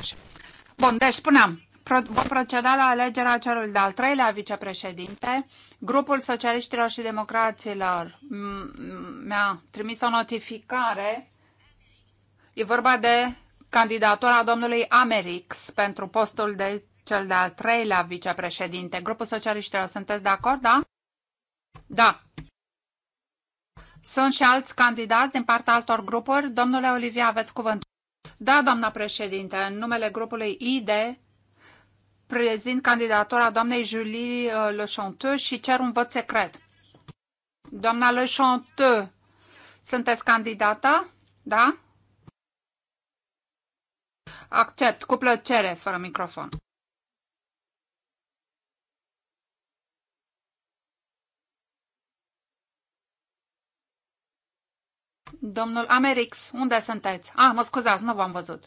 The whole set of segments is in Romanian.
2020. Bun, deci spuneam, vom proceda la alegerea celui de-al treilea vicepreședinte. Grupul Socialiștilor și Democraților mi-a trimis o notificare. E vorba de candidatura domnului Amerix pentru postul de cel de-al treilea vicepreședinte. Grupul Socialiștilor, sunteți de acord, da? Da. Sunt și alți candidați din partea altor grupuri. Domnule Olivia, aveți cuvânt. Da, doamna președinte, în numele grupului ID prezint candidatura doamnei Julie uh, Le Chanteu și cer un vot secret. Doamna Le Chanteu, sunteți candidată? Da? Accept, cu plăcere, fără microfon. Domnul Amerix, unde sunteți? Ah, mă scuzați, nu v-am văzut.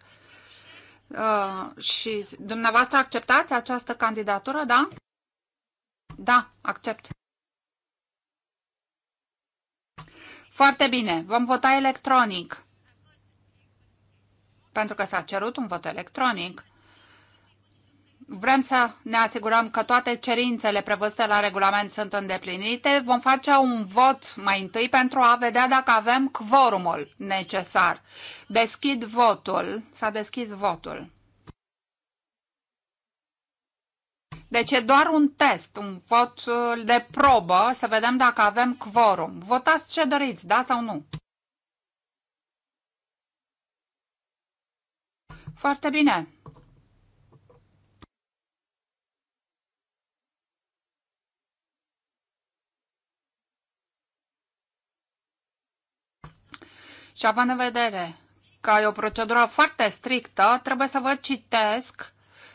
Uh, și dumneavoastră acceptați această candidatură, da? Da, accept. Foarte bine, vom vota electronic. Pentru că s-a cerut un vot electronic. Vrem să ne asigurăm că toate cerințele prevăzute la regulament sunt îndeplinite. Vom face un vot mai întâi pentru a vedea dacă avem quorumul necesar. Deschid votul. S-a deschis votul. Deci e doar un test, un vot uh, de probă, să vedem dacă avem quorum. Votați ce doriți, da sau nu? Foarte bine. Și deci, având în vedere că e o procedură foarte strictă, trebuie să vă citesc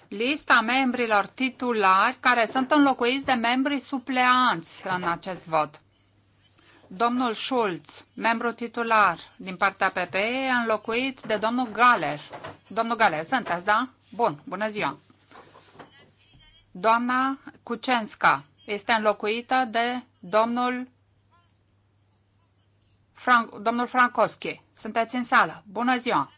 lista membrilor titulari care sunt înlocuiți de membrii supleanți în acest vot. Domnul Schulz, membru titular din partea PPE, e înlocuit de domnul Galer. Domnul Galer, sunteți, da? Bun, bună ziua! Doamna Kucenska este înlocuită de domnul domnul Francoschi, sunteți în sală. Bună ziua!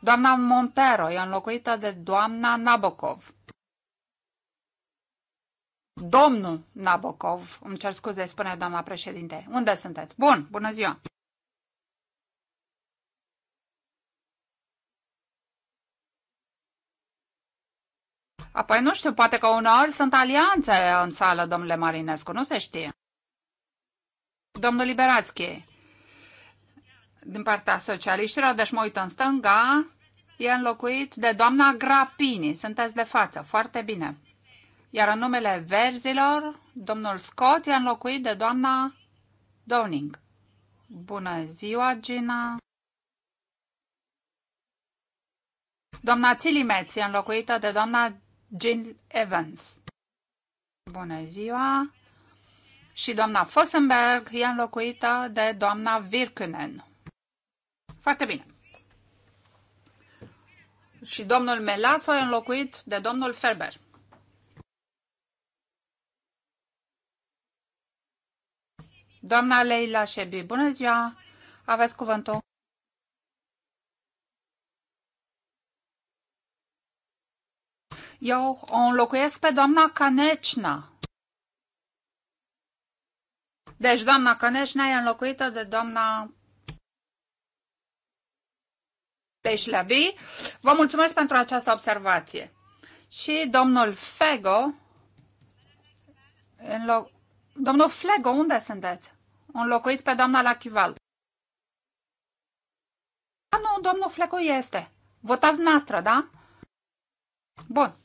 Doamna Montero e înlocuită de doamna Nabokov. Domnul Nabokov, îmi cer scuze, spune doamna președinte. Unde sunteți? Bun, bună ziua! Apoi nu știu, poate că uneori sunt alianțe în sală, domnule Marinescu, nu se știe. Domnul Liberațchi, din partea socialiștilor, deci mă uit în stânga, e înlocuit de doamna Grapini. Sunteți de față, foarte bine. Iar în numele verzilor, domnul Scott e înlocuit de doamna Downing. Bună ziua, Gina! Doamna Tilimeț e înlocuită de doamna Jill Evans. Bună ziua! Și doamna Fossenberg e înlocuită de doamna Virkunen. Foarte bine. Și domnul Melas a înlocuit de domnul Ferber. Doamna Leila Șebi, bună ziua! Aveți cuvântul. Eu o înlocuiesc pe doamna Canecna. Deci doamna Canecna e înlocuită de doamna Teșlabi. Vă mulțumesc pentru această observație. Și domnul Fego, în loc... domnul Flego, unde sunteți? Înlocuiți pe doamna Lachival. A, ah, nu, domnul Flego este. Votați noastră, da? Bun.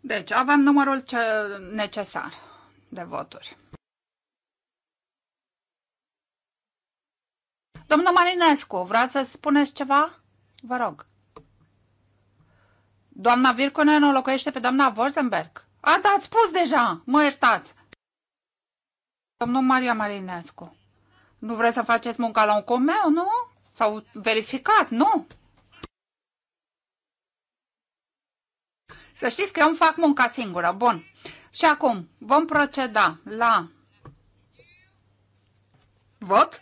Deci, avem numărul ce necesar de voturi. Domnul Marinescu, vreați să spuneți ceva? Vă rog. Doamna Virconen o locuiește pe doamna Vorzenberg. A, da, ați spus deja, mă iertați. Domnul Maria Marinescu, nu vreți să faceți munca la un comeu, nu? Sau verificați, nu? Să știți că eu îmi fac munca singură. Bun. Și acum vom proceda la vot.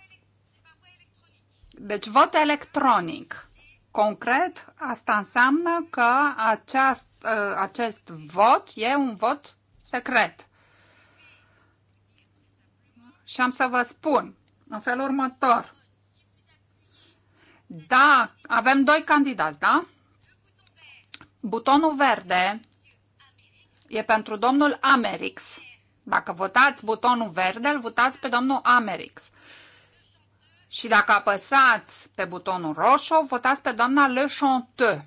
Deci vot electronic. Concret, asta înseamnă că aceast, ă, acest vot e un vot secret. Și am să vă spun în felul următor. Da, avem doi candidați, da? Butonul verde e pentru domnul Amerix. Dacă votați butonul verde, îl votați pe domnul Amerix. Și dacă apăsați pe butonul roșu, votați pe doamna Le Chanteux.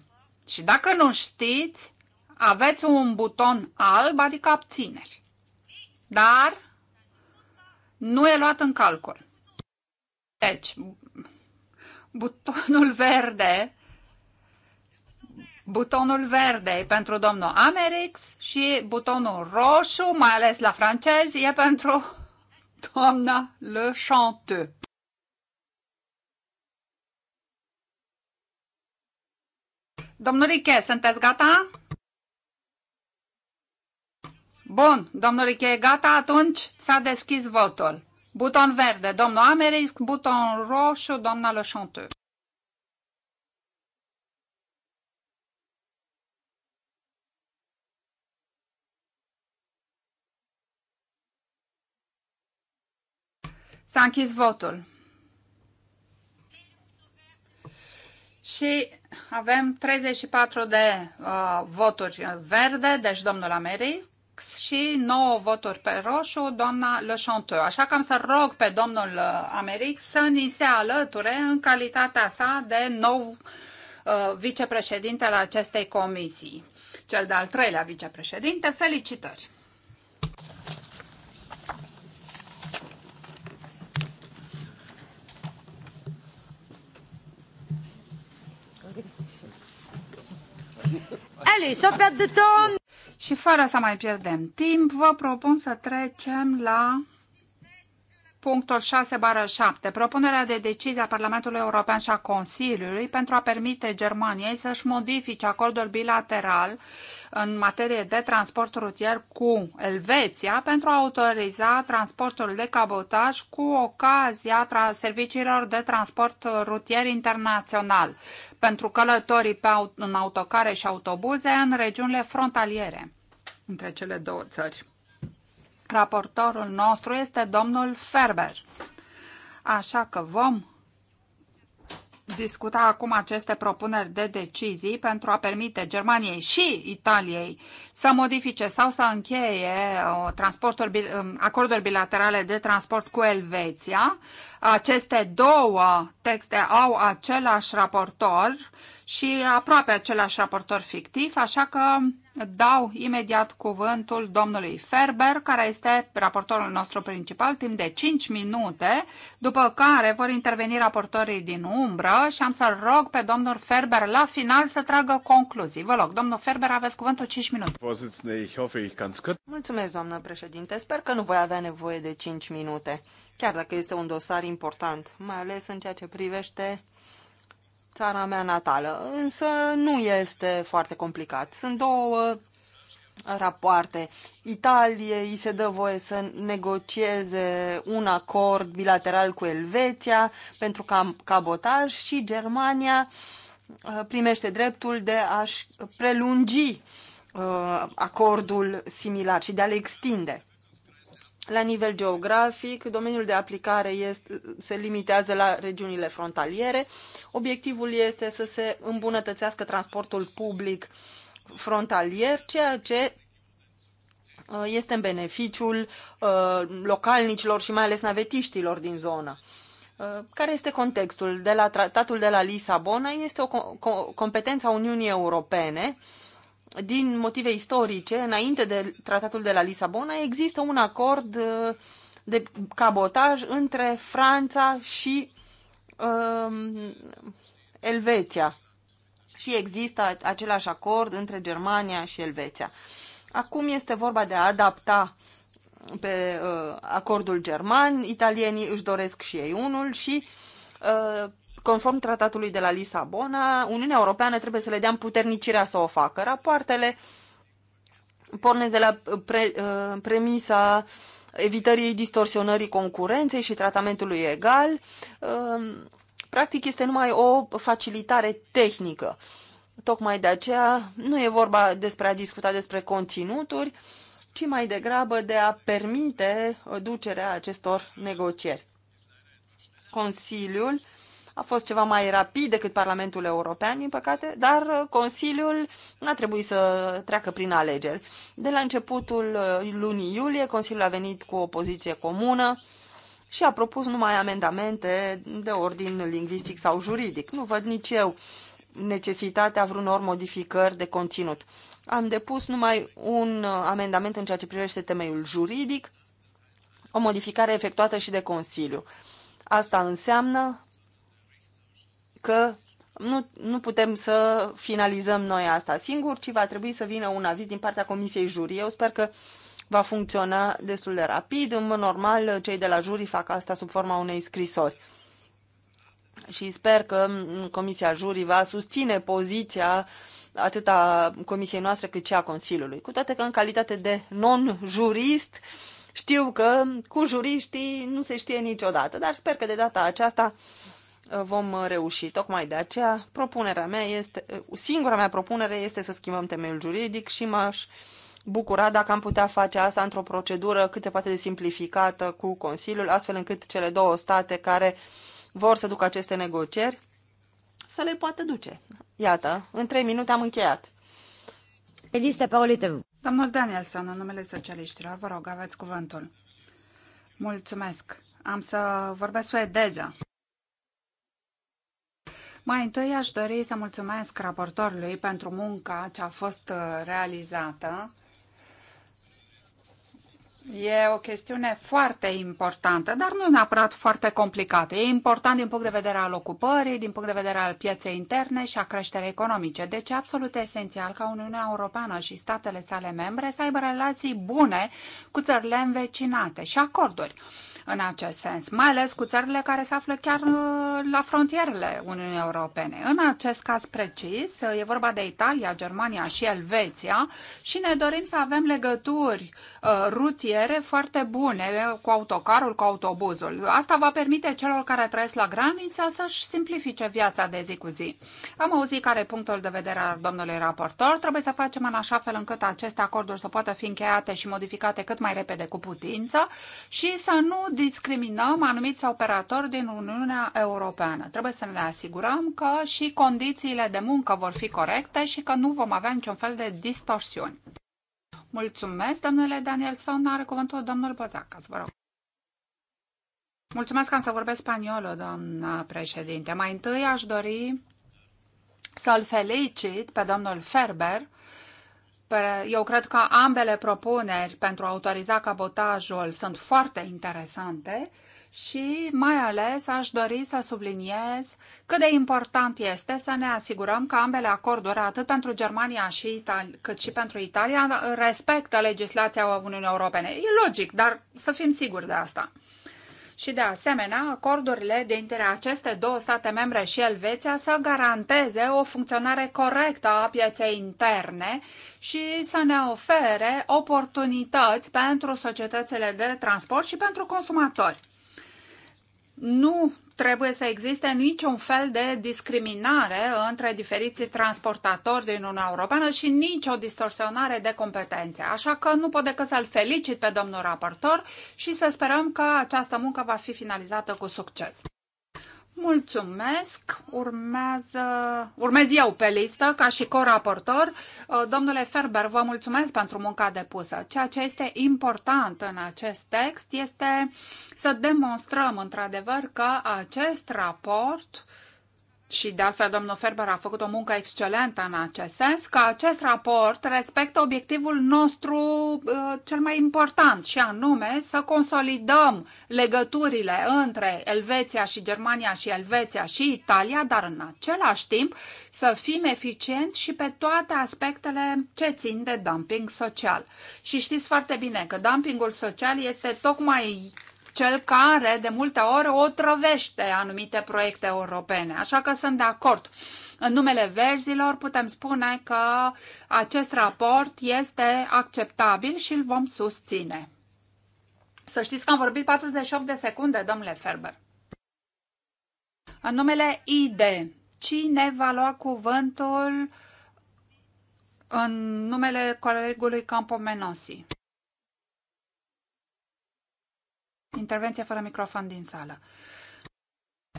Și dacă nu știți, aveți un buton alb, adică abțineri. Dar nu e luat în calcul. Deci, butonul verde butonul verde pentru domnul Amerix și butonul roșu, mai ales la francezi, e pentru doamna Le Chanteux. Domnul Riche, sunteți gata? Bun, domnul Riche e gata, atunci s-a deschis votul. Buton verde, domnul Amerisc, buton roșu, doamna Le Chanteux. S-a închis votul. Și avem 34 de uh, voturi verde, deci domnul Americ, și 9 voturi pe roșu, doamna Le Chanteu. Așa că am să rog pe domnul uh, Americ să ni se alăture în calitatea sa de nou uh, vicepreședinte al acestei comisii. Cel de-al treilea vicepreședinte, felicitări! de Și fără să mai pierdem timp, vă propun să trecem la punctul 6 bară 7, propunerea de decizie a Parlamentului European și a Consiliului pentru a permite Germaniei să-și modifice acordul bilateral în materie de transport rutier cu Elveția pentru a autoriza transportul de cabotaj cu ocazia serviciilor de transport rutier internațional pentru călătorii pe aut- în autocare și autobuze în regiunile frontaliere între cele două țări. Raportorul nostru este domnul Ferber. Așa că vom discuta acum aceste propuneri de decizii pentru a permite Germaniei și Italiei să modifice sau să încheie uh, transporturi, um, acorduri bilaterale de transport cu Elveția. Aceste două texte au același raportor și aproape același raportor fictiv, așa că dau imediat cuvântul domnului Ferber, care este raportorul nostru principal, timp de 5 minute, după care vor interveni raportorii din umbră și am să rog pe domnul Ferber la final să tragă concluzii. Vă rog, domnul Ferber, aveți cuvântul 5 minute. Mulțumesc, doamnă președinte. Sper că nu voi avea nevoie de 5 minute, chiar dacă este un dosar important, mai ales în ceea ce privește țara mea natală, însă nu este foarte complicat. Sunt două rapoarte. Italie îi se dă voie să negocieze un acord bilateral cu Elveția pentru cam, cabotaj și Germania uh, primește dreptul de a-și prelungi uh, acordul similar și de a-l extinde. La nivel geografic, domeniul de aplicare este, se limitează la regiunile frontaliere. Obiectivul este să se îmbunătățească transportul public frontalier, ceea ce uh, este în beneficiul uh, localnicilor și mai ales navetiștilor din zonă. Uh, care este contextul? De la tratatul de la Lisabona este o competență a Uniunii Europene din motive istorice, înainte de tratatul de la Lisabona, există un acord uh, de cabotaj între Franța și uh, Elveția. Și există același acord între Germania și Elveția. Acum este vorba de a adapta pe uh, acordul german, italienii își doresc și ei unul și uh, Conform tratatului de la Lisabona, Uniunea Europeană trebuie să le dea puternicirea să o facă. Rapoartele pornesc de la uh, pre, uh, premisa evitării distorsionării concurenței și tratamentului egal. Uh, practic este numai o facilitare tehnică. Tocmai de aceea nu e vorba despre a discuta despre conținuturi, ci mai degrabă de a permite ducerea acestor negocieri. Consiliul a fost ceva mai rapid decât Parlamentul European, din păcate, dar uh, Consiliul n-a trebuit să treacă prin alegeri. De la începutul uh, lunii iulie, Consiliul a venit cu o poziție comună și a propus numai amendamente de ordin lingvistic sau juridic. Nu văd nici eu necesitatea vreunor modificări de conținut. Am depus numai un uh, amendament în ceea ce privește temeiul juridic, o modificare efectuată și de Consiliu. Asta înseamnă că nu, nu putem să finalizăm noi asta singur, ci va trebui să vină un aviz din partea Comisiei Jurii. Eu sper că va funcționa destul de rapid. În mod normal, cei de la jurii fac asta sub forma unei scrisori. Și sper că Comisia Jurii va susține poziția atât a Comisiei noastre cât și a Consiliului. Cu toate că în calitate de non-jurist știu că cu juriștii nu se știe niciodată, dar sper că de data aceasta uh, vom uh, reuși. Tocmai de aceea, propunerea mea este, uh, singura mea propunere este să schimbăm temeiul juridic și m-aș bucura dacă am putea face asta într-o procedură cât se poate de simplificată cu Consiliul, astfel încât cele două state care vor să ducă aceste negocieri să le poată duce. Iată, în trei minute am încheiat. Elisa Paulite. Domnul Danielson, în numele socialiștilor, vă rog, aveți cuvântul. Mulțumesc. Am să vorbesc cu Edeza. Mai întâi aș dori să mulțumesc raportorului pentru munca ce a fost uh, realizată. E o chestiune foarte importantă, dar nu neapărat foarte complicată. E important din punct de vedere al ocupării, din punct de vedere al pieței interne și a creșterii economice. Deci e absolut esențial ca Uniunea Europeană și statele sale membre să aibă relații bune cu țările învecinate și acorduri în acest sens, mai ales cu țările care se află chiar uh, la frontierele Uniunii Europene. În acest caz precis, uh, e vorba de Italia, Germania și Elveția și ne dorim să avem legături uh, rutiere foarte bune cu autocarul, cu autobuzul. Asta va permite celor care trăiesc la graniță să-și simplifice viața de zi cu zi. Am auzit care e punctul de vedere al domnului raportor. Trebuie să facem în așa fel încât aceste acorduri să poată fi încheiate și modificate cât mai repede cu putință și să nu discriminăm anumiți operatori din Uniunea Europeană. Trebuie să ne asigurăm că și condițiile de muncă vor fi corecte și că nu vom avea niciun fel de distorsiuni. Mulțumesc, domnule Danielson. Are cuvântul domnul Bozac, vă rog. Mulțumesc că am să vorbesc spaniolă, doamna președinte. Mai întâi aș dori să-l felicit pe domnul Ferber eu cred că ambele propuneri pentru a autoriza cabotajul sunt foarte interesante și mai ales aș dori să subliniez cât de important este să ne asigurăm că ambele acorduri, atât pentru Germania și Itali- cât și pentru Italia, respectă legislația Uniunii Europene. E logic, dar să fim siguri de asta și, de asemenea, acordurile dintre aceste două state membre și Elveția să garanteze o funcționare corectă a pieței interne și să ne ofere oportunități pentru societățile de transport și pentru consumatori. Nu trebuie să existe niciun fel de discriminare între diferiții transportatori din Uniunea Europeană și nicio distorsionare de competențe. Așa că nu pot decât să-l felicit pe domnul raportor și să sperăm că această muncă va fi finalizată cu succes. Mulțumesc. Urmează, urmez eu pe listă ca și coraportor. Uh, domnule Ferber, vă mulțumesc pentru munca depusă. Ceea ce este important în acest text este să demonstrăm într-adevăr că acest raport uh, și de altfel domnul Ferber a făcut o muncă excelentă în acest sens, că acest raport respectă obiectivul nostru uh, cel mai important și anume să consolidăm legăturile între Elveția și Germania și Elveția și Italia, dar în același timp să fim eficienți și pe toate aspectele ce țin de dumping social. Și știți foarte bine că dumpingul social este tocmai cel care de multe ori otrăvește anumite proiecte europene. Așa că sunt de acord. În numele verzilor putem spune că acest raport este acceptabil și îl vom susține. Să știți că am vorbit 48 de secunde, domnule Ferber. În numele ID, cine va lua cuvântul în numele colegului Campomenosi? Intervenție fără microfon din sală.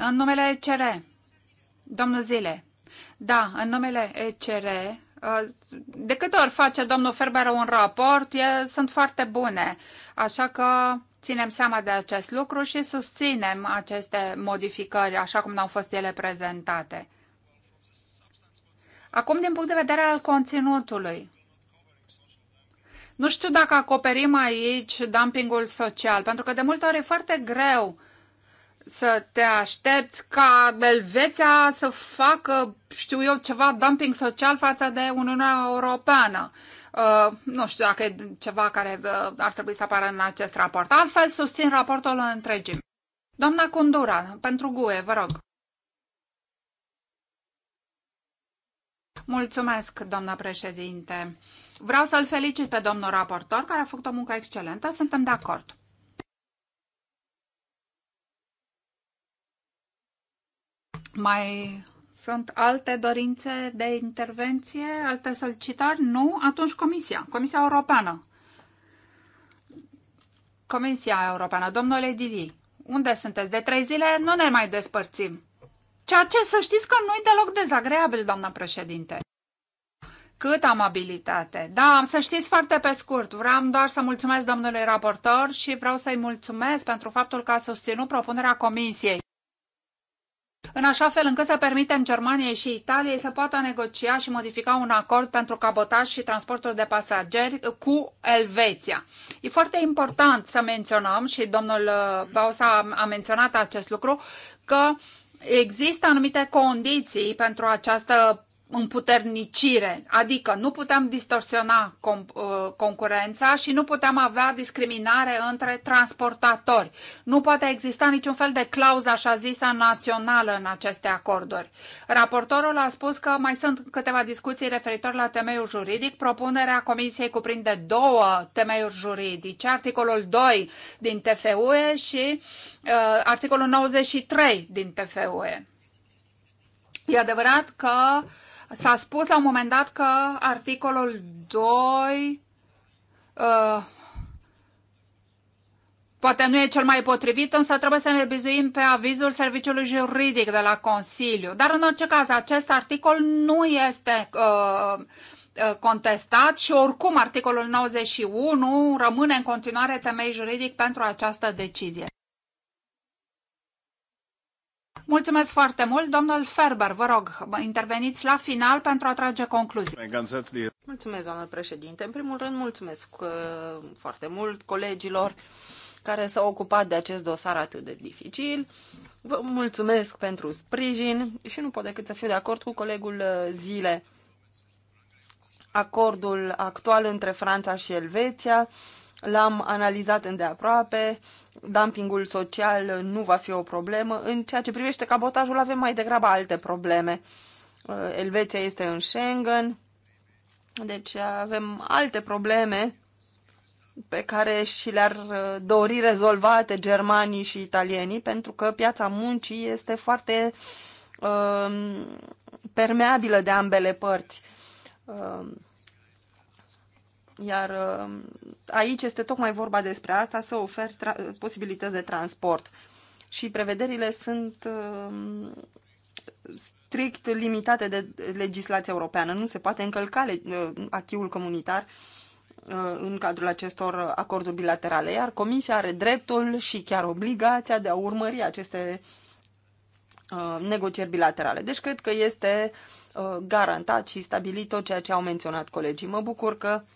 În numele ECR, domnul Zile, da, în numele ECR, uh, de câte ori face domnul Ferber un raport, e, sunt foarte bune, așa că ținem seama de acest lucru și susținem aceste modificări așa cum au fost ele prezentate. Acum, din punct de vedere al conținutului, nu știu dacă acoperim aici dumpingul social, pentru că de multe ori e foarte greu să te aștepți ca Elveția să facă, știu eu, ceva dumping social față de Uniunea Europeană. Uh, nu știu dacă e ceva care uh, ar trebui să apară în acest raport. Altfel, susțin raportul în întregim. Doamna Condura, pentru GUE, vă rog. Mulțumesc, doamna președinte. Vreau să-l felicit pe domnul raportor, care a făcut o muncă excelentă. Suntem de acord. Mai sunt alte dorințe de intervenție, alte solicitări? Nu? Atunci Comisia, Comisia Europeană. Comisia Europeană, domnule Dili, unde sunteți? De trei zile nu ne mai despărțim. Ceea ce să știți că nu-i deloc dezagreabil, doamna președinte cât amabilitate. Da, am să știți foarte pe scurt. Vreau doar să mulțumesc domnului raportor și vreau să-i mulțumesc pentru faptul că a susținut propunerea comisiei în așa fel încât să permitem Germaniei și Italiei să poată negocia și modifica un acord pentru cabotaj și transportul de pasageri cu Elveția. E foarte important să menționăm, și domnul uh, Bausa a menționat acest lucru, că există anumite condiții pentru această împuternicire, adică nu putem distorsiona uh, concurența și nu putem avea discriminare între transportatori. Nu poate exista niciun fel de clauză așa zisă națională în aceste acorduri. Raportorul a spus că mai sunt câteva discuții referitor la temeiul juridic. Propunerea Comisiei cuprinde două temeiuri juridice, articolul 2 din TFUE și uh, articolul 93 din TFUE. E adevărat că uh, S-a spus la un moment dat că articolul 2 uh, poate nu e cel mai potrivit, însă trebuie să ne bizuim pe avizul serviciului juridic de la Consiliu. Dar în orice caz, acest articol nu este uh, uh contestat și oricum articolul 91 rămâne în continuare temei juridic pentru această decizie. Mulțumesc foarte mult. Domnul Ferber, vă rog, interveniți la final pentru a trage concluzii. Mulțumesc, doamnă președinte. În primul rând, mulțumesc uh, foarte mult colegilor care s-au ocupat de acest dosar atât de dificil. Vă mulțumesc pentru sprijin și nu pot decât să fiu de acord cu colegul uh, Zile. Acordul actual între Franța și Elveția L-am analizat îndeaproape, dumpingul social nu va fi o problemă. În ceea ce privește cabotajul avem mai degrabă alte probleme. Uh, Elveția este în Schengen, deci avem alte probleme pe care și le-ar uh, dori rezolvate germanii și italienii, pentru că piața muncii este foarte uh, permeabilă de ambele părți. Uh, iar uh, aici este tocmai vorba despre asta, să oferi posibilități de transport. Și prevederile sunt uh, strict limitate de legislația europeană. Nu se poate încălca uh, achiul comunitar în cadrul acestor acorduri bilaterale, iar Comisia are dreptul și chiar obligația de a urmări aceste negocieri bilaterale. Deci cred că este garantat și stabilit tot ceea ce au menționat colegii. Mă bucur că uh,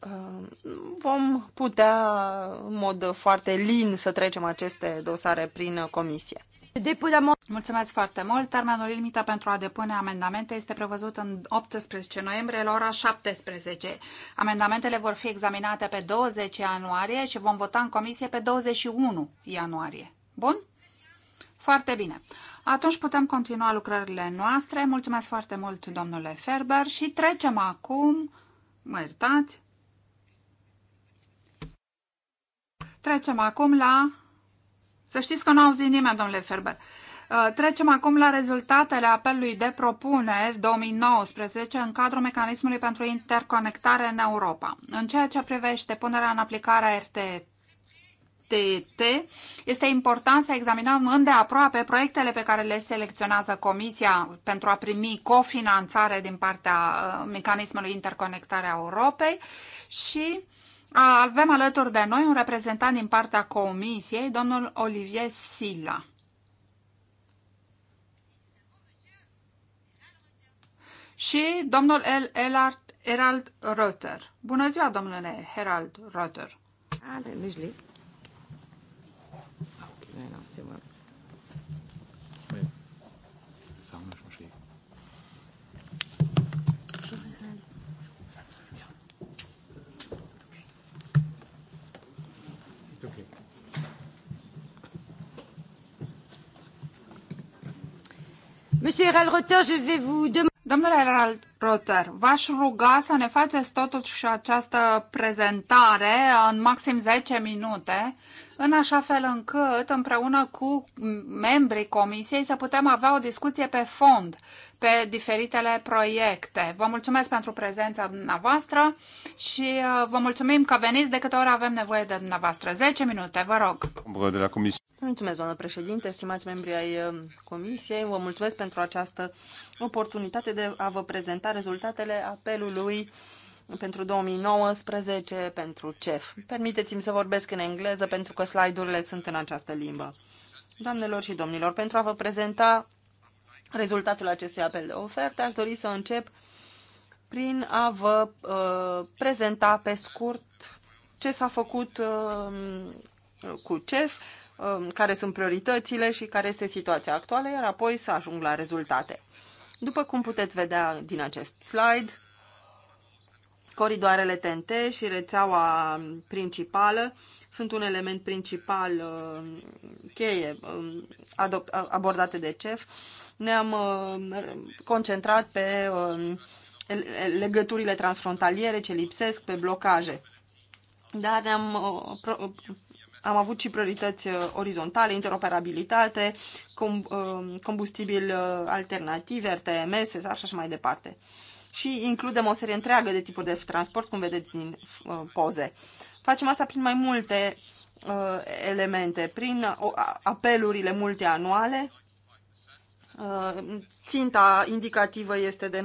Uh, vom putea în mod foarte lin să trecem aceste dosare prin comisie. Mulțumesc foarte mult. Termenul limită pentru a depune amendamente este prevăzut în 18 noiembrie la ora 17. Amendamentele vor fi examinate pe 20 ianuarie și vom vota în comisie pe 21 ianuarie. Bun? Foarte bine. Atunci putem continua lucrările noastre. Mulțumesc foarte mult, domnule Ferber, și trecem acum, mă iertați, Trecem acum la... Să știți că nu auzi nimeni, domnule Ferber. Uh, trecem acum la rezultatele apelului de propuneri 2019 în cadrul mecanismului pentru interconectare în Europa. În ceea ce privește punerea în aplicare a RTT, este important să examinăm îndeaproape proiectele pe care le selecționează Comisia pentru a primi cofinanțare din partea uh, mecanismului interconectare a Europei și avem alături de noi un reprezentant din partea Comisiei, domnul Olivier Sila. Și domnul El Elart Herald Rotter. Bună ziua, domnule Herald Ale, Ah, Monsieur Ralrotter, je vais vous Domnule Ralrotter, v-aș ruga să ne faceți totuși această prezentare în maxim 10 minute, în așa fel încât, împreună cu membrii comisiei, să putem avea o discuție pe fond pe diferitele proiecte. Vă mulțumesc pentru prezența dumneavoastră și uh, vă mulțumim că veniți de câte ori avem nevoie de dumneavoastră. 10 minute, vă rog. De la Mulțumesc, doamnă președinte, stimați membri ai uh, comisiei. Vă mulțumesc pentru această oportunitate de a vă prezenta rezultatele apelului pentru 2019 pentru CEF. Permiteți-mi să vorbesc în engleză pentru că slide-urile sunt în această limbă. Doamnelor și domnilor, pentru a vă prezenta rezultatul acestui apel de oferte, aș dori să încep prin a vă uh, prezenta pe scurt ce s-a făcut uh, cu CEF, uh, care sunt prioritățile și care este situația actuală, iar apoi să ajung la rezultate. După cum puteți vedea din acest slide, coridoarele TNT și rețeaua principală sunt un element principal uh, cheie uh, abordate de CEF ne-am uh, concentrat pe um, legăturile transfrontaliere ce lipsesc, pe blocaje. Dar ne-am uh, uh, am avut și priorități orizontale, interoperabilitate, um, combustibil alternativi, RTMS, așa și mai departe. Și includem o serie întreagă de tipuri de transport, cum vedeți din poze. Facem asta prin mai multe elemente, prin apelurile multianuale, Uh, ținta indicativă este de 95%,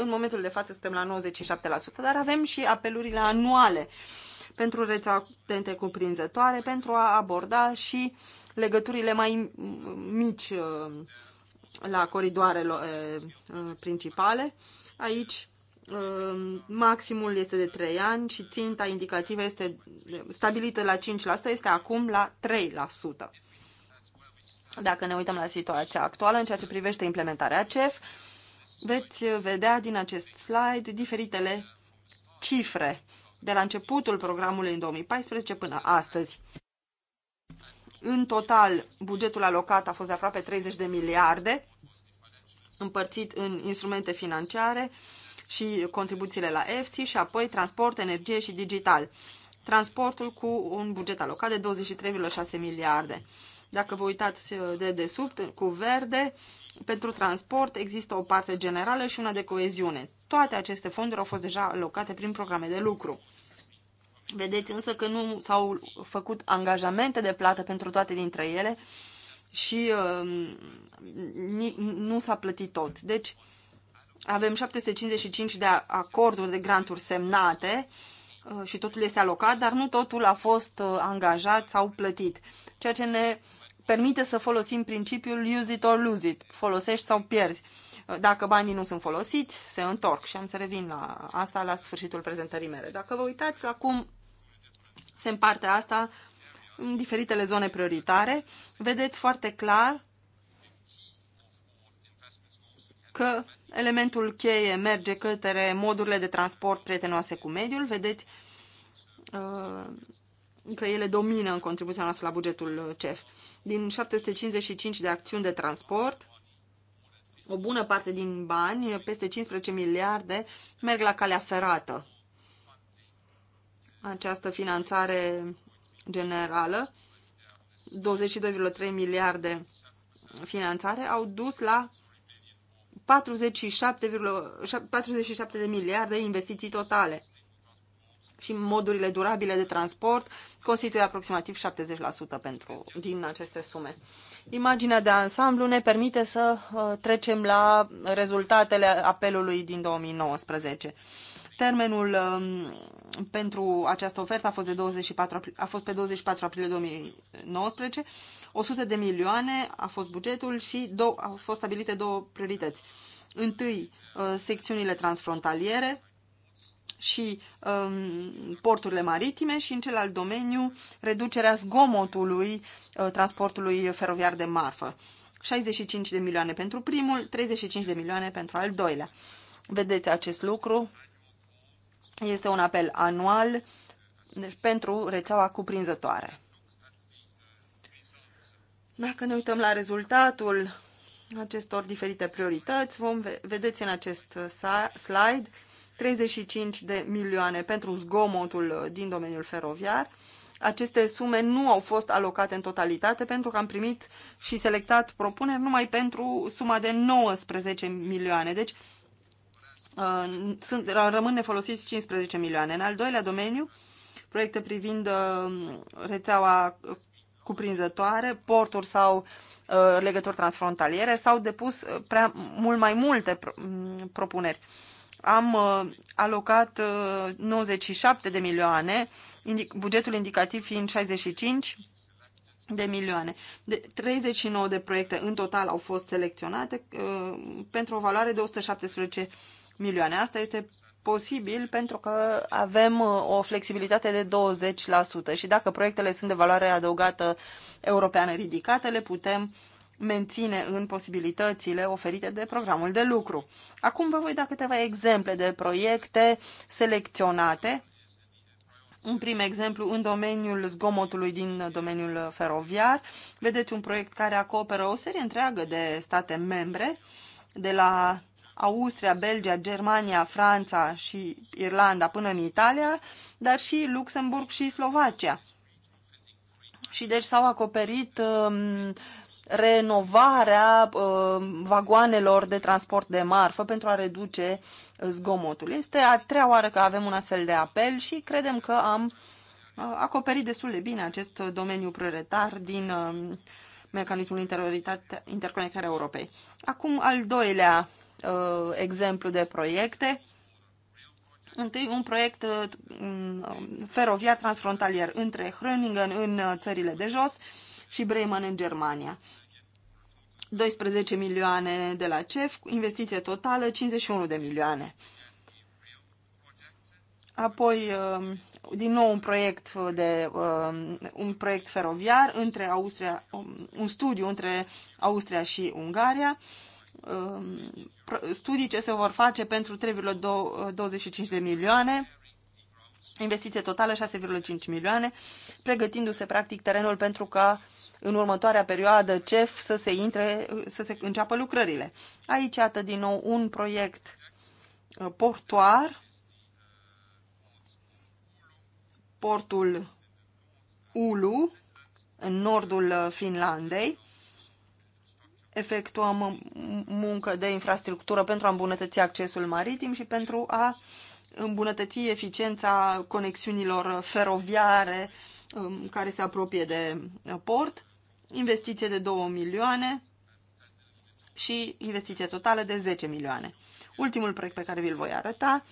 în momentul de față suntem la 97%, dar avem și apelurile anuale pentru rețea rețete cuprinzătoare, pentru a aborda și legăturile mai mici uh, la coridoarele uh, principale. Aici maximul este de 3 ani și ținta indicativă este stabilită la 5%, este acum la 3%. Dacă ne uităm la situația actuală în ceea ce privește implementarea CEF, veți vedea din acest slide diferitele cifre de la începutul programului în 2014 până astăzi. În total, bugetul alocat a fost de aproape 30 de miliarde, împărțit în instrumente financiare și contribuțiile la EFSI și apoi transport, energie și digital. Transportul cu un buget alocat de 23,6 miliarde. Dacă vă uitați uh, de desubt, cu verde, pentru transport există o parte generală și una de coeziune. Toate aceste fonduri au fost deja alocate prin programe de lucru. Vedeți însă că nu s-au făcut angajamente de plată pentru toate dintre ele și uh, nu s-a plătit tot. Deci avem 755 de acorduri de granturi semnate uh, și totul este alocat, dar nu totul a fost uh, angajat sau plătit, ceea ce ne permite să folosim principiul use it or lose it, folosești sau pierzi. Dacă banii nu sunt folosiți, se întorc și am să revin la asta la sfârșitul prezentării mele. Dacă vă uitați la cum se împarte asta în diferitele zone prioritare, vedeți foarte clar că elementul cheie merge către modurile de transport prietenoase cu mediul. Vedeți uh, că ele domină în contribuția noastră la bugetul CEF. Din 755 de acțiuni de transport, o bună parte din bani, peste 15 miliarde, merg la calea ferată. Această finanțare generală, 22,3 miliarde finanțare, au dus la 47, 47 de miliarde investiții totale și modurile durabile de transport constituie aproximativ 70% pentru, din aceste sume. Imaginea de ansamblu ne permite să uh, trecem la rezultatele apelului din 2019. Termenul um, pentru această ofertă a fost, de 24, a fost pe 24 aprilie 2019, 100 de milioane a fost bugetul și dou- au fost stabilite două priorități. Întâi, uh, secțiunile transfrontaliere, și um, porturile maritime și în celălalt domeniu reducerea zgomotului uh, transportului feroviar de marfă. 65 de milioane pentru primul, 35 de milioane pentru al doilea. Vedeți acest lucru? Este un apel anual deci, pentru rețeaua cuprinzătoare. Dacă ne uităm la rezultatul acestor diferite priorități, vom vedeți în acest slide 35 de milioane pentru zgomotul uh, din domeniul feroviar. Aceste sume nu au fost alocate în totalitate pentru că am primit și selectat propuneri numai pentru suma de 19 milioane. Deci uh, sunt, rămân nefolosiți 15 milioane. În al doilea domeniu, proiecte privind uh, rețeaua cuprinzătoare, porturi sau legături transfrontaliere, s-au depus prea mult mai multe propuneri am uh, alocat 97 uh, de milioane, bugetul indicativ fiind 65 de milioane. De 39 de proiecte în total au fost selecționate uh, pentru o valoare de 117 milioane. Asta este posibil pentru că avem o flexibilitate de 20% și dacă proiectele sunt de valoare adăugată europeană ridicată, le putem menține în posibilitățile oferite de programul de lucru. Acum vă voi da câteva exemple de proiecte selecționate. Un prim exemplu în domeniul zgomotului din domeniul feroviar. Vedeți un proiect care acoperă o serie întreagă de state membre, de la Austria, Belgia, Germania, Franța și Irlanda până în Italia, dar și Luxemburg și Slovacia. Și deci s-au acoperit uh, renovarea uh, vagoanelor de transport de marfă pentru a reduce uh, zgomotul. Este a treia oară că avem un astfel de apel și credem că am uh, acoperit destul de bine acest domeniu prioritar din mecanismul interconectarea Europei. Acum, al doilea exemplu de proiecte. Întâi, un proiect um, feroviar transfrontalier între Hröningen în țările de jos și Bremen în Germania. 12 milioane de la CEF, investiție totală 51 de milioane. Apoi, um, din nou un proiect, de, um, un proiect feroviar, între Austria, um, un studiu între Austria și Ungaria, studii ce se vor face pentru 3,25 de milioane, investiție totală 6,5 milioane, pregătindu-se practic terenul pentru ca în următoarea perioadă CEF să se intre, să se înceapă lucrările. Aici, iată, din nou, un proiect uh, portuar, portul Ulu, în nordul uh, Finlandei. Efectuăm muncă de infrastructură pentru a îmbunătăți accesul maritim și pentru a îmbunătăți eficiența conexiunilor uh, feroviare um, care se apropie de port investiție de 2 milioane și investiție totală de 10 milioane. Ultimul proiect pe care vi-l voi arăta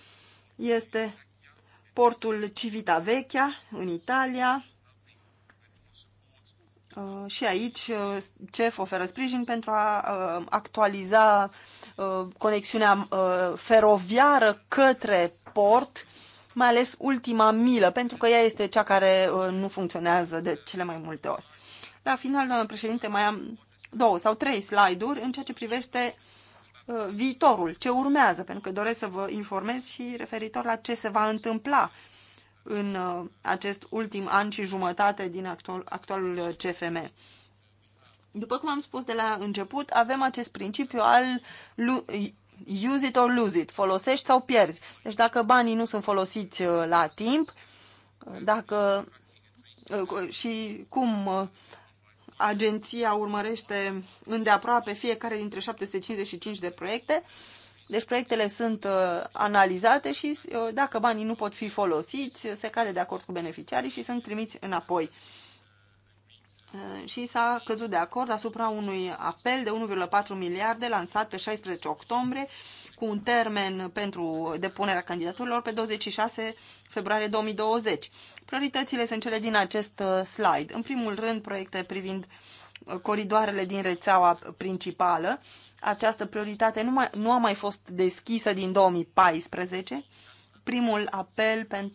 este portul Civita Vecchia în Italia uh, și aici uh, CEF oferă sprijin pentru a uh, actualiza conexiunea feroviară către port, mai ales ultima milă, pentru că ea este cea care nu funcționează de cele mai multe ori. La final, președinte, mai am două sau trei slide-uri în ceea ce privește uh, viitorul, ce urmează, pentru că doresc să vă informez și referitor la ce se va întâmpla în uh, acest ultim an și jumătate din actual, actualul uh, CFM. După cum am spus de la început, avem acest principiu al use it or lose it, folosești sau pierzi. Deci dacă banii nu sunt folosiți la timp, dacă și cum agenția urmărește îndeaproape fiecare dintre 755 de proiecte. Deci proiectele sunt uh, analizate și uh, dacă banii nu pot fi folosiți, se cade de acord cu beneficiarii și sunt trimiți înapoi. Uh, și s-a căzut de acord asupra unui apel de 1,4 miliarde lansat pe 16 octombrie cu un termen pentru depunerea candidaturilor pe 26 februarie 2020. Prioritățile sunt cele din acest uh, slide. În primul rând, proiecte privind uh, coridoarele din rețeaua principală. Această prioritate nu, mai, nu a mai fost deschisă din 2014. Primul apel pen,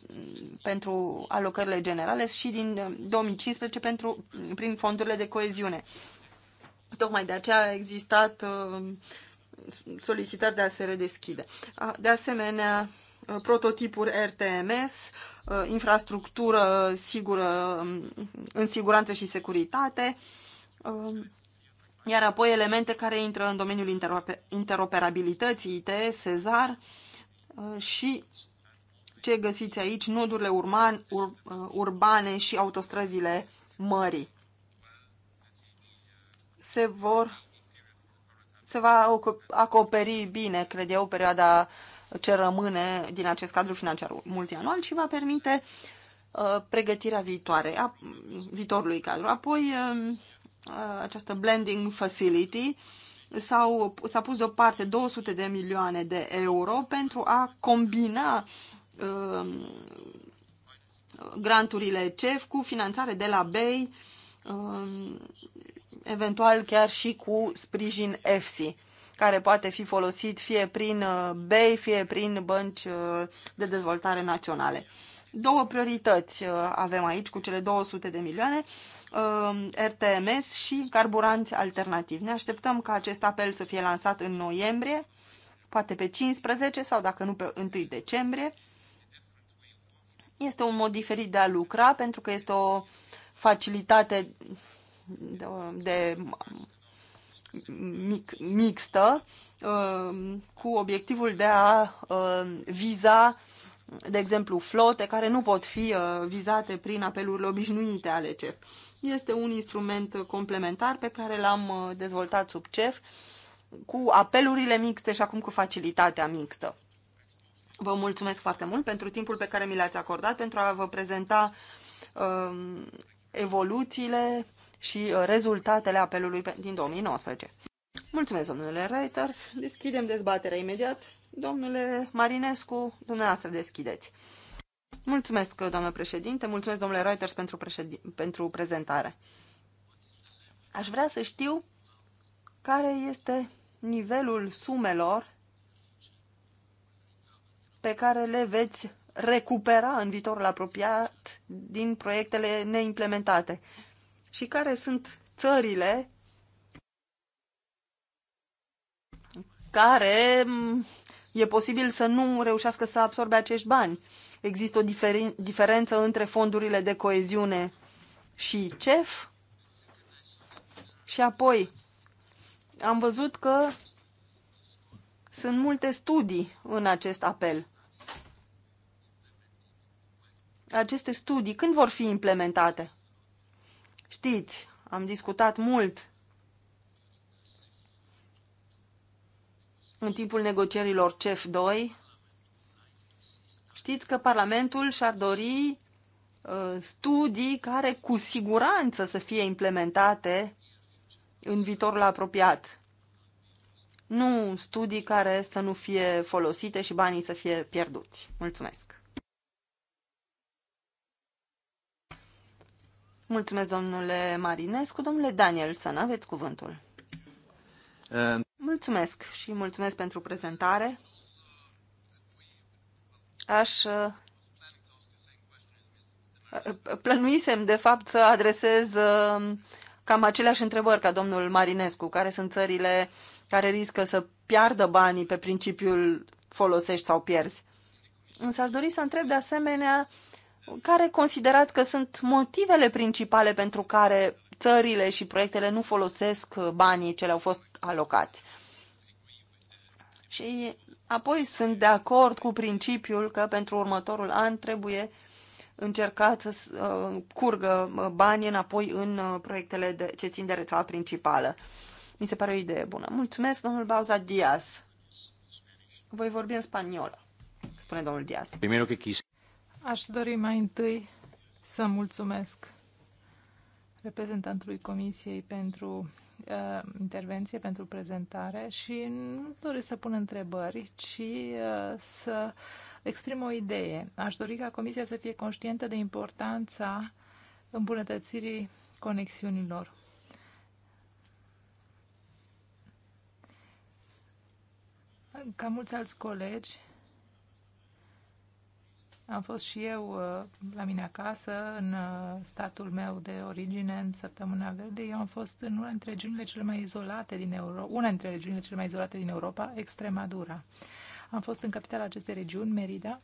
pentru alocările generale și din 2015 uh, pentru, prin fondurile de coeziune. Tocmai de aceea a existat uh, solicitări de a se redeschide. De asemenea, prototipuri RTMS, infrastructură sigură, în siguranță și securitate, iar apoi elemente care intră în domeniul interoperabilității IT, Cezar și ce găsiți aici, nodurile urman, ur, urbane și autostrăzile mării. Se vor se va acoperi bine, cred eu, perioada ce rămâne din acest cadru financiar multianual și va permite uh, pregătirea viitoare, a, viitorului cadru. Apoi, um, uh, această blending facility s s-a pus deoparte 200 de milioane de euro pentru a combina uh, granturile CEF cu finanțare de la BEI um, eventual chiar și cu sprijin EFSI, care poate fi folosit fie prin uh, BEI, fie prin bănci uh, de dezvoltare naționale. Două priorități uh, avem aici cu cele 200 de milioane, RTMS și carburanți alternativi. Ne așteptăm ca acest apel să fie lansat în noiembrie, poate pe 15 sau dacă nu pe 1 decembrie. Este un mod diferit de a lucra pentru că este o facilitate de, de mic, mixtă um, cu obiectivul de a um, viza, de exemplu, flote care nu pot fi uh, vizate prin apelurile obișnuite ale CEF. Este un instrument complementar pe care l-am uh, dezvoltat sub CEF cu apelurile mixte și acum cu facilitatea mixtă. Vă mulțumesc foarte mult pentru timpul pe care mi l-ați acordat pentru a vă prezenta um, evoluțiile și uh, rezultatele apelului din 2019. Mulțumesc, domnule Reuters. Deschidem dezbaterea imediat. Domnule Marinescu, dumneavoastră deschideți. Mulțumesc, uh, doamnă președinte. Mulțumesc, domnule Reuters, pentru, pentru prezentare. Aș vrea să știu care este nivelul sumelor pe care le veți recupera în viitorul apropiat din proiectele neimplementate și care sunt țările care mm, e posibil să nu reușească să absorbe acești bani. Există o diferență între fondurile de coeziune și CEF. Și apoi am văzut că sunt multe studii în acest apel. Aceste studii când vor fi implementate? Știți, am discutat mult în timpul negocierilor CEF 2. Știți că Parlamentul și-ar dori uh, studii care cu siguranță să fie implementate în viitorul apropiat. Nu studii care să nu fie folosite și banii să fie pierduți. Mulțumesc! Mulțumesc, domnule Marinescu. Domnule să aveți cuvântul. Uh, mulțumesc și mulțumesc pentru prezentare. Aș uh, plănuisem, de fapt, să adresez uh, cam aceleași întrebări ca domnul Marinescu, care sunt țările care riscă să piardă banii pe principiul folosești sau pierzi. Însă aș dori să întreb de asemenea care considerați că sunt motivele principale pentru care țările și proiectele nu folosesc banii ce le-au fost alocați? Și apoi sunt de acord cu principiul că pentru următorul an trebuie încercat să uh, curgă banii înapoi în uh, proiectele de, ce țin de rețeaua principală. Mi se pare o idee bună. Mulțumesc, domnul Bauza Diaz. Voi vorbi în spaniolă, spune domnul Diaz. Primero que quise. Aș dori mai întâi să mulțumesc reprezentantului Comisiei pentru uh, intervenție, pentru prezentare și nu doresc să pun întrebări, ci uh, să exprim o idee. Aș dori ca Comisia să fie conștientă de importanța îmbunătățirii conexiunilor. Ca mulți alți colegi, am fost și eu uh, la mine acasă, în uh, statul meu de origine, în Săptămâna Verde. Eu am fost în una dintre regiunile cele mai izolate din Europa, una dintre regiunile cele mai izolate din Europa, Extremadura. Am fost în capitala acestei regiuni, Merida,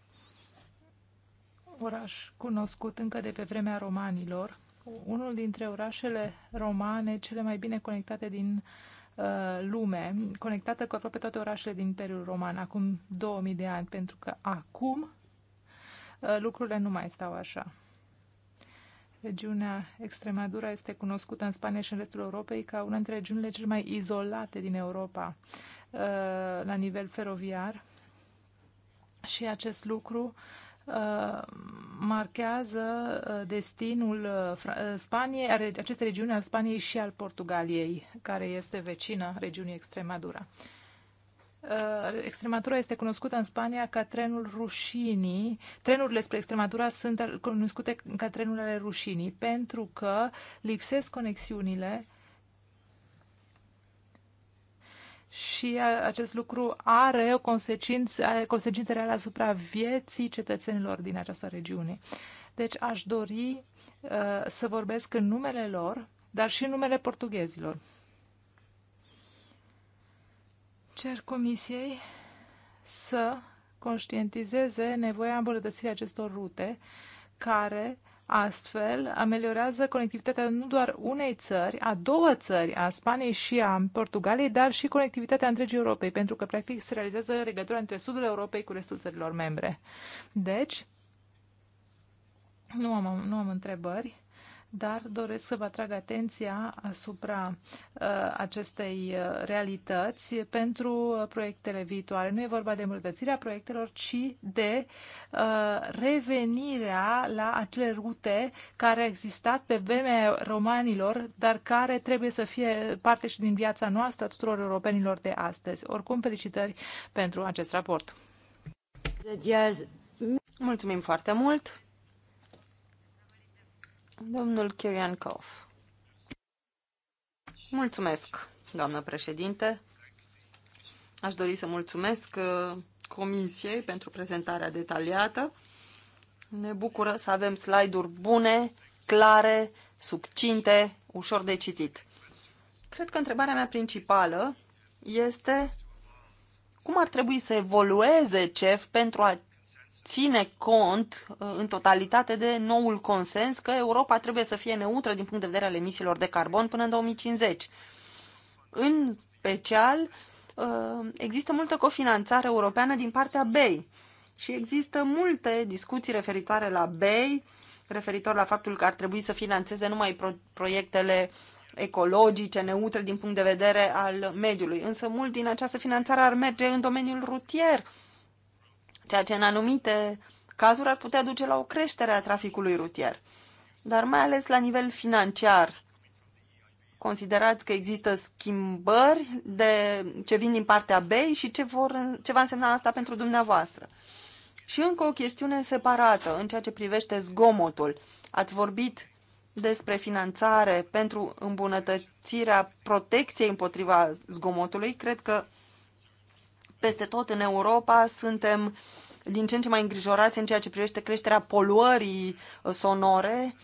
oraș cunoscut încă de pe vremea romanilor, unul dintre orașele romane cele mai bine conectate din uh, lume, conectată cu aproape toate orașele din Imperiul Roman, acum 2000 de ani, pentru că acum Uh, lucrurile nu mai stau așa. Regiunea Extremadura este cunoscută în Spania și în restul Europei ca una dintre regiunile cel mai izolate din Europa uh, la nivel feroviar și acest lucru uh, marchează destinul Spaniei, aceste regiuni al Spaniei și al Portugaliei, care este vecină regiunii Extremadura. Uh, Extremadura este cunoscută în Spania ca trenul rușinii. Trenurile spre Extremadura sunt cunoscute ca trenurile rușinii pentru că lipsesc conexiunile și acest lucru are o consecință, consecință reală asupra vieții cetățenilor din această regiune. Deci aș dori uh, să vorbesc în numele lor, dar și în numele portughezilor. Cer Comisiei să conștientizeze nevoia îmbunătățirii acestor rute, care astfel ameliorează conectivitatea nu doar unei țări, a două țări, a Spaniei și a Portugaliei, dar și conectivitatea întregii Europei, pentru că practic se realizează legătura între sudul Europei cu restul țărilor membre. Deci, nu am, nu am întrebări dar doresc să vă atrag atenția asupra uh, acestei uh, realități pentru uh, proiectele viitoare. Nu e vorba de îmbunătățirea proiectelor, ci de uh, revenirea la acele rute care au existat pe vremea romanilor, dar care trebuie să fie parte și din viața noastră a tuturor europenilor de astăzi. Oricum, felicitări pentru acest raport. Mulțumim foarte mult! Domnul Kiryankov. Mulțumesc, doamnă președinte. Aș dori să mulțumesc uh, Comisiei pentru prezentarea detaliată. Ne bucură să avem slide-uri bune, clare, succinte, ușor de citit. Cred că întrebarea mea principală este cum ar trebui să evolueze CEF pentru a ține cont uh, în totalitate de noul consens că Europa trebuie să fie neutră din punct de vedere al emisiilor de carbon până în 2050. În special, uh, există multă cofinanțare europeană din partea BEI și există multe discuții referitoare la BEI, referitor la faptul că ar trebui să financeze numai proiectele ecologice, neutre din punct de vedere al mediului. Însă mult din această finanțare ar merge în domeniul rutier, ceea ce în anumite cazuri ar putea duce la o creștere a traficului rutier. Dar mai ales la nivel financiar, considerați că există schimbări de ce vin din partea B și ce, vor, ce va însemna asta pentru dumneavoastră? Și încă o chestiune separată în ceea ce privește zgomotul. Ați vorbit despre finanțare pentru îmbunătățirea protecției împotriva zgomotului. Cred că peste tot în Europa suntem din ce în ce mai îngrijorați în ceea ce privește creșterea poluării uh, sonore.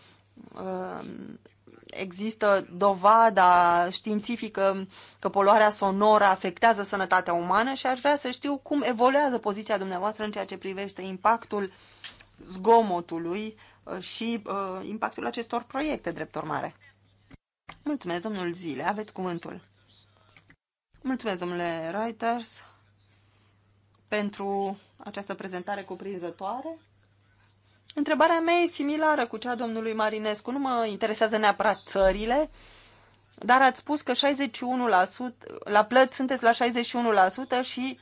Uh, există dovada științifică că poluarea sonoră afectează sănătatea umană și aș vrea să știu cum evoluează poziția dumneavoastră în ceea ce privește impactul zgomotului uh, și impactul acestor proiecte, drept urmare. Mulțumesc, domnul Zile. Aveți cuvântul. Mulțumesc, domnule Reuters pentru această prezentare cuprinzătoare. Întrebarea mea e similară cu cea a domnului Marinescu. Nu mă interesează neapărat țările, dar ați spus că 61%, la plăți sunteți la 61% și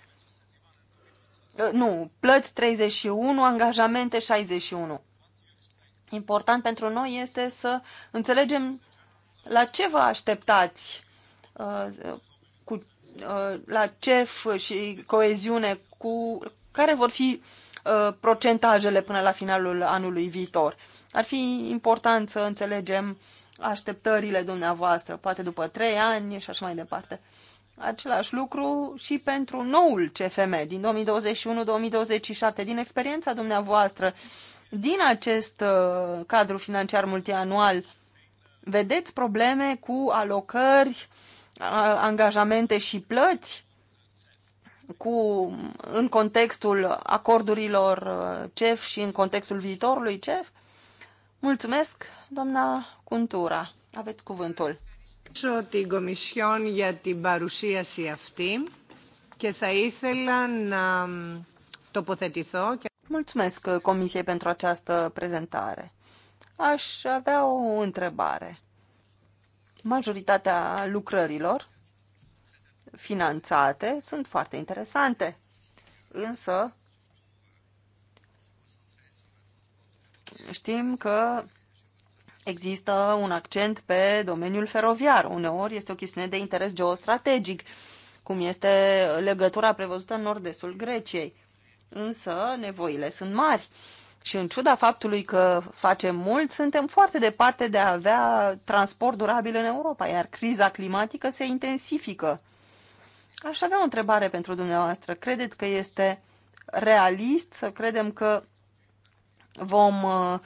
uh, nu, plăți 31, angajamente 61. Important pentru noi este să înțelegem la ce vă așteptați uh, cu, uh, la CEF și coeziune cu care vor fi uh, procentajele până la finalul anului viitor. Ar fi important să înțelegem așteptările dumneavoastră, poate după trei ani și așa mai departe. Același lucru și pentru noul CFM din 2021-2027. Din experiența dumneavoastră, din acest uh, cadru financiar multianual, vedeți probleme cu alocări, uh, angajamente și plăți? cu, în contextul acordurilor uh, CEF și în contextul viitorului CEF? Mulțumesc, doamna Cuntura. Aveți cuvântul. Την Κομισιόν για την παρουσίαση αυτή και θα ήθελα να τοποθετηθώ. Mulțumesc uh, Comisiei pentru această prezentare. Aș avea o întrebare. Majoritatea lucrărilor finanțate sunt foarte interesante, însă știm că există un accent pe domeniul feroviar. Uneori este o chestiune de interes geostrategic, cum este legătura prevăzută în nord-estul Greciei. Însă nevoile sunt mari. Și în ciuda faptului că facem mult, suntem foarte departe de a avea transport durabil în Europa, iar criza climatică se intensifică. Aș avea o întrebare pentru dumneavoastră. Credeți că este realist să credem că vom, uh,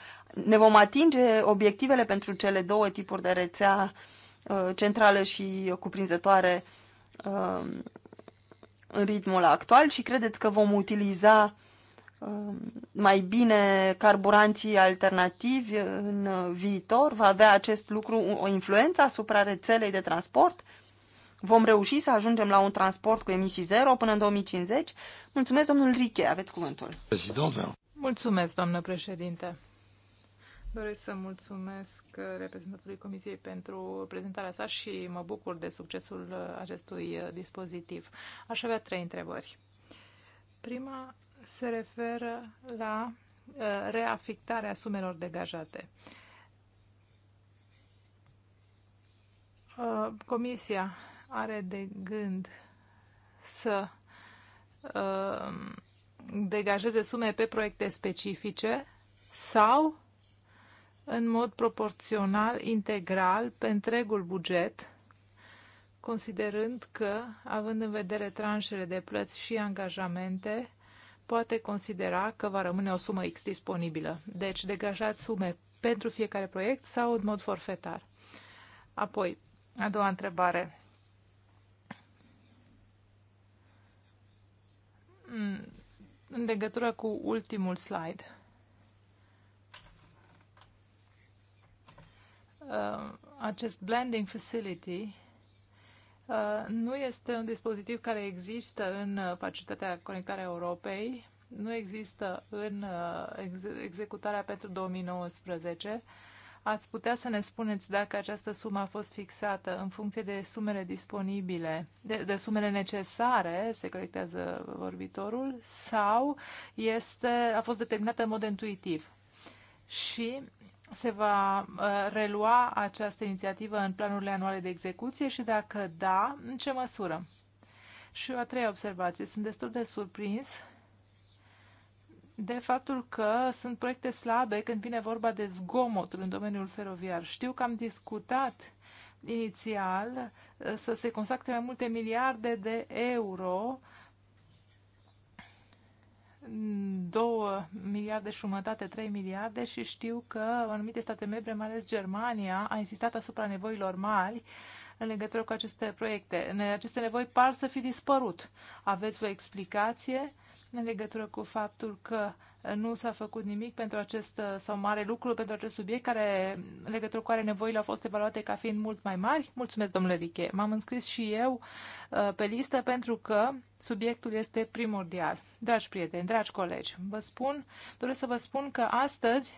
ne vom atinge obiectivele pentru cele două tipuri de rețea uh, centrală și cuprinzătoare uh, în ritmul actual și credeți că vom utiliza mai bine carburanții alternativi în viitor? Va avea acest lucru o influență asupra rețelei de transport? Vom reuși să ajungem la un transport cu emisii zero până în 2050? Mulțumesc, domnul Riche, aveți cuvântul. Mulțumesc, doamnă președinte. Doresc să mulțumesc uh, reprezentantului Comisiei pentru prezentarea sa și mă bucur de succesul uh, acestui uh, dispozitiv. Aș avea trei întrebări. Prima se referă la reafectarea sumelor degajate. Comisia are de gând să uh, degajeze sume pe proiecte specifice sau în mod proporțional, integral, pe întregul buget, considerând că, având în vedere tranșele de plăți și angajamente, poate considera că va rămâne o sumă X disponibilă. Deci, degajați sume pentru fiecare proiect sau în mod forfetar. Apoi, a doua întrebare. Mm, în legătură cu ultimul slide. Uh, acest blending facility uh, nu este un dispozitiv care există în uh, facilitatea Conectarea Europei, nu există în executarea pentru 2019 Ați putea să ne spuneți dacă această sumă a fost fixată în funcție de sumele disponibile, de, de sumele necesare, se corectează vorbitorul, sau este, a fost determinată în mod intuitiv? Și se va uh, relua această inițiativă în planurile anuale de execuție și dacă da, în ce măsură? Și o a treia observație. Sunt destul de surprins de faptul că sunt proiecte slabe când vine vorba de zgomot în domeniul feroviar. Știu că am discutat inițial uh, să se consacre mai multe miliarde de euro, 2 miliarde și jumătate, 3 miliarde și știu că anumite state membre, mai ales Germania, a insistat asupra nevoilor mari în legătură cu aceste proiecte. Aceste nevoi par să fi dispărut. Aveți o explicație? în legătură cu faptul că nu s-a făcut nimic pentru acest uh, sau mare lucru pentru acest subiect care, în legătură cu care nevoile au fost evaluate ca fiind mult mai mari. Mulțumesc, domnule Riche. M-am înscris și eu uh, pe listă pentru că subiectul este primordial. Dragi prieteni, dragi colegi, vă spun, doresc să vă spun că astăzi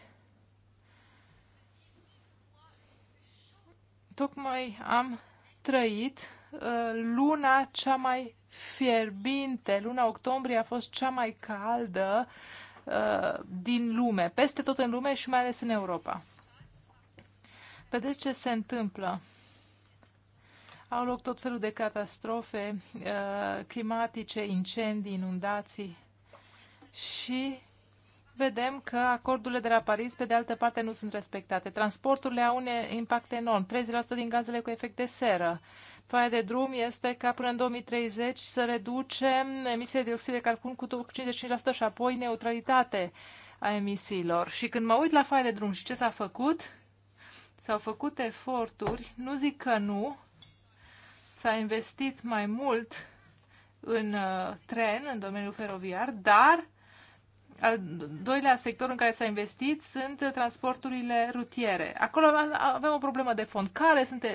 tocmai am trăit uh, luna cea mai fierbinte. Luna octombrie a fost cea mai caldă uh, din lume, peste tot în lume și mai ales în Europa. Vedeți ce se întâmplă. Au loc tot felul de catastrofe uh, climatice, incendii, inundații și vedem că acordurile de la Paris, pe de altă parte, nu sunt respectate. Transporturile au un impact enorm, 30% din gazele cu efect de seră. Uh, Foaia de drum este ca până în 2030 să reducem emisiile de oxid de carbon cu 55% și apoi neutralitate a emisiilor. Și când mă uit la foaia de drum și ce s-a făcut, s-au făcut eforturi, nu zic că nu, s-a investit mai mult în uh, tren, în domeniul feroviar, dar al doilea sector în care s-a investit sunt transporturile rutiere. Acolo avem o problemă de fond. Care sunt,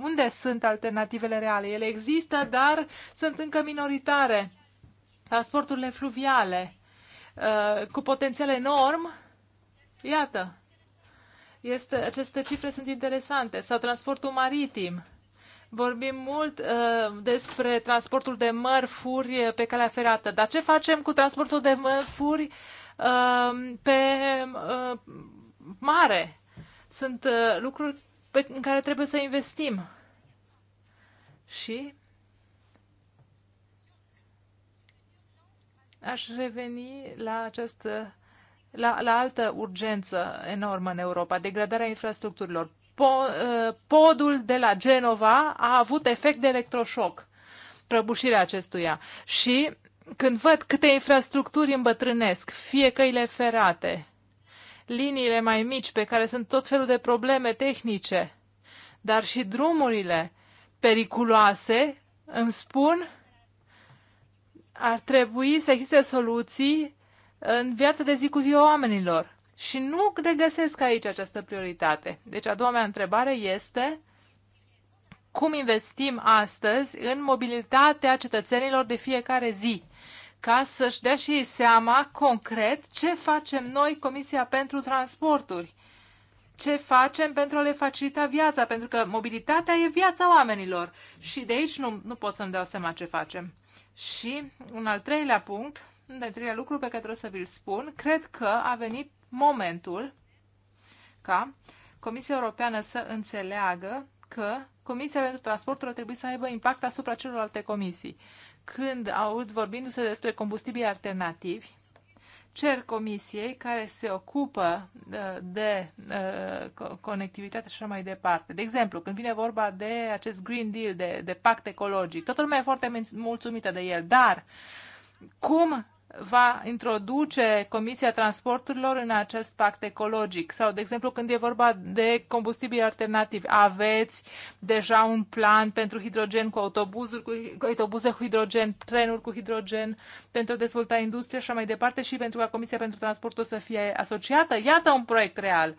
unde sunt alternativele reale? Ele există, dar sunt încă minoritare. Transporturile fluviale cu potențial enorm, iată, este, aceste cifre sunt interesante. Sau transportul maritim Vorbim mult uh, despre transportul de mărfuri pe calea ferată, dar ce facem cu transportul de mărfuri uh, pe uh, mare? Sunt uh, lucruri pe, în care trebuie să investim. Și aș reveni la această la, la altă urgență enormă în Europa, degradarea infrastructurilor. Uh, podul de la Genova a avut efect de electroșoc, prăbușirea acestuia. Și când văd câte infrastructuri îmbătrânesc, fie căile ferate, liniile mai mici pe care sunt tot felul de probleme tehnice, dar și drumurile periculoase, îmi spun, ar trebui să existe soluții în viața de zi cu zi a oamenilor și nu regăsesc aici această prioritate. Deci a doua mea întrebare este cum investim astăzi în mobilitatea cetățenilor de fiecare zi ca să-și dea și seama concret ce facem noi, Comisia pentru Transporturi. Ce facem pentru a le facilita viața, pentru că mobilitatea e viața oamenilor și de aici nu, nu pot să-mi dau seama ce facem. Și un al treilea punct, un al treilea lucru pe care trebuie să vi-l spun, cred că a venit momentul ca Comisia Europeană să înțeleagă că Comisia pentru Transportul ar trebui să aibă impact asupra celorlalte comisii. Când aud vorbindu-se despre combustibili alternativi, cer comisiei care se ocupă uh, de uh, conectivitate și așa mai departe. De exemplu, când vine vorba de acest Green Deal, de, de pact ecologic, toată lumea e foarte mulțumită de el, dar cum va introduce Comisia Transporturilor în acest pact ecologic? Sau, de exemplu, când e vorba de combustibili alternativi, aveți deja un plan pentru hidrogen cu autobuzuri, cu autobuze cu hidrogen, trenuri cu hidrogen, pentru a dezvolta industria și așa mai departe și pentru ca Comisia pentru Transportul să fie asociată? Iată un proiect real!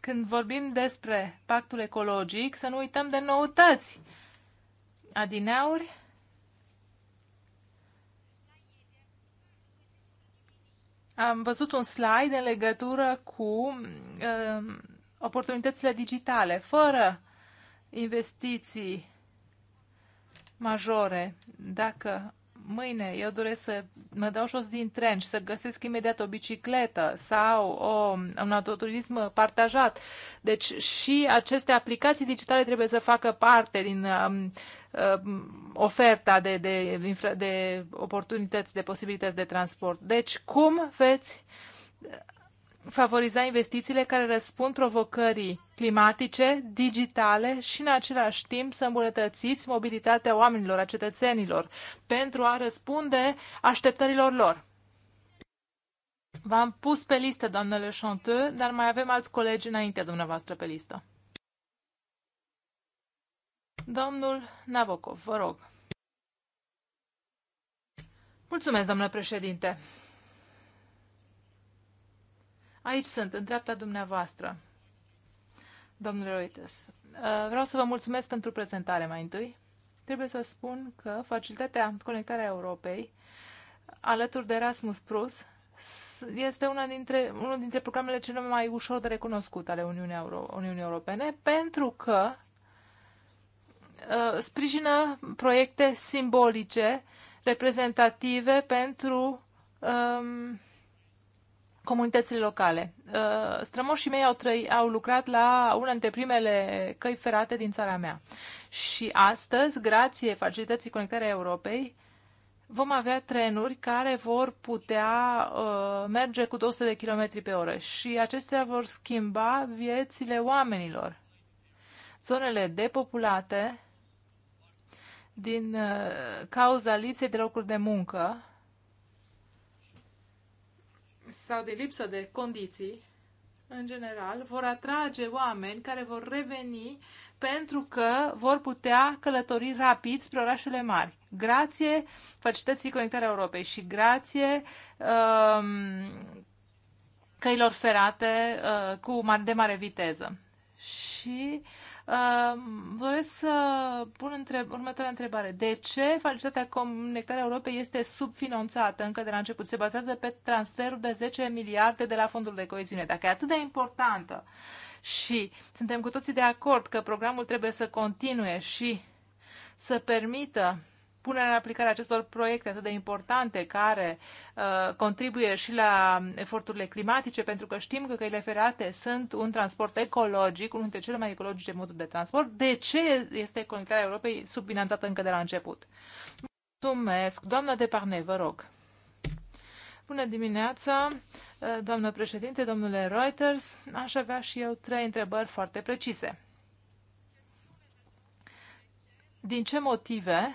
Când vorbim despre pactul ecologic, să nu uităm de noutăți. Adineauri, Am văzut un slide în legătură cu uh, oportunitățile digitale. Fără investiții majore, dacă mâine eu doresc să mă dau jos din tren și să găsesc imediat o bicicletă sau o, un autoturism partajat. Deci și aceste aplicații digitale trebuie să facă parte din um, um, oferta de, de, de oportunități, de posibilități de transport. Deci cum veți favoriza investițiile care răspund provocării climatice, digitale și în același timp să îmbunătățiți mobilitatea oamenilor, a cetățenilor, pentru a răspunde așteptărilor lor. V-am pus pe listă, doamnele Chanteux, dar mai avem alți colegi înaintea dumneavoastră pe listă. Domnul Navokov, vă rog. Mulțumesc, domnule președinte. Aici sunt, în dreapta dumneavoastră, domnule Reuters. Uh, vreau să vă mulțumesc pentru prezentare mai întâi. Trebuie să spun că facilitatea Conectarea Europei, alături de Erasmus Plus, este una dintre, unul dintre programele cele mai ușor de recunoscut ale Uniunii, Euro- Uniunii Europene, pentru că uh, sprijină proiecte simbolice, reprezentative pentru um, comunitățile locale. Uh, strămoșii mei au, trăi, au lucrat la una dintre primele căi ferate din țara mea. Și astăzi, grație facilității Conectarea Europei, vom avea trenuri care vor putea uh, merge cu 200 de km pe oră și acestea vor schimba viețile oamenilor. Zonele depopulate din uh, cauza lipsei de locuri de muncă sau de lipsă de condiții, în general, vor atrage oameni care vor reveni pentru că vor putea călători rapid spre orașele mari. Grație facilității Conectarea Europei și grație um, căilor ferate uh, cu mare, de mare viteză. Și uh, Uh, doresc să pun întreb, următoarea întrebare. De ce facilitatea Conectarea Europei este subfinanțată încă de la început? Se bazează pe transferul de 10 miliarde de la Fondul de Coeziune. Dacă e atât de importantă și suntem cu toții de acord că programul trebuie să continue și să permită punerea în aplicare acestor proiecte atât de importante care uh, contribuie și la eforturile climatice, pentru că știm că căile ferate sunt un transport ecologic, unul dintre cele mai ecologice moduri de transport. De ce este conectarea Europei subfinanțată încă de la început? Mulțumesc. Doamna Deparne, vă rog. Bună dimineața, uh, doamnă președinte, domnule Reuters. Aș avea și eu trei întrebări foarte precise. Din ce motive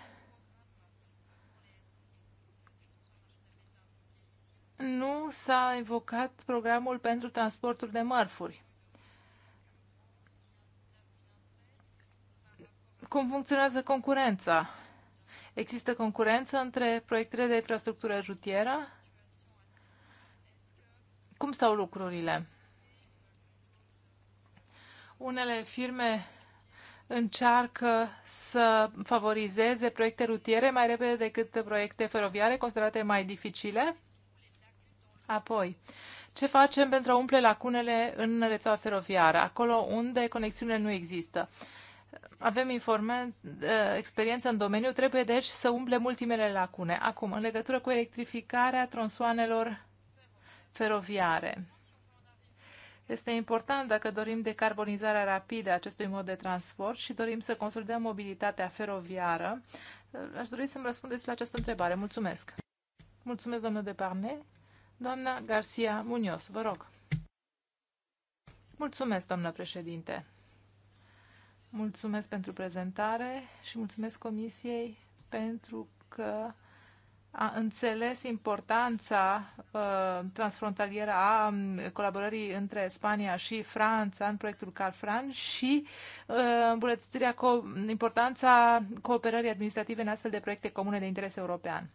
nu s-a invocat programul pentru transportul de mărfuri. Cum funcționează concurența? Există concurență între proiectele de infrastructură rutieră? Cum stau lucrurile? Unele firme încearcă să favorizeze proiecte rutiere mai repede decât proiecte feroviare, considerate mai dificile. Apoi, ce facem pentru a umple lacunele în rețeaua feroviară, acolo unde conexiunile nu există? Avem eh, experiență în domeniu, trebuie deci să umple multimele lacune. Acum, în legătură cu electrificarea tronsoanelor feroviare. Este important dacă dorim decarbonizarea rapidă a acestui mod de transport și dorim să consolidăm mobilitatea feroviară. Eh, aș dori să-mi răspundeți la această întrebare. Mulțumesc! Mulțumesc, domnule Deparne. Doamna Garcia Munoz, vă rog. Mulțumesc, doamnă președinte. Mulțumesc pentru prezentare și mulțumesc Comisiei pentru că a înțeles importanța uh, transfrontalieră a um, colaborării între Spania și Franța în proiectul CalFran și uh, îmbunătățirea co- importanța cooperării administrative în astfel de proiecte comune de interes european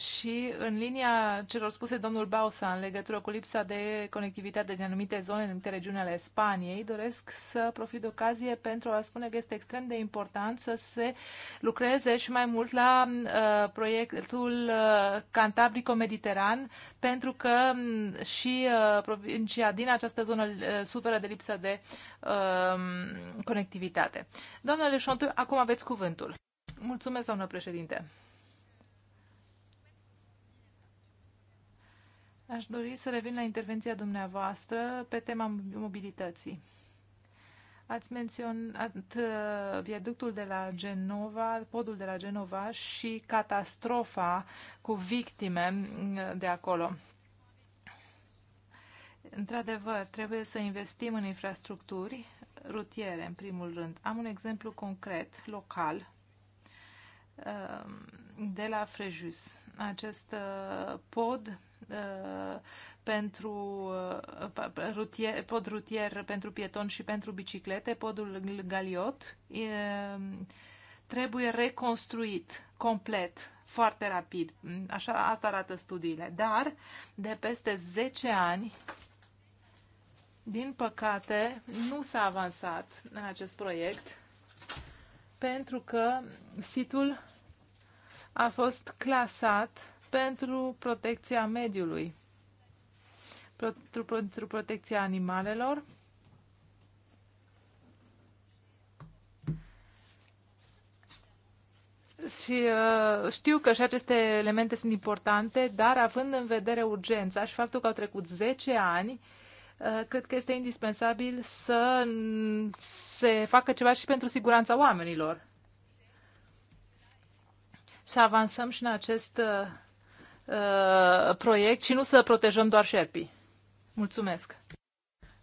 și în linia celor spuse domnul Bausa în legătură cu lipsa de conectivitate din anumite zone, în anumite regiuni ale Spaniei, doresc să profit de ocazie pentru a spune că este extrem de important să se lucreze și mai mult la uh, proiectul uh, Cantabrico-Mediteran, pentru că um, și uh, provincia din această zonă uh, suferă de lipsă de uh, conectivitate. Doamnele Șontu, acum aveți cuvântul. Mulțumesc, doamnă președinte. Aș dori să revin la intervenția dumneavoastră pe tema mobilității. Ați menționat uh, viaductul de la Genova, podul de la Genova și catastrofa cu victime uh, de acolo. Într-adevăr, trebuie să investim în infrastructuri rutiere, în primul rând. Am un exemplu concret, local, uh, de la Frejus acest uh, pod uh, pentru uh, rutier, pod rutier pentru pieton și pentru biciclete, podul Galiot, trebuie reconstruit complet, foarte rapid. Așa, asta arată studiile. Dar, de peste 10 ani, din păcate, nu s-a avansat în acest proiect pentru că situl a fost clasat pentru protecția mediului, pentru, pentru protecția animalelor. Și uh, știu că și aceste elemente sunt importante, dar având în vedere urgența și faptul că au trecut 10 ani, uh, cred că este indispensabil să se facă ceva și pentru siguranța oamenilor să avansăm și în acest uh, uh, proiect și nu să protejăm doar șerpii. Mulțumesc!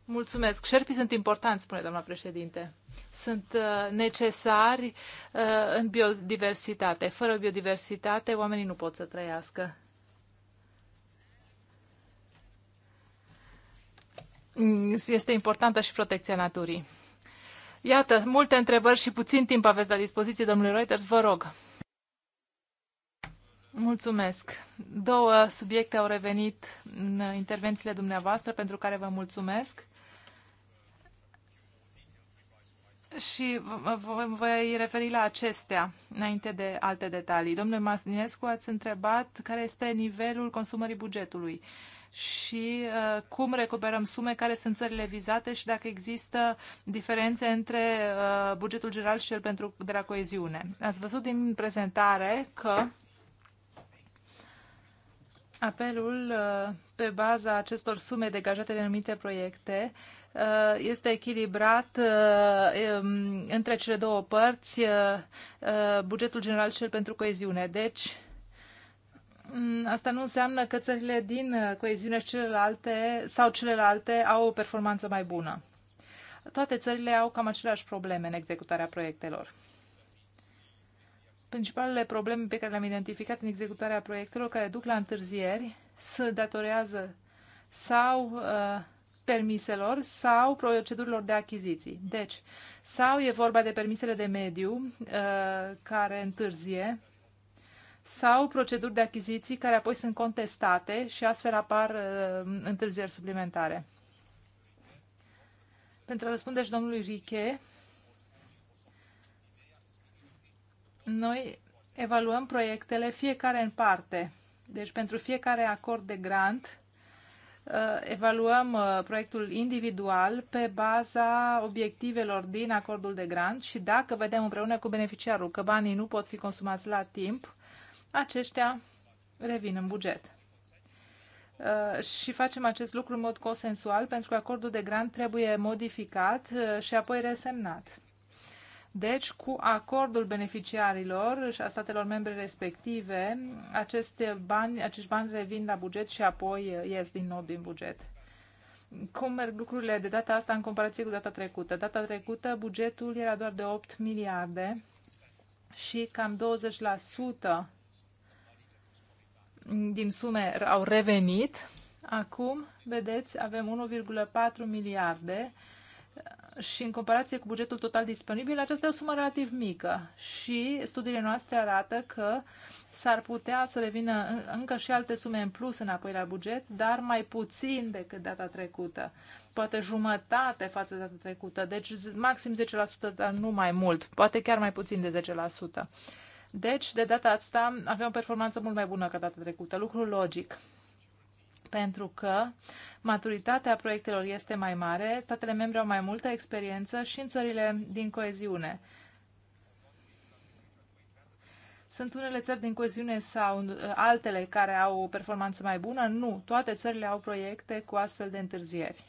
Mulțumesc. Șerpii sunt importanți, spune doamna președinte. Sunt uh, necesari uh, în biodiversitate. Fără biodiversitate, oamenii nu pot să trăiască. Este importantă și protecția naturii. Iată, multe întrebări și puțin timp aveți la dispoziție, domnule Reuters, vă rog. Mulțumesc. Două subiecte au revenit în intervențiile dumneavoastră, pentru care vă mulțumesc. Și voi referi la acestea, înainte de alte detalii. Domnule Masninescu, ați întrebat care este nivelul consumării bugetului și uh, cum recuperăm sume, care sunt țările vizate și dacă există diferențe între uh, bugetul general și cel pentru, de la coeziune. Ați văzut din prezentare că apelul uh, pe baza acestor sume degajate de anumite proiecte uh, este echilibrat uh, um, între cele două părți, bugetul general și cel pentru coeziune. Deci, mm, asta nu înseamnă că țările din coeziune și celelalte sau celelalte au o performanță mai bună. Toate țările au cam aceleași probleme în executarea proiectelor. Principalele probleme pe care le-am identificat în executarea proiectelor care duc la întârzieri se datorează sau uh, permiselor sau procedurilor de achiziții. Deci, sau e vorba de permisele de mediu uh, care întârzie, sau proceduri de achiziții care apoi sunt contestate și astfel apar uh, întârzieri suplimentare. Pentru a răspunde și domnului Riche, noi evaluăm proiectele fiecare în parte. Deci pentru fiecare acord de grant uh, evaluăm uh, proiectul individual pe baza obiectivelor din acordul de grant și dacă vedem împreună cu beneficiarul că banii nu pot fi consumați la timp, aceștia revin în buget. Uh, și facem acest lucru în mod consensual pentru că acordul de grant trebuie modificat și apoi resemnat. Deci, cu acordul beneficiarilor și a statelor membre respective, aceste bani, acești bani revin la buget și apoi uh, ies din nou din buget. Cum merg lucrurile de data asta în comparație cu data trecută? Data trecută bugetul era doar de 8 miliarde și cam 20% din sume au revenit. Acum, vedeți, avem 1,4 miliarde și în comparație cu bugetul total disponibil, aceasta e o sumă relativ mică și studiile noastre arată că s-ar putea să revină încă și alte sume în plus înapoi la buget, dar mai puțin decât data trecută, poate jumătate față de data trecută, deci maxim 10%, dar nu mai mult, poate chiar mai puțin de 10%. Deci, de data asta, avem o performanță mult mai bună ca data trecută, lucru logic pentru că maturitatea proiectelor este mai mare, statele membre au mai multă experiență și în țările din coeziune. Sunt unele țări din coeziune sau uh, altele care au o performanță mai bună? Nu. Toate țările au proiecte cu astfel de întârzieri.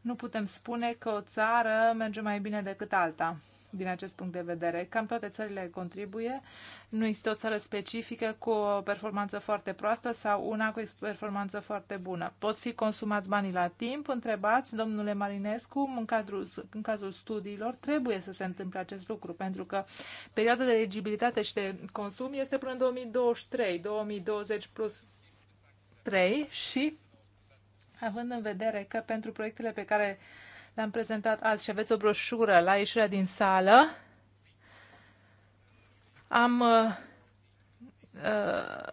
Nu putem spune că o țară merge mai bine decât alta din acest punct de vedere. Cam toate țările contribuie. Nu există o țară specifică cu o performanță foarte proastă sau una cu o performanță foarte bună. Pot fi consumați banii la timp? Întrebați, domnule Marinescu, în, cadrul, în cazul studiilor trebuie să se întâmple acest lucru, pentru că perioada de legibilitate și de consum este până în 2023, 2020 plus 3 și având în vedere că pentru proiectele pe care uh, le-am prezentat azi și aveți o broșură la ieșirea din sală. Am uh, uh,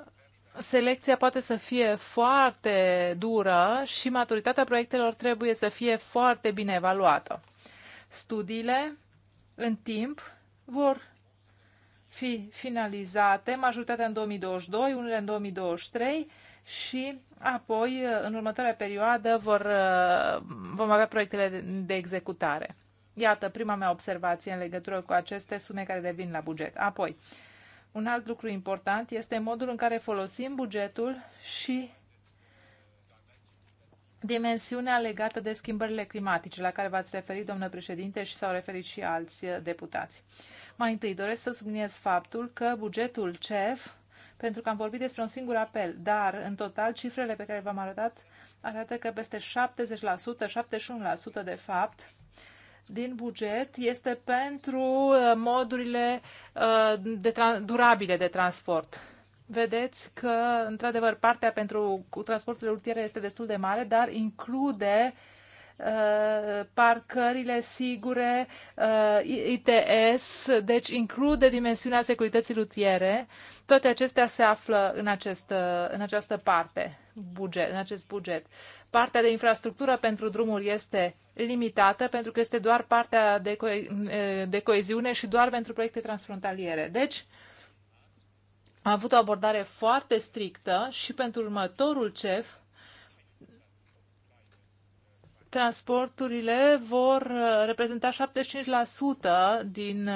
selecția poate să fie foarte dură și maturitatea proiectelor trebuie să fie foarte bine evaluată. Studiile în timp vor fi finalizate, majoritatea în 2022, unele în 2023 și Apoi, în următoarea perioadă, vor, uh, vom avea proiectele de executare. Iată, prima mea observație în legătură cu aceste sume care revin la buget. Apoi, un alt lucru important este modul în care folosim bugetul și dimensiunea legată de schimbările climatice, la care v-ați referit, domnule președinte, și s-au referit și alți deputați. Mai întâi doresc să subliniez faptul că bugetul CEF pentru că am vorbit despre un singur apel, dar în total cifrele pe care v-am arătat arată că peste 70%, 71% de fapt, din buget este pentru uh, modurile uh, de durabile de transport. Vedeți că, într-adevăr, partea pentru transporturile rutiere este destul de mare, dar include uh, Uh, parcările sigure, uh, ITS, deci include dimensiunea securității rutiere. Toate acestea se află în, acest, uh, în această parte, buget, în acest buget. Partea de infrastructură pentru drumuri este limitată pentru că este doar partea de, co- de coeziune și doar pentru proiecte transfrontaliere. Deci, a avut o abordare foarte strictă și pentru următorul CEF transporturile vor uh, reprezenta 75% din uh,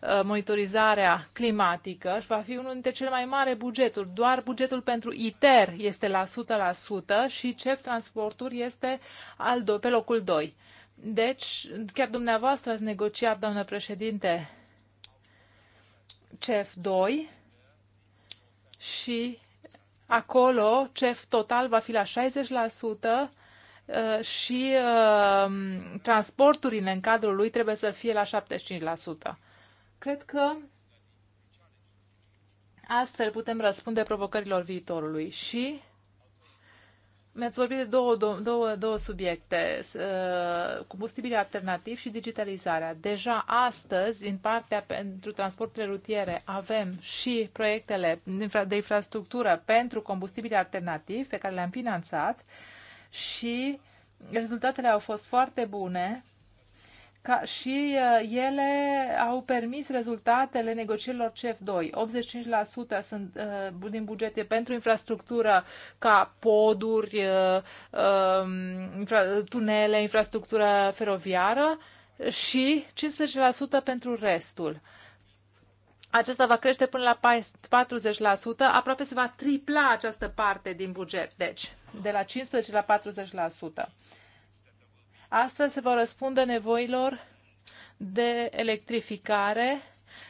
uh, monitorizarea climatică și va fi unul dintre cele mai mari bugeturi. Doar bugetul pentru ITER este la 100% și CEF Transporturi este al do- pe locul 2. Deci, chiar dumneavoastră ați negociat, doamnă președinte, CEF 2 și acolo CEF total va fi la 60%, Uh, și uh, transporturile în cadrul lui trebuie să fie la 75%. Cred că astfel putem răspunde provocărilor viitorului și mi-ați vorbit de două, două, două subiecte, uh, combustibili alternativi și digitalizarea. Deja astăzi, în partea pentru transporturile rutiere, avem și proiectele de infrastructură pentru combustibili alternativi pe care le-am finanțat. Uh, și rezultatele au fost foarte bune ca și uh, ele au permis rezultatele negocierilor CEF2. 85% sunt, uh, din buget e pentru infrastructură ca poduri, uh, um, tunele, infrastructură feroviară și 15% pentru restul acesta va crește până la 40%, aproape se va tripla această parte din buget, deci de la 15 la 40%. Astfel se vor răspunde nevoilor de electrificare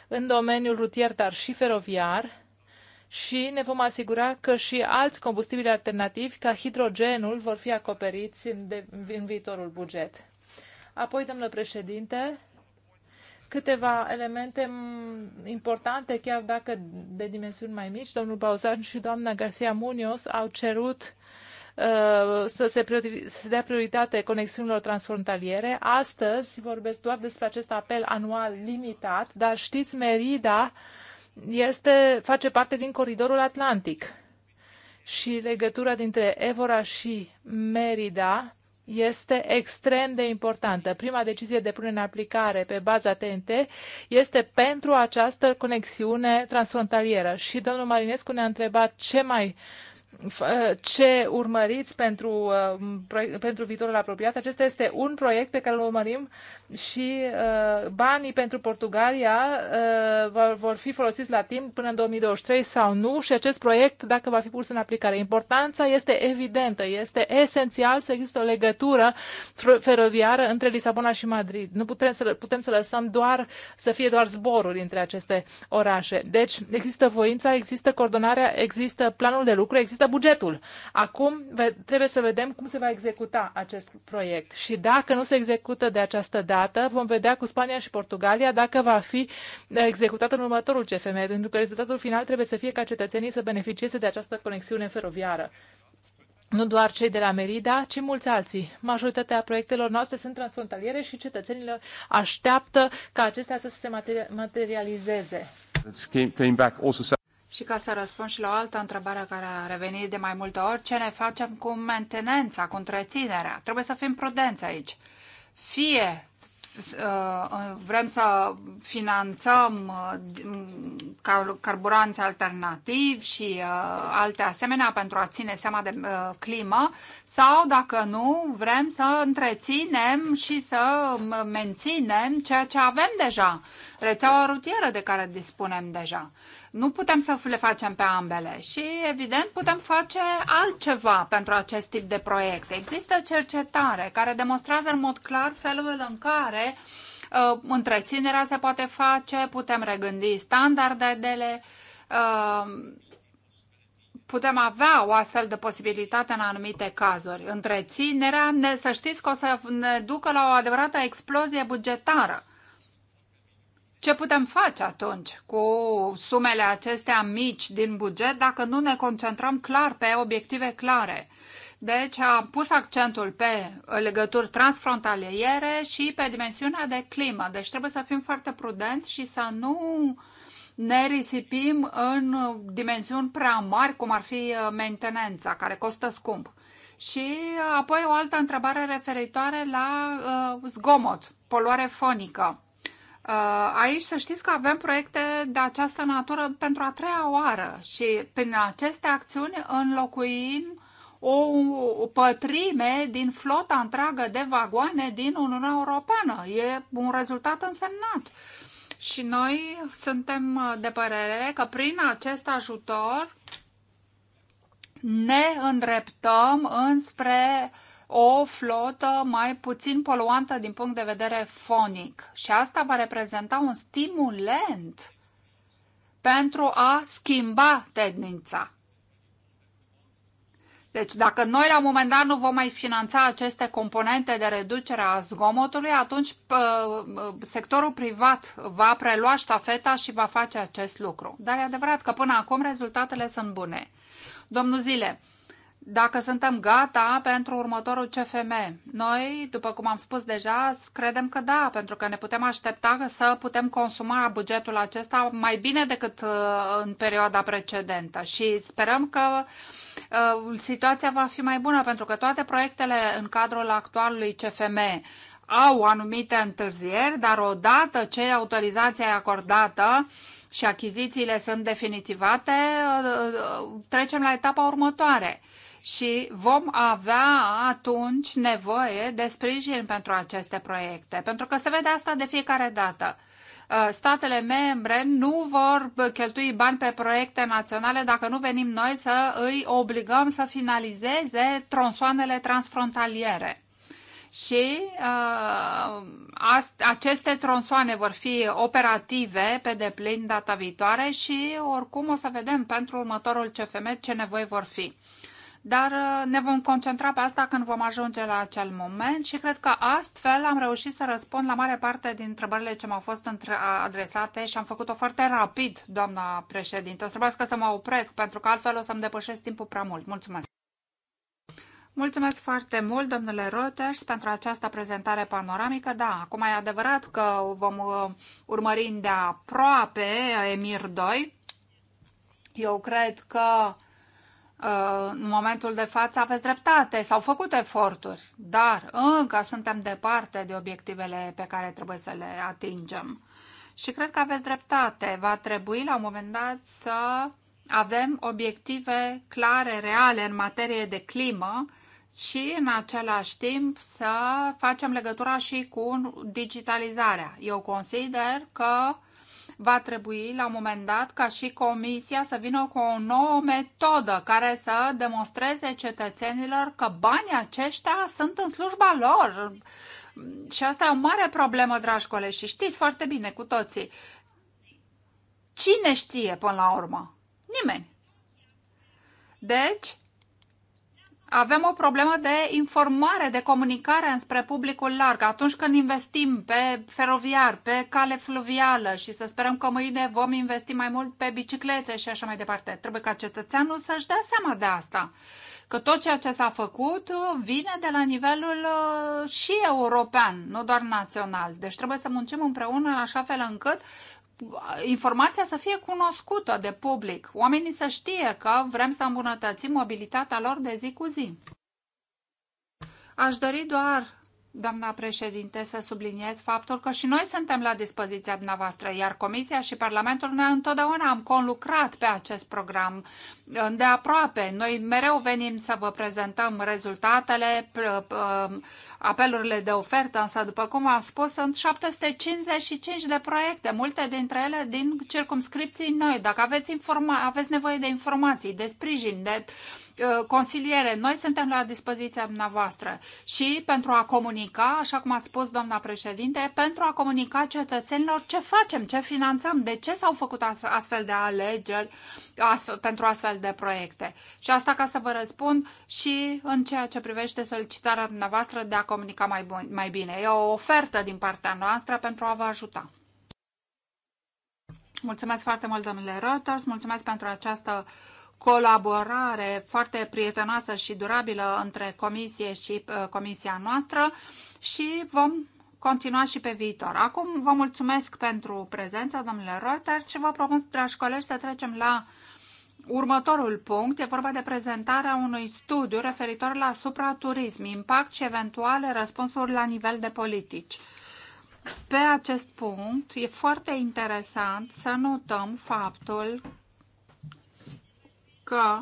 în domeniul rutier, dar și feroviar și ne vom asigura că și alți combustibili alternativi, ca hidrogenul, vor fi acoperiți în, de, în viitorul buget. Apoi, domnule președinte, câteva elemente importante, chiar dacă de dimensiuni mai mici. Domnul Bauzan și doamna Garcia Munoz au cerut uh, să se, să dea prioritate conexiunilor transfrontaliere. Astăzi vorbesc doar despre acest apel anual limitat, dar știți, Merida este, face parte din coridorul Atlantic și legătura dintre Evora și Merida este extrem de importantă. Prima decizie de punere în aplicare pe baza TNT este pentru această conexiune transfrontalieră. Și domnul Marinescu ne-a întrebat ce mai ce urmăriți pentru, uh, pentru viitorul apropiat. Acesta este un proiect pe care îl urmărim și uh, banii pentru Portugalia uh, vor, vor fi folosiți la timp până în 2023 sau nu și acest proiect, dacă va fi pus în aplicare. Importanța este evidentă, este esențial să există o legătură feroviară între Lisabona și Madrid. Nu putem să, putem să lăsăm doar să fie doar zboruri între aceste orașe. Deci există voința, există coordonarea, există planul de lucru, există bugetul. Acum trebuie să vedem cum se va executa acest proiect și dacă nu se execută de această dată, dată vom vedea cu Spania și Portugalia dacă va fi executată în următorul CFM, pentru că rezultatul final trebuie să fie ca cetățenii să beneficieze de această conexiune feroviară. Nu doar cei de la Merida, ci mulți alții. Majoritatea proiectelor noastre sunt transfrontaliere și cetățenilor așteaptă ca acestea să se materializeze. Și ca să răspund și la o altă întrebare care a revenit de mai multe ori, ce ne facem cu mentenența, cu întreținerea? Trebuie să fim prudenți aici. Fie Uh, vrem să finanțăm uh, carburanți alternativi și uh, alte asemenea pentru a ține seama de climă sau dacă nu vrem să întreținem și să menținem ceea ce avem deja rețeaua rutieră de care dispunem deja. Nu putem să le facem pe ambele și, evident, putem face altceva pentru acest tip de proiecte. Există cercetare care demonstrează în mod clar felul în care uh, întreținerea se poate face, putem regândi standardele, uh, putem avea o astfel de posibilitate în anumite cazuri. Întreținerea, ne, să știți că o să ne ducă la o adevărată explozie bugetară. Ce putem face atunci cu sumele acestea mici din buget dacă nu ne concentrăm clar pe obiective clare? Deci am pus accentul pe legături transfrontaliere și pe dimensiunea de climă. Deci trebuie să fim foarte prudenți și să nu ne risipim în dimensiuni prea mari, cum ar fi uh, mentenența, care costă scump. Și uh, apoi o altă întrebare referitoare la uh, zgomot, poluare fonică. Uh, aici să știți că avem proiecte de această natură pentru a treia oară și prin aceste acțiuni înlocuim o pătrime din flota întreagă de vagoane din Uniunea Europeană. E un rezultat însemnat. Și noi suntem de părere că prin acest ajutor ne îndreptăm înspre uh, o flotă mai puțin poluantă din punct de vedere fonic. Și asta va reprezenta un stimulent pentru a schimba tendința. Deci dacă noi la un moment dat nu vom mai finanța aceste componente de reducere a zgomotului, atunci sectorul privat va prelua ștafeta și va face acest lucru. Dar e adevărat că până acum rezultatele sunt bune. Domnul Zile, dacă suntem gata pentru următorul CFM. Noi, după cum am spus deja, credem că da, pentru că ne putem aștepta să putem consuma bugetul acesta mai bine decât uh, în perioada precedentă și sperăm că uh, situația va fi mai bună, pentru că toate proiectele în cadrul actualului CFM au anumite întârzieri, dar odată ce autorizația e acordată, și achizițiile sunt definitivate, uh, trecem la etapa următoare și vom avea atunci nevoie de sprijin pentru aceste proiecte, pentru că se vede asta de fiecare dată uh, statele membre nu vor cheltui bani pe proiecte naționale dacă nu venim noi să îi obligăm să finalizeze tronsoanele transfrontaliere. Și uh, aceste tronsoane vor fi operative pe deplin data viitoare și oricum o să vedem pentru următorul CFM ce nevoi vor fi dar uh, ne vom concentra pe asta când vom ajunge la acel moment și cred că astfel am reușit să răspund la mare parte din întrebările ce m-au fost adresate și am făcut-o foarte rapid, doamna președinte. O să trebuiască să mă opresc, pentru că altfel o să-mi depășesc timpul prea mult. Mulțumesc! Mulțumesc foarte mult, domnule Reuters, pentru această prezentare panoramică. Da, acum e adevărat că vom uh, urmări de aproape Emir 2. Eu cred că Uh, în momentul de față aveți dreptate, s-au făcut eforturi, dar încă suntem departe de obiectivele pe care trebuie să le atingem. Și cred că aveți dreptate, va trebui la un moment dat să avem obiective clare, reale în materie de climă și în același timp să facem legătura și cu digitalizarea. Eu consider că uh, va trebui la un moment dat ca și Comisia să vină cu o nouă metodă care să demonstreze cetățenilor că banii aceștia sunt în slujba lor. Și asta e o mare problemă, dragi colegi, și știți foarte bine cu toții. Cine știe până la urmă? Nimeni. Deci, avem o problemă de informare, de comunicare înspre publicul larg. Atunci când investim pe feroviar, pe cale fluvială și să sperăm că mâine vom investi mai mult pe biciclete și așa mai departe, trebuie ca cetățeanul să-și dea seama de asta. Că tot ceea ce s-a făcut vine de la nivelul uh, și european, nu doar național. Deci trebuie să muncim împreună în așa fel încât informația să fie cunoscută de public, oamenii să știe că vrem să îmbunătățim mobilitatea lor de zi cu zi. Aș dori doar doamna președinte, să subliniez faptul că și noi suntem la dispoziția dumneavoastră, iar Comisia și Parlamentul, noi întotdeauna am conlucrat pe acest program de aproape. Noi mereu venim să vă prezentăm rezultatele, apelurile de ofertă, însă, după cum am spus, sunt 755 de proiecte, multe dintre ele din circumscripții noi. Dacă aveți, informa- aveți nevoie de informații, de sprijin, de Uh, consiliere, noi suntem la dispoziția dumneavoastră și pentru a comunica, așa cum a spus doamna președinte, pentru a comunica cetățenilor ce facem, ce finanțăm, de ce s-au făcut astfel de alegeri astfel, pentru astfel de proiecte. Și asta ca să vă răspund și în ceea ce privește solicitarea dumneavoastră de a comunica mai, bun, mai bine. E o ofertă din partea noastră pentru a vă ajuta. Mulțumesc foarte mult, domnule Reuters, mulțumesc pentru această colaborare foarte prietenoasă și durabilă între comisie și uh, comisia noastră și vom continua și pe viitor. Acum vă mulțumesc pentru prezența, domnule Reuters, și vă propun, dragi colegi, să trecem la următorul punct. E vorba de prezentarea unui studiu referitor la supraturism, impact și eventuale răspunsuri la nivel de politici. Pe acest punct, e foarte interesant să notăm faptul că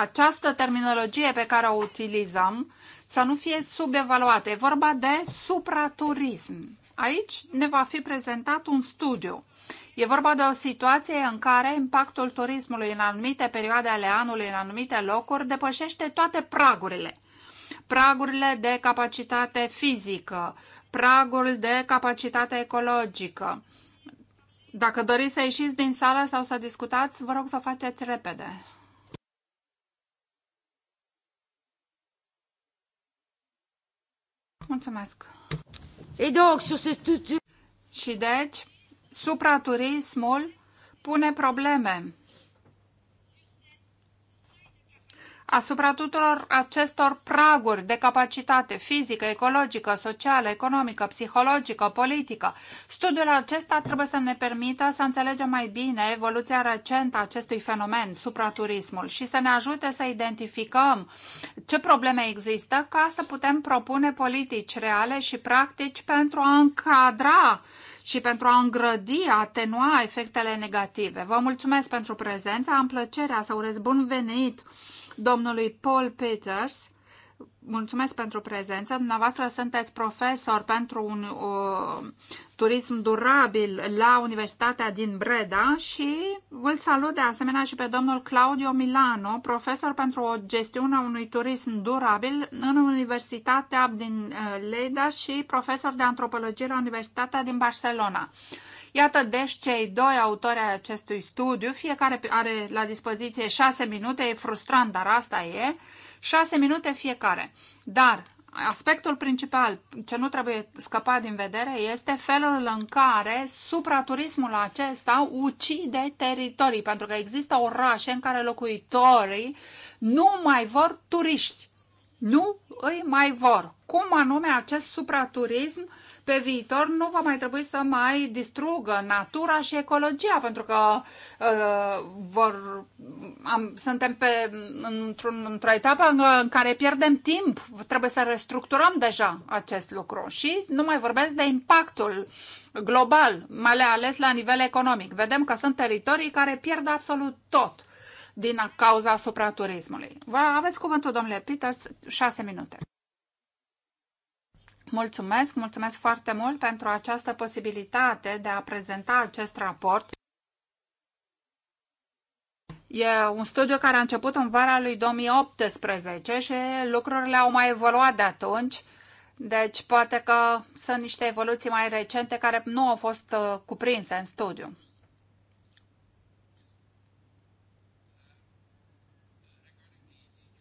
această terminologie pe care o utilizăm să nu fie subevaluată. E vorba de supraturism. Aici ne va fi prezentat un studiu. E vorba de o situație în care impactul turismului în anumite perioade ale anului, în anumite locuri, depășește toate pragurile. Pragurile de capacitate fizică, pragul de capacitate ecologică, dacă doriți să ieșiți din sală sau să discutați, vă rog să o faceți repede. Mulțumesc. Et donc, sur ce... Și deci, supraturismul pune probleme asupra tuturor acestor praguri de capacitate fizică, ecologică, socială, economică, psihologică, politică. Studiul acesta trebuie să ne permită să înțelegem mai bine evoluția recentă a acestui fenomen, supraturismul, și să ne ajute să identificăm ce probleme există ca să putem propune politici reale și practici pentru a încadra și pentru a îngrădi, a atenua efectele negative. Vă mulțumesc pentru prezență, am plăcerea să urez bun venit domnului Paul Peters. Mulțumesc pentru prezență. Dumneavoastră sunteți profesor pentru un o, turism durabil la Universitatea din Breda și îl salut de asemenea și pe domnul Claudio Milano, profesor pentru o gestiune a unui turism durabil în Universitatea din eh, Leida și profesor de antropologie la Universitatea din Barcelona. Iată deci cei doi autori ai acestui studiu, fiecare are la dispoziție șase minute, e frustrant, dar asta e, șase minute fiecare. Dar aspectul principal ce nu trebuie scăpat din vedere este felul în care supraturismul acesta ucide teritorii, pentru că există orașe în care locuitorii nu mai vor turiști. Nu îi mai vor. Cum anume acest supraturism pe viitor nu va mai trebui să mai distrugă natura și ecologia, pentru că uh, vor, am, suntem pe, într o într-o etapă în, în care pierdem timp. Trebuie să restructurăm deja acest lucru și nu mai vorbesc de impactul global, mai ales la nivel economic. Vedem că sunt teritorii care pierd absolut tot din cauza asupra turismului. Vă aveți cuvântul, domnule Peters, șase minute. Mulțumesc, mulțumesc foarte mult pentru această posibilitate de a prezenta acest raport. E un studiu care a început în vara lui 2018 și lucrurile au mai evoluat de atunci. Deci poate că sunt niște evoluții mai recente care nu au fost uh, cuprinse în studiu.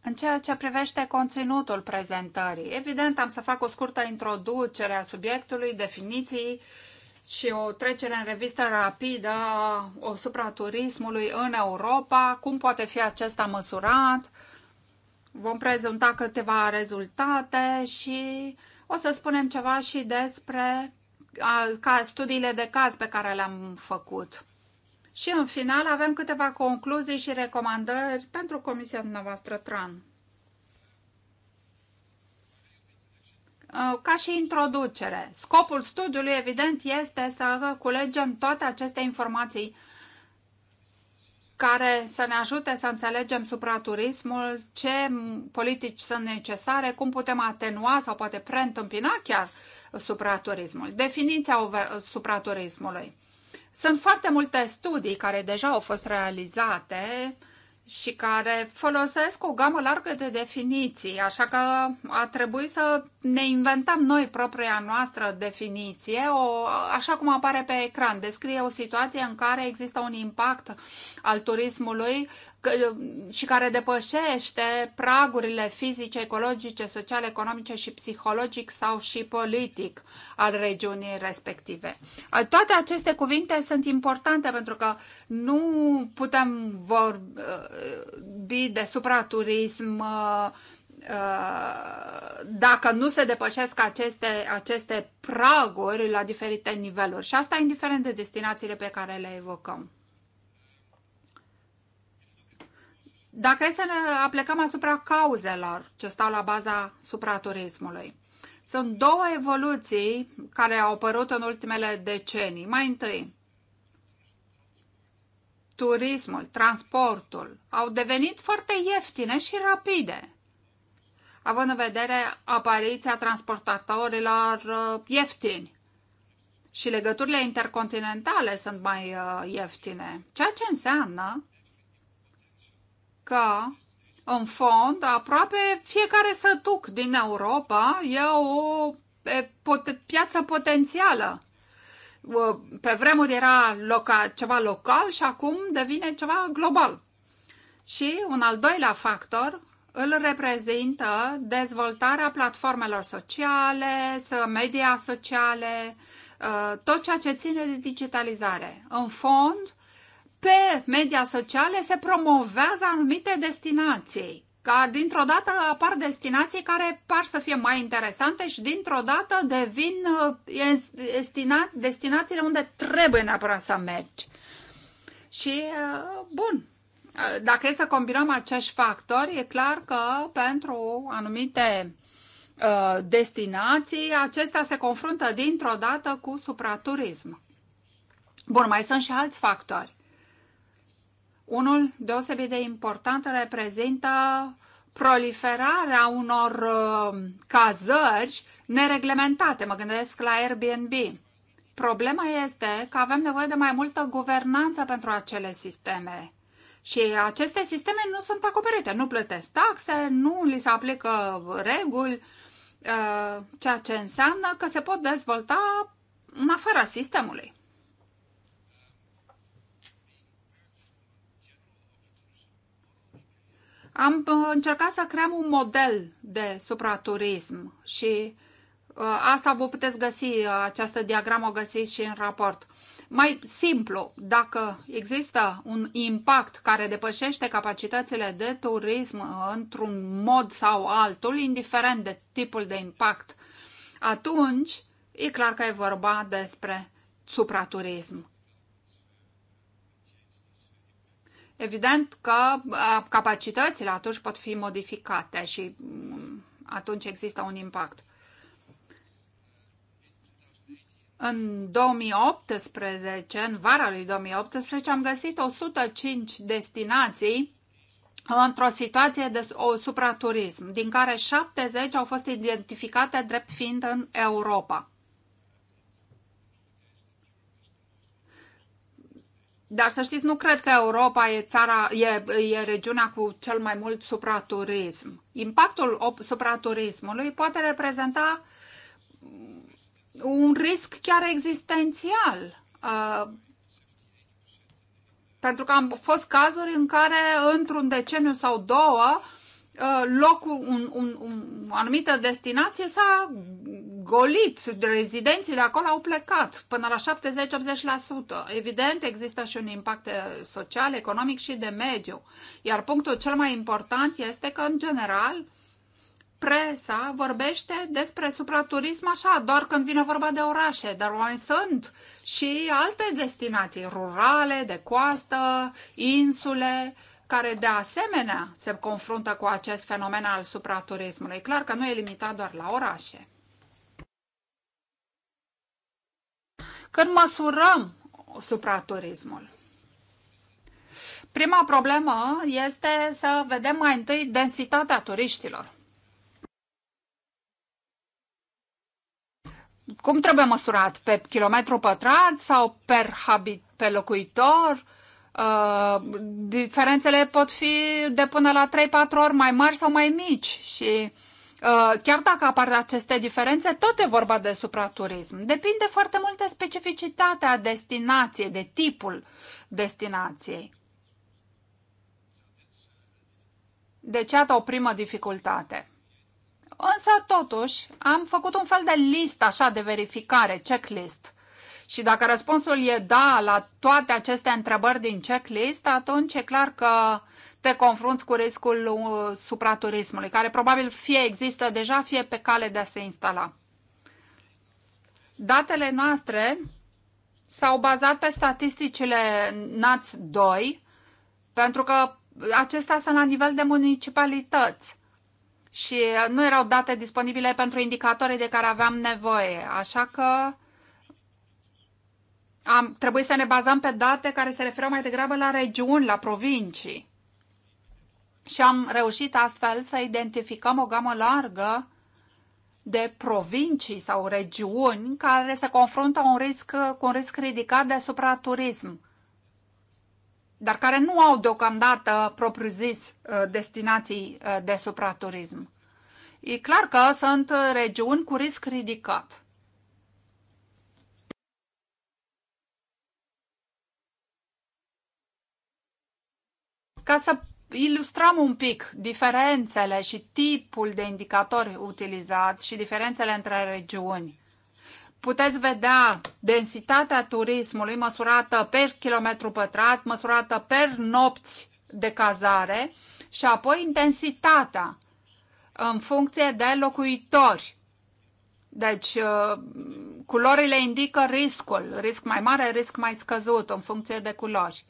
În ceea ce privește conținutul prezentării, evident am să fac o scurtă introducere a subiectului, definiții și o trecere în revistă rapidă asupra turismului în Europa, cum poate fi acesta măsurat, vom prezenta câteva rezultate și o să spunem ceva și despre studiile de caz pe care le-am făcut. Și în final avem câteva concluzii și recomandări pentru comisia dumneavoastră TRAN. Uh, ca și introducere, scopul studiului evident este să culegem toate aceste informații care să ne ajute să înțelegem supraturismul, ce politici sunt necesare, cum putem atenua sau poate preîntâmpina chiar supraturismul, definiția supraturismului sunt foarte multe studii care deja au fost realizate și care folosesc o gamă largă de definiții, așa că a trebuit să ne inventăm noi propria noastră definiție, o, așa cum apare pe ecran. Descrie o situație în care există un impact al turismului și care depășește pragurile fizice, ecologice, sociale, economice și psihologic sau și politic al regiunii respective. Toate aceste cuvinte sunt importante pentru că nu putem vorbi uh, de supraturism uh, uh, dacă nu se depășesc aceste, aceste praguri la diferite niveluri. Și asta indiferent de destinațiile pe care le evocăm. Dacă e să ne aplicăm asupra cauzelor ce stau la baza supraturismului, sunt două evoluții care au apărut în ultimele decenii. Mai întâi, turismul, transportul au devenit foarte ieftine și rapide, având în vedere apariția transportatorilor uh, ieftini și legăturile intercontinentale sunt mai uh, ieftine, ceea ce înseamnă că în fond, aproape fiecare sătuc din Europa e o piață potențială. Ă, pe vremuri era loca, ceva local și acum devine ceva global. Și un al doilea factor îl reprezintă dezvoltarea platformelor sociale, media sociale, ă, tot ceea ce ține de digitalizare. În fond, pe media sociale se promovează anumite destinații. Ca dintr-o dată apar destinații care par să fie mai interesante și dintr-o dată devin uh, destinațiile unde trebuie neapărat să mergi. Și, uh, bun, uh, dacă e să combinăm acești factori, e clar că pentru anumite destinații, acestea se confruntă dintr-o dată cu supraturism. Bun, mai sunt și alți factori. Unul deosebit de important reprezintă proliferarea unor uh, cazări nereglementate. Mă gândesc la Airbnb. Problema este că avem nevoie de mai multă guvernanță pentru acele sisteme. Și aceste sisteme nu sunt acoperite, nu plătesc taxe, nu li se aplică reguli, uh, ceea ce înseamnă că se pot dezvolta în afara sistemului. Am uh, încercat să creăm un model de supraturism și uh, Asta vă puteți găsi, uh, această diagramă o găsiți și în raport. Mai simplu, dacă există un impact care depășește capacitățile de turism într-un mod sau altul, indiferent de tipul de impact, atunci e clar că e vorba despre supraturism. Evident că capacitățile atunci pot fi modificate și mm, atunci există un impact. În 2018, în vara lui 2018, am găsit 105 destinații într-o situație de supraturism, din care 70 au fost identificate drept fiind în Europa. Dar să știți, nu cred că Europa e, țara, e, e regiunea cu cel mai mult supraturism. Impactul supraturismului poate reprezenta un risc chiar existențial. Uh, pentru că am fost cazuri în care, într-un deceniu sau două, uh, Uh, locul, un, un, un, o anumită destinație s-a golit, rezidenții de acolo au plecat până la 70-80%. Evident, există și un impact uh, social, economic și de mediu. Iar punctul cel mai important este că, în general, presa vorbește despre supraturism așa, doar când vine vorba de orașe, dar oameni sunt și alte destinații rurale, de coastă, insule, uh, care de asemenea se confruntă cu acest fenomen al supraturismului. Clar că nu e limitat doar la orașe. Când măsurăm supraturismul, prima problemă este să vedem mai întâi densitatea turiștilor. Cum trebuie măsurat? Pe kilometru pătrat sau per habit, pe locuitor? Uh, diferențele pot fi de până la 3-4 ori mai mari sau mai mici și uh, chiar dacă apar aceste diferențe, tot e vorba de supraturism. Depinde foarte mult de specificitatea destinației, de tipul destinației. Deci, iată o primă dificultate. Însă, totuși, am făcut un fel de listă așa de verificare, checklist, și dacă răspunsul e da la toate aceste întrebări din checklist, atunci e clar că te confrunți cu riscul uh, supraturismului, care probabil fie există deja, fie pe cale de a se instala. Datele noastre s-au bazat pe statisticile NATS 2, pentru că acestea sunt la nivel de municipalități și nu erau date disponibile pentru indicatorii de care aveam nevoie, așa că am, trebuie să ne bazăm pe date care se referă mai degrabă la regiuni, la provincii. Și am reușit astfel să identificăm o gamă largă de provincii sau regiuni care se confruntă un risc, cu un risc ridicat de supraturism, dar care nu au deocamdată propriu-zis uh, destinații uh, de supraturism. E clar că sunt uh, regiuni cu risc ridicat. Ca să ilustrăm un pic diferențele și tipul de indicatori utilizați și diferențele între regiuni. Puteți vedea densitatea turismului măsurată per kilometru pătrat, măsurată per nopți de cazare și apoi intensitatea în funcție de locuitori. Deci, uh, culorile indică riscul, risc mai mare, risc mai scăzut, în funcție de culori.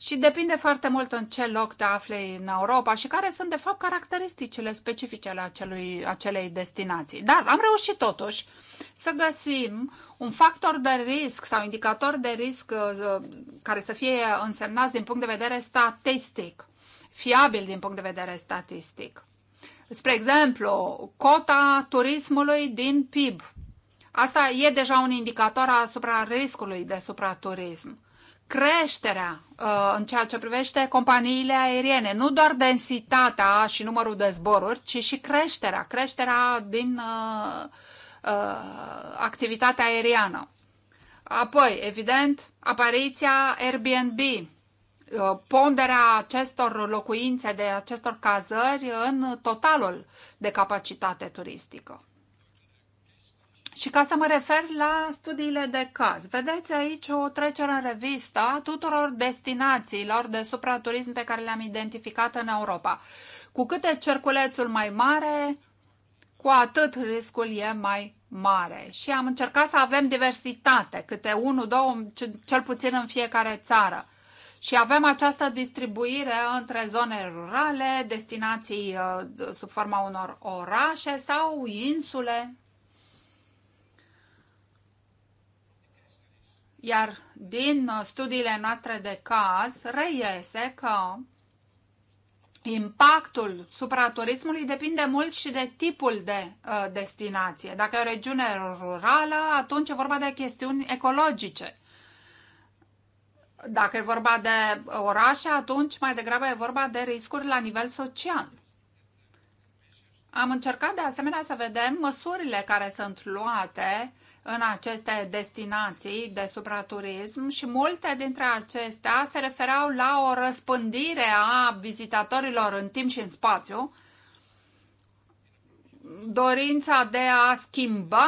Și depinde foarte mult în ce loc te afli în Europa și care sunt, de fapt, caracteristicile specifice ale acelui, acelei destinații. Dar am reușit, totuși, să găsim un factor de risc sau indicator de risc uh, care să fie însemnat din punct de vedere statistic, fiabil din punct de vedere statistic. Spre exemplu, cota turismului din PIB. Asta e deja un indicator asupra riscului de supraturism creșterea uh, în ceea ce privește companiile aeriene, nu doar densitatea și numărul de zboruri, ci și creșterea, creșterea din uh, uh, activitatea aeriană. Apoi, evident, apariția Airbnb, ponderea acestor locuințe, de acestor cazări în totalul de capacitate turistică. Și ca să mă refer la studiile de caz, vedeți aici o trecere în revistă a tuturor destinațiilor de supraturism pe care le-am identificat în Europa. Cu cât e cerculețul mai mare, cu atât riscul e mai mare. Și am încercat să avem diversitate, câte unul, două, cel puțin în fiecare țară. Și avem această distribuire între zone rurale, destinații uh, sub forma unor orașe sau insule Iar din uh, studiile noastre de caz reiese că impactul supraturismului depinde mult și de tipul de uh, destinație. Dacă e o regiune rurală, atunci e vorba de chestiuni ecologice. Dacă e vorba de orașe, atunci mai degrabă e vorba de riscuri la nivel social. Am încercat de asemenea să vedem măsurile care sunt luate uh, în aceste destinații de supraturism și multe dintre acestea se referau la o răspândire a vizitatorilor în timp și în spațiu, dorința de a schimba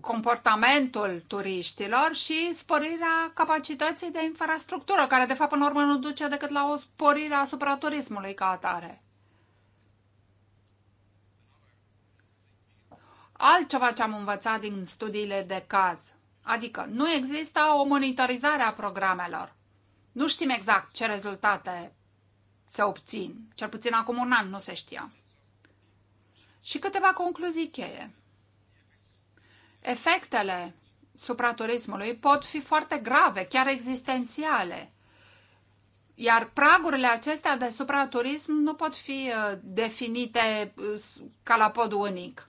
comportamentul turiștilor și sporirea capacității de infrastructură, care de fapt în urmă nu duce decât la o sporire a supraturismului ca atare. altceva ce am învățat din studiile de caz. Adică nu există o monitorizare a programelor. Nu știm exact ce rezultate se obțin. Cel puțin acum un an nu se știa. Și câteva concluzii cheie. Efectele supraturismului pot fi foarte grave, chiar existențiale. Iar pragurile acestea de supraturism nu pot fi uh, definite uh, ca la pod unic.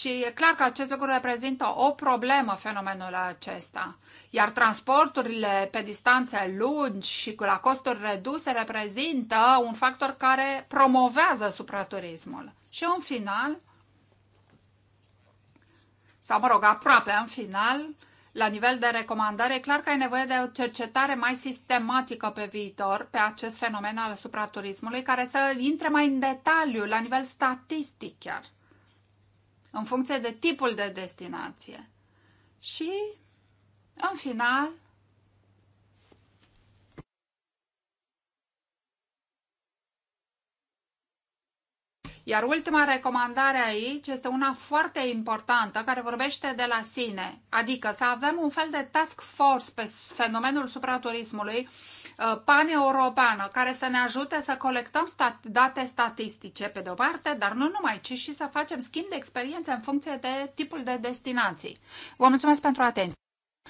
Și e clar că acest lucru reprezintă o problemă, fenomenul acesta. Iar transporturile pe distanțe lungi și cu la costuri reduse reprezintă un factor care promovează supraturismul. Și în final, sau mă rog, aproape în final, la nivel de recomandare, e clar că ai nevoie de o cercetare mai sistematică pe viitor pe acest fenomen al supraturismului, care să intre mai în detaliu, la nivel statistic chiar în funcție de tipul de destinație. Și, în final, Iar ultima recomandare aici este una foarte importantă care vorbește de la sine, adică să avem un fel de task force pe fenomenul supraturismului Uh, paneuropeană care să ne ajute să colectăm stat date statistice pe de-o parte, dar nu numai, ci și să facem schimb de experiențe în funcție de tipul de destinații. Vă mulțumesc pentru atenție!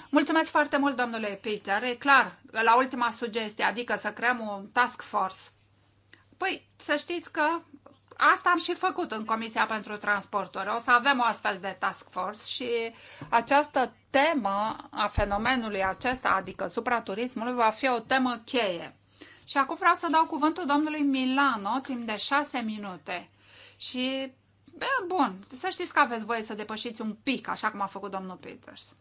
Mulțumesc foarte mult, domnule Peter. E clar, la ultima sugestie, adică să creăm un task force. Păi, să știți că asta am și făcut în Comisia pentru Transporturi. O să avem o astfel de task force și această temă a fenomenului acesta, adică supraturismului, va fi o temă cheie. Și acum vreau să dau cuvântul domnului Milano timp de șase minute. Și, bă, bun, să știți că aveți voie să depășiți un pic, așa cum a făcut domnul Peters.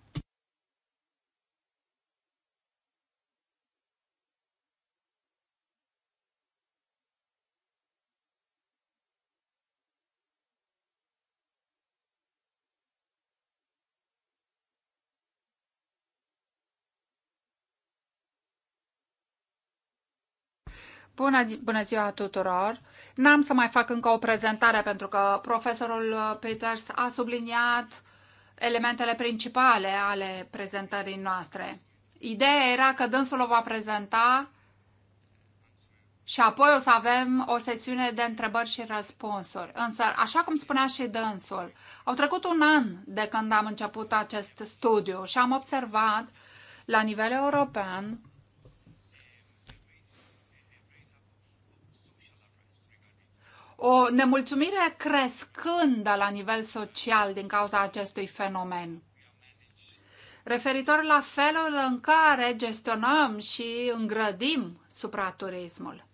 Bună, bună ziua tuturor! N-am să mai fac încă o prezentare pentru că profesorul Peters a subliniat elementele principale ale prezentării noastre. Ideea era că dânsul o va prezenta și apoi o să avem o sesiune de întrebări și răspunsuri. Însă, așa cum spunea și dânsul, au trecut un an de când am început acest studiu și am observat la nivel european o nemulțumire crescând la nivel social din cauza acestui fenomen. Referitor la felul în care gestionăm și îngrădim supraturismul.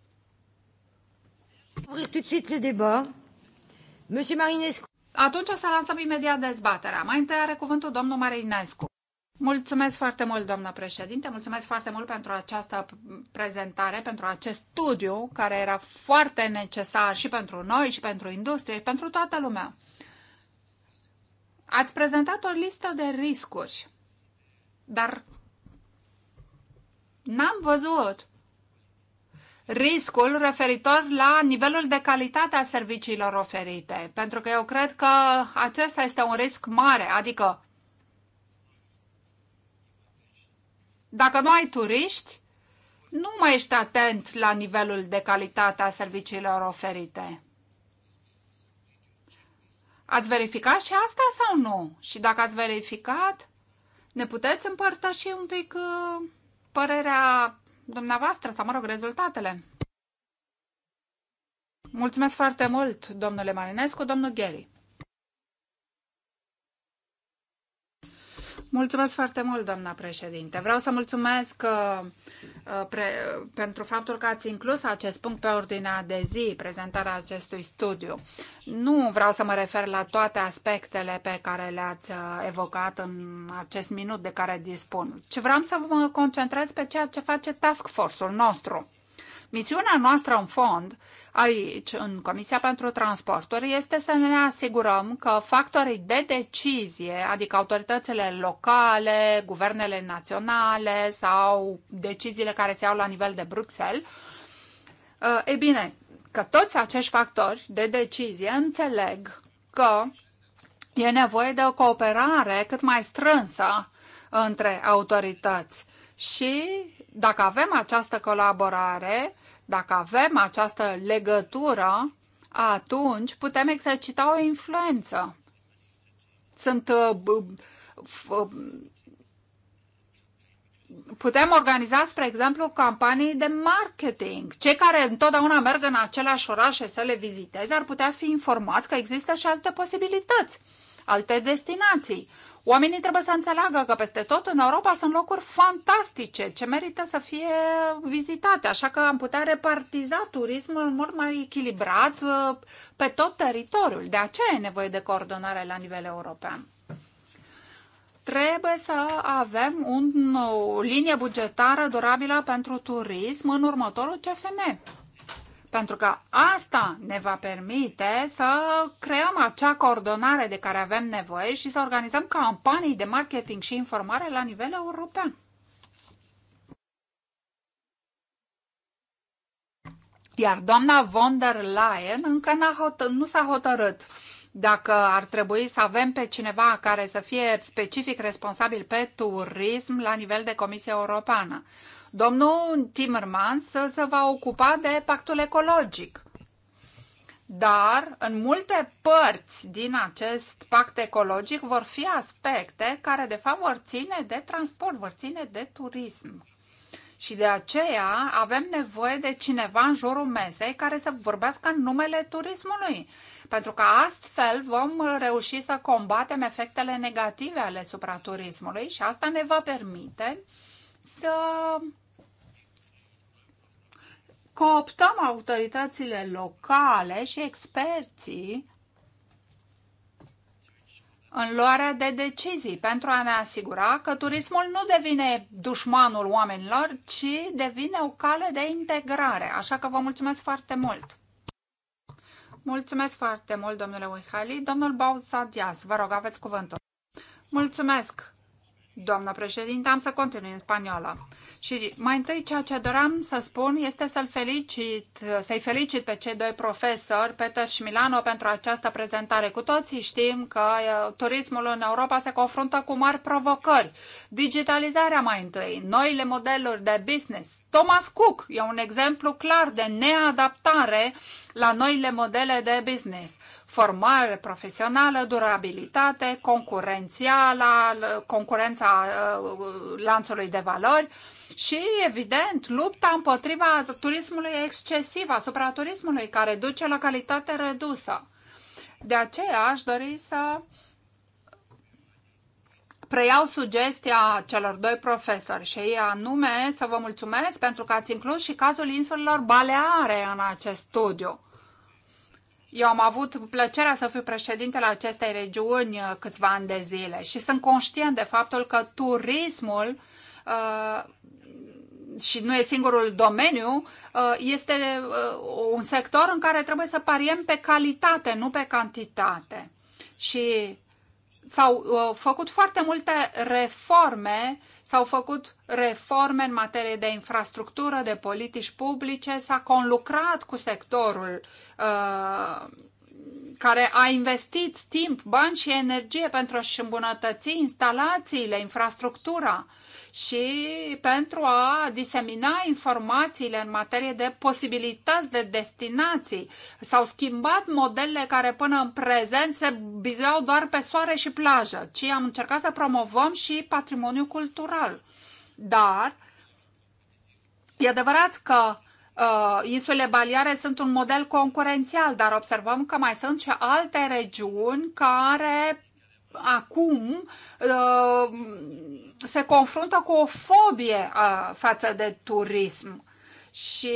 Marinescu. Atunci o să lansăm imediat dezbaterea. Mai întâi are cuvântul domnul Marinescu. Mulțumesc foarte mult, doamnă președinte, mulțumesc foarte mult pentru această prezentare, pentru acest studiu care era foarte necesar și pentru noi, și pentru industrie, și pentru toată lumea. Ați prezentat o listă de riscuri, dar n-am văzut riscul referitor la nivelul de calitate a serviciilor oferite, pentru că eu cred că acesta este un risc mare, adică Dacă nu ai turiști, nu mai ești atent la nivelul de calitate a serviciilor oferite. Ați verificat și asta sau nu? Și dacă ați verificat, ne puteți împărtăși un pic uh, părerea dumneavoastră sau, mă rog, rezultatele. Mulțumesc foarte mult, domnule Marinescu, domnul Gheri. Mulțumesc foarte mult, doamna președinte. Vreau să mulțumesc uh, uh, pre, pentru faptul că ați inclus acest punct pe ordinea de zi, prezentarea acestui studiu. Nu vreau să mă refer la toate aspectele pe care le-ați uh, evocat în acest minut de care dispun, ci vreau să mă concentrez pe ceea ce face task force-ul nostru. Misiunea noastră în fond, aici, în Comisia pentru Transporturi, este să ne asigurăm că factorii de decizie, adică autoritățile locale, guvernele naționale sau deciziile care se iau la nivel de Bruxelles, eh, e bine, că toți acești factori de decizie înțeleg că e nevoie de o cooperare cât mai strânsă între autorități și dacă avem această colaborare, dacă avem această legătură, atunci putem exercita o influență. Sunt uh, uh, putem organiza, spre exemplu, campanii de marketing. Cei care întotdeauna merg în aceleași orașe să le viziteze ar putea fi informați că există și alte posibilități alte destinații. Oamenii trebuie să înțeleagă că peste tot în Europa sunt locuri fantastice ce merită să fie vizitate, așa că am putea repartiza turismul mult mai echilibrat uh, pe tot teritoriul. De aceea e nevoie de coordonare la nivel european trebuie să avem un, o linie bugetară durabilă pentru turism în următorul CFM. Pentru că asta ne va permite să creăm acea coordonare de care avem nevoie și să organizăm campanii de marketing și informare la nivel european. Iar doamna von der Leyen încă nu s-a hotărât dacă ar trebui să avem pe cineva care să fie specific responsabil pe turism la nivel de Comisie Europeană. Domnul Timmermans se va ocupa de pactul ecologic. Dar în multe părți din acest pact ecologic vor fi aspecte care de fapt vor ține de transport, vor ține de turism. Și de aceea avem nevoie de cineva în jurul mesei care să vorbească în numele turismului. Pentru că astfel vom reuși să combatem efectele negative ale supraturismului și asta ne va permite să cooptăm autoritățile locale și experții în luarea de decizii pentru a ne asigura că turismul nu devine dușmanul oamenilor, ci devine o cale de integrare. Așa că vă mulțumesc foarte mult! Mulțumesc foarte mult, domnule Uihali. Domnul Bausadias, vă rog, aveți cuvântul. Mulțumesc, doamnă președinte, am să continui în spaniolă. Și mai întâi ceea ce doream să spun este să i felicit, să felicit pe cei doi profesori, Peter și Milano, pentru această prezentare. Cu toții știm că turismul în Europa se confruntă cu mari provocări. Digitalizarea mai întâi, noile modeluri de business. Thomas Cook e un exemplu clar de neadaptare la noile modele de business formare profesională, durabilitate, concurențială, concurența lanțului de valori și, evident, lupta împotriva turismului excesiv, asupra turismului, care duce la calitate redusă. De aceea aș dori să preiau sugestia celor doi profesori și ei anume să vă mulțumesc pentru că ați inclus și cazul insulelor Baleare în acest studiu. Eu am avut plăcerea să fiu președintele acestei regiuni câțiva ani de zile și sunt conștient de faptul că turismul Uh, și nu e singurul domeniu, uh, este uh, un sector în care trebuie să pariem pe calitate, nu pe cantitate. Și s-au făcut foarte multe reforme, s-au făcut reforme în materie de infrastructură, de politici publice, s-a conlucrat cu sectorul care a investit timp, bani și energie pentru a-și îmbunătăți instalațiile, infrastructura și pentru a disemina informațiile în materie de posibilități de destinații. S-au schimbat modelele care până în prezent se bizeau doar pe soare și plajă, ci am încercat să promovăm și patrimoniul cultural. Dar e adevărat că Uh, insulele baliare sunt un model concurențial, dar observăm că mai sunt și alte regiuni care acum uh, se confruntă cu o fobie a, față de turism și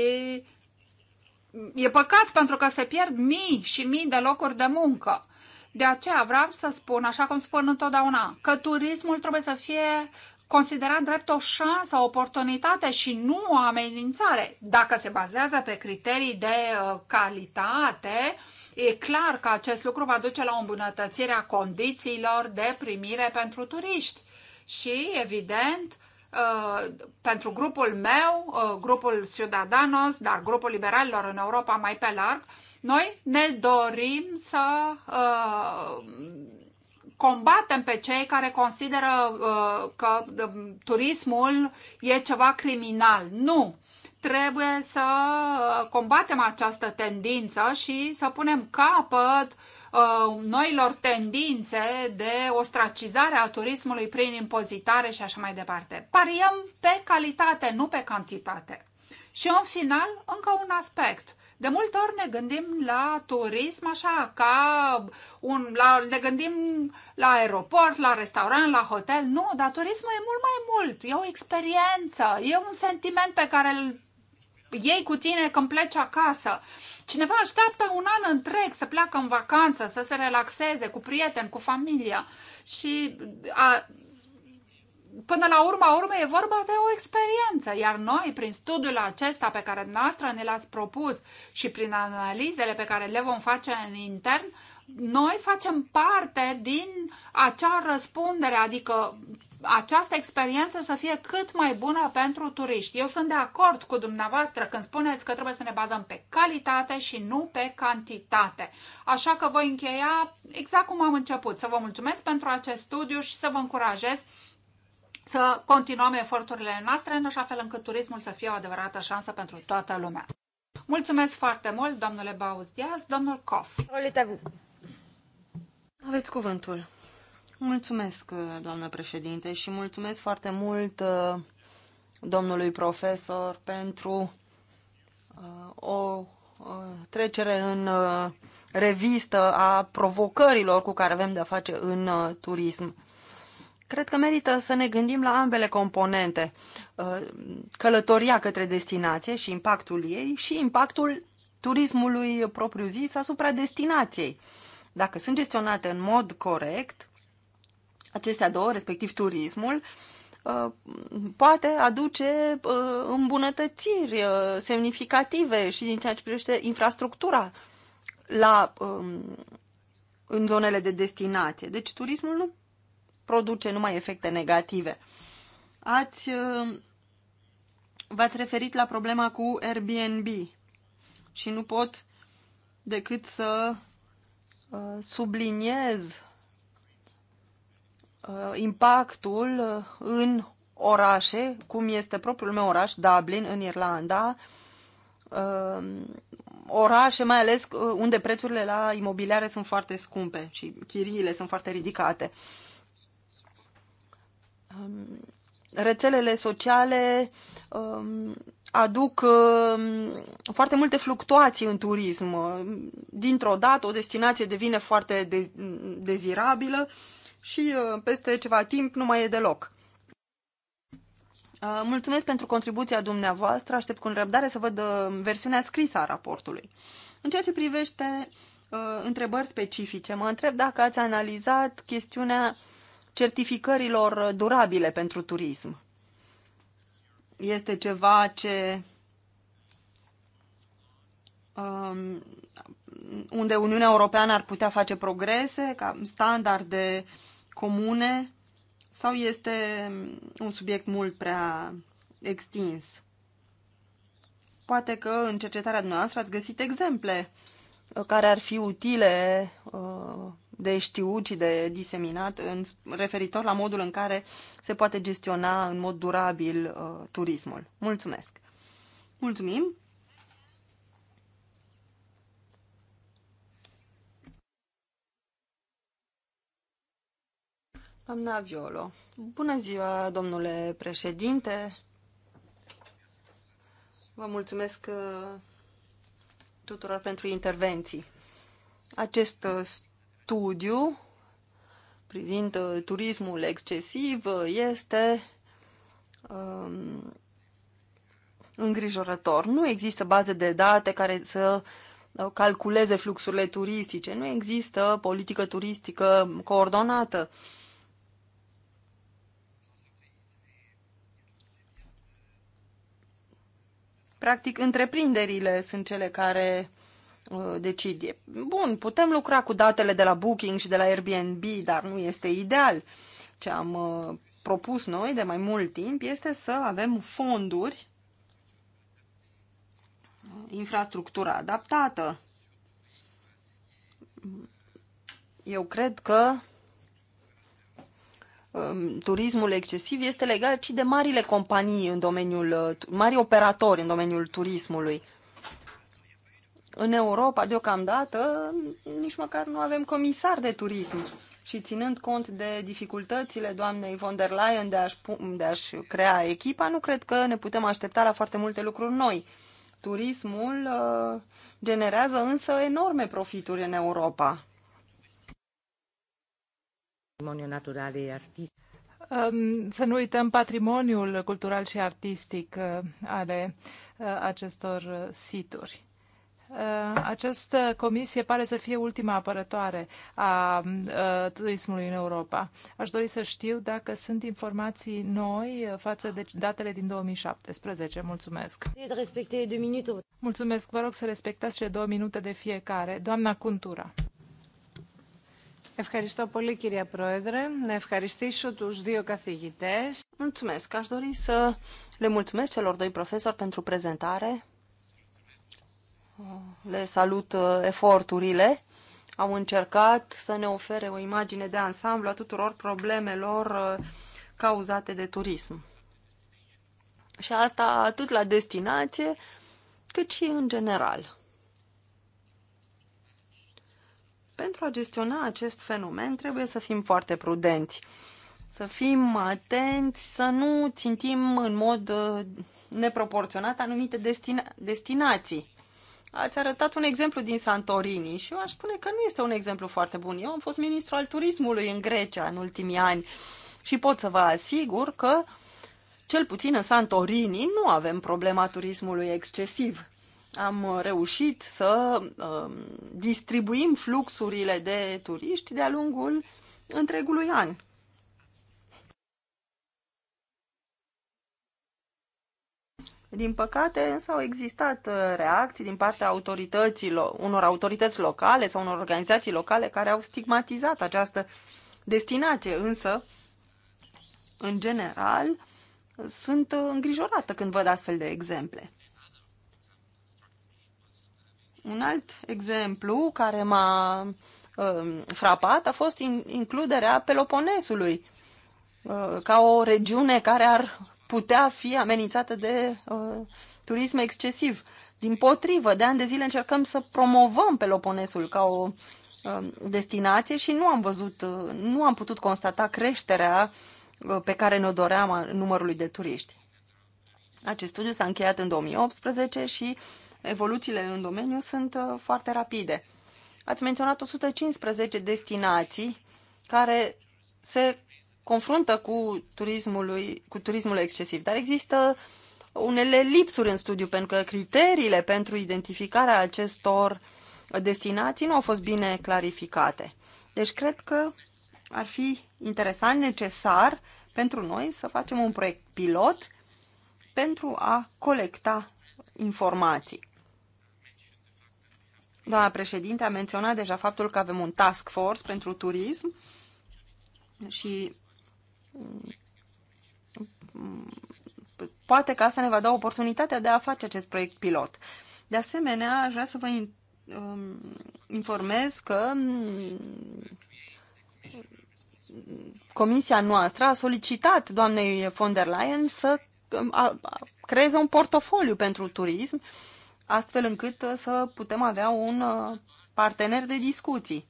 e păcat pentru că se pierd mii și mii de locuri de muncă. De aceea vreau să spun, așa cum spun întotdeauna, că turismul trebuie să fie considerat drept o șansă, o oportunitate și nu o amenințare. Dacă se bazează pe criterii de uh, calitate, e clar că acest lucru va duce la o îmbunătățire a condițiilor de primire pentru turiști și, evident, uh, pentru grupul meu, uh, grupul Ciudadanos, dar grupul liberalilor în Europa mai pe larg, noi ne dorim să uh, combatem pe cei care consideră că turismul e ceva criminal. Nu! Trebuie să combatem această tendință și să punem capăt uh, Uh, noilor tendințe de ostracizare a turismului prin impozitare și așa mai departe. Pariem pe calitate, nu pe cantitate. Și în final, încă un aspect. De multe ori ne gândim la turism așa ca un, la, ne gândim la aeroport, la restaurant, la hotel. Nu, dar turismul e mult mai mult. E o experiență, e un sentiment pe care îl iei cu tine când pleci acasă. Cineva așteaptă un an întreg să pleacă în vacanță, să se relaxeze cu prieteni, cu familia și a, până la urma urmei e vorba de o experiență, iar noi, prin studiul acesta pe care noastră ne l-ați propus și prin analizele pe care le vom face în intern, noi facem parte din acea răspundere, adică această experiență să fie cât mai bună pentru turiști. Eu sunt de acord cu dumneavoastră când spuneți că trebuie să ne bazăm pe calitate și nu pe cantitate. Așa că voi încheia exact cum am început. Să vă mulțumesc pentru acest studiu și să vă încurajez să continuăm eforturile noastre în așa fel încât turismul să fie o adevărată șansă pentru toată lumea. Mulțumesc foarte mult, domnule Bauz Diaz, domnul Kof. Aveți cuvântul. Mulțumesc, uh, doamnă președinte, și mulțumesc foarte mult uh, domnului profesor pentru uh, o trecere în revistă a provocărilor cu care avem de-a face în turism. Cred că merită să ne gândim la ambele componente, călătoria către destinație și impactul ei și impactul turismului propriu-zis asupra destinației. Dacă sunt gestionate în mod corect, acestea două, respectiv turismul, uh, poate aduce uh, îmbunătățiri uh, semnificative și din ceea ce privește infrastructura la, um, în zonele de destinație. Deci turismul nu produce numai efecte negative. Ați, v-ați referit la problema cu Airbnb și nu pot decât să subliniez Uh, impactul uh, în orașe, cum este propriul meu oraș, Dublin, în Irlanda, uh, orașe, mai ales unde prețurile la imobiliare sunt foarte scumpe și chiriile sunt foarte ridicate. Um, rețelele sociale um, aduc um, foarte multe fluctuații în turism. Dintr-o dată, o destinație devine foarte dezirabilă și uh, peste ceva timp nu mai e deloc. Uh, mulțumesc pentru contribuția dumneavoastră, aștept cu nerăbdare să văd uh, versiunea scrisă a raportului. În ceea ce privește întrebări specifice, mă întreb dacă ați analizat chestiunea certificărilor durabile pentru turism. Este ceva ce um, unde Uniunea Europeană ar putea face progrese ca standarde uh, comune sau este un subiect mult prea extins? Poate că în cercetarea noastră ați găsit exemple uh, care ar fi utile uh, de știut și de diseminat în, referitor la modul în care se poate gestiona în mod durabil uh, turismul. Mulțumesc! Mulțumim! Doamna Violo. Bună ziua, domnule președinte. Vă mulțumesc uh, tuturor pentru intervenții. Acest uh, studiu privind uh, turismul excesiv este um, îngrijorător. Nu există baze de date care să calculeze fluxurile turistice, nu există politică turistică coordonată. Uh, practic, întreprinderile sunt cele care uh, decid. bun, putem lucra cu datele de la Booking și de la Airbnb, dar nu este ideal. Ce am uh, propus noi de mai mult timp este să avem fonduri, infrastructura adaptată. Eu cred că Um, turismul excesiv este legat și de marile companii în domeniul, uh, mari operatori în domeniul turismului. În Europa, deocamdată, nici măcar nu avem comisar de turism. Și ținând cont de dificultățile doamnei von der Leyen de a-și, de a crea echipa, nu cred că ne putem aștepta la foarte multe lucruri noi. Turismul uh, generează însă enorme profituri în Europa patrimoniu natural și artistic. Să nu uităm patrimoniul cultural și artistic uh, ale uh, acestor uh, situri. Această comisie pare să fie ultima apărătoare a turismului în Europa. Aș dori să știu dacă sunt informații noi față de datele din 2017. Mulțumesc. Mulțumesc. Vă rog să respectați cele două minute de fiecare. Doamna Cuntura. Mulțumesc. Aș dori să le mulțumesc celor doi profesori pentru prezentare. Le salut uh, eforturile. Au încercat să ne ofere o imagine de ansamblu a tuturor problemelor uh, cauzate de turism. Și asta atât la destinație, cât și în general. Pentru a gestiona acest fenomen trebuie să fim foarte prudenți, să fim atenți, să nu țintim în mod uh, neproporționat anumite destina- destinații. Ați arătat un exemplu din Santorini și eu aș spune că nu este un exemplu foarte bun. Eu am fost ministru al turismului în Grecia în ultimii ani și pot să vă asigur că, cel puțin în Santorini, nu avem problema turismului excesiv am uh, reușit să uh, distribuim fluxurile de turiști de-a lungul întregului an. Din păcate, însă au existat uh, reacții din partea autorităților, unor autorități locale sau unor organizații locale care au stigmatizat această destinație, însă, în general, sunt uh, îngrijorată când văd astfel de exemple. Un alt exemplu care m-a uh, frapat a fost in, includerea Peloponesului uh, ca o regiune care ar putea fi amenințată de uh, turism excesiv. Din potrivă, de ani de zile încercăm să promovăm Peloponesul ca o uh, destinație și nu am văzut, uh, nu am putut constata creșterea uh, pe care ne-o doream a numărului de turiști. Acest studiu s-a încheiat în 2018 și uh, evoluțiile în domeniu sunt uh, foarte rapide. Ați menționat 115 destinații care se confruntă cu turismul, cu turismul excesiv, dar există unele lipsuri în studiu, pentru că criteriile pentru identificarea acestor destinații nu au fost bine clarificate. Deci cred că ar fi interesant, necesar pentru noi să facem un proiect pilot pentru a colecta informații. Doamna președinte a menționat deja faptul că avem un task force pentru turism și mm, poate că asta ne va da oportunitatea de a face acest proiect pilot. De asemenea, aș vrea să vă um, informez că mm, comisia noastră a solicitat doamnei von der Leyen să creeze un portofoliu pentru turism uh, astfel încât uh, să putem avea un uh, partener de discuții.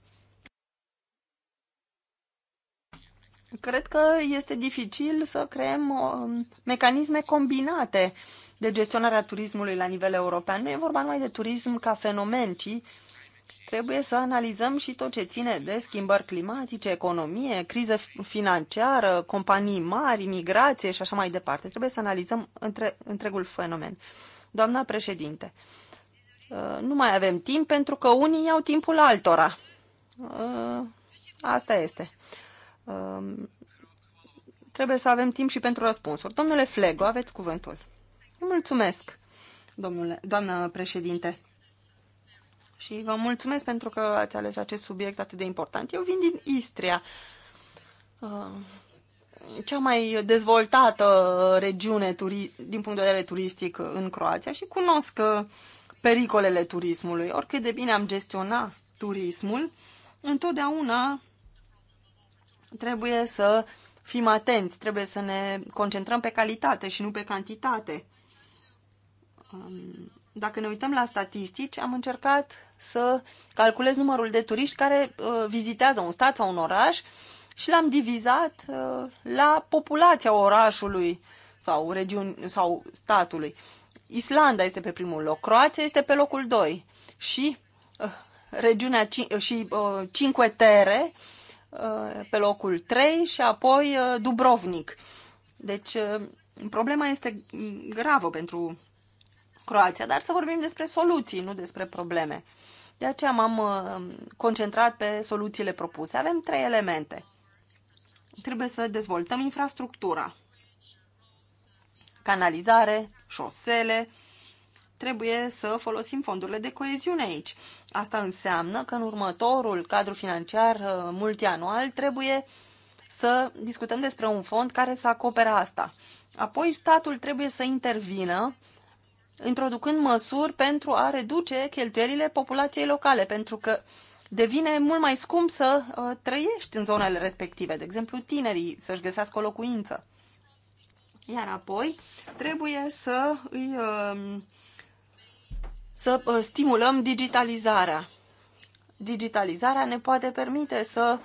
Cred că este dificil să creăm uh, mecanisme combinate de gestionarea turismului la nivel european. Nu e vorba numai de turism ca fenomen, ci trebuie să analizăm și tot ce ține de schimbări climatice, economie, criză financiară, companii mari, migrație și așa mai departe. Trebuie să analizăm între, întregul fenomen. Doamna președinte, uh, nu mai avem timp pentru că unii iau timpul altora. Uh, asta este. Uh, trebuie să avem timp și pentru răspunsuri. Domnule Flego, aveți cuvântul. Mulțumesc, domnule, doamna președinte. Și vă mulțumesc pentru că ați ales acest subiect atât de important. Eu vin din Istria cea mai dezvoltată regiune turi- din punct de vedere turistic în Croația și cunosc uh, pericolele turismului. Oricât de bine am gestiona turismul, întotdeauna trebuie să fim atenți, trebuie să ne concentrăm pe calitate și nu pe cantitate. Um, dacă ne uităm la statistici, am încercat să calculez numărul de turiști care uh, vizitează un stat sau un oraș și l-am divizat uh, la populația orașului sau, regiuni, sau statului. Islanda este pe primul loc, Croația este pe locul 2 și uh, regiunea uh, și Cinque Terre pe locul 3 și apoi Dubrovnik. Deci problema este gravă pentru Croația, dar să vorbim despre soluții, nu despre probleme. De aceea m-am concentrat pe soluțiile propuse. Avem trei elemente trebuie să dezvoltăm infrastructura. Canalizare, șosele, trebuie să folosim fondurile de coeziune aici. Asta înseamnă că în următorul cadru financiar uh, multianual trebuie să discutăm despre un fond care să acopere asta. Apoi statul trebuie să intervină introducând măsuri pentru a reduce cheltuielile populației locale, pentru că uh, devine mult mai scump să uh, trăiești în zonele respective, de exemplu tinerii să-și găsească o locuință. Iar apoi trebuie să îi um, uh, să stimulăm digitalizarea. Digitalizarea ne poate permite să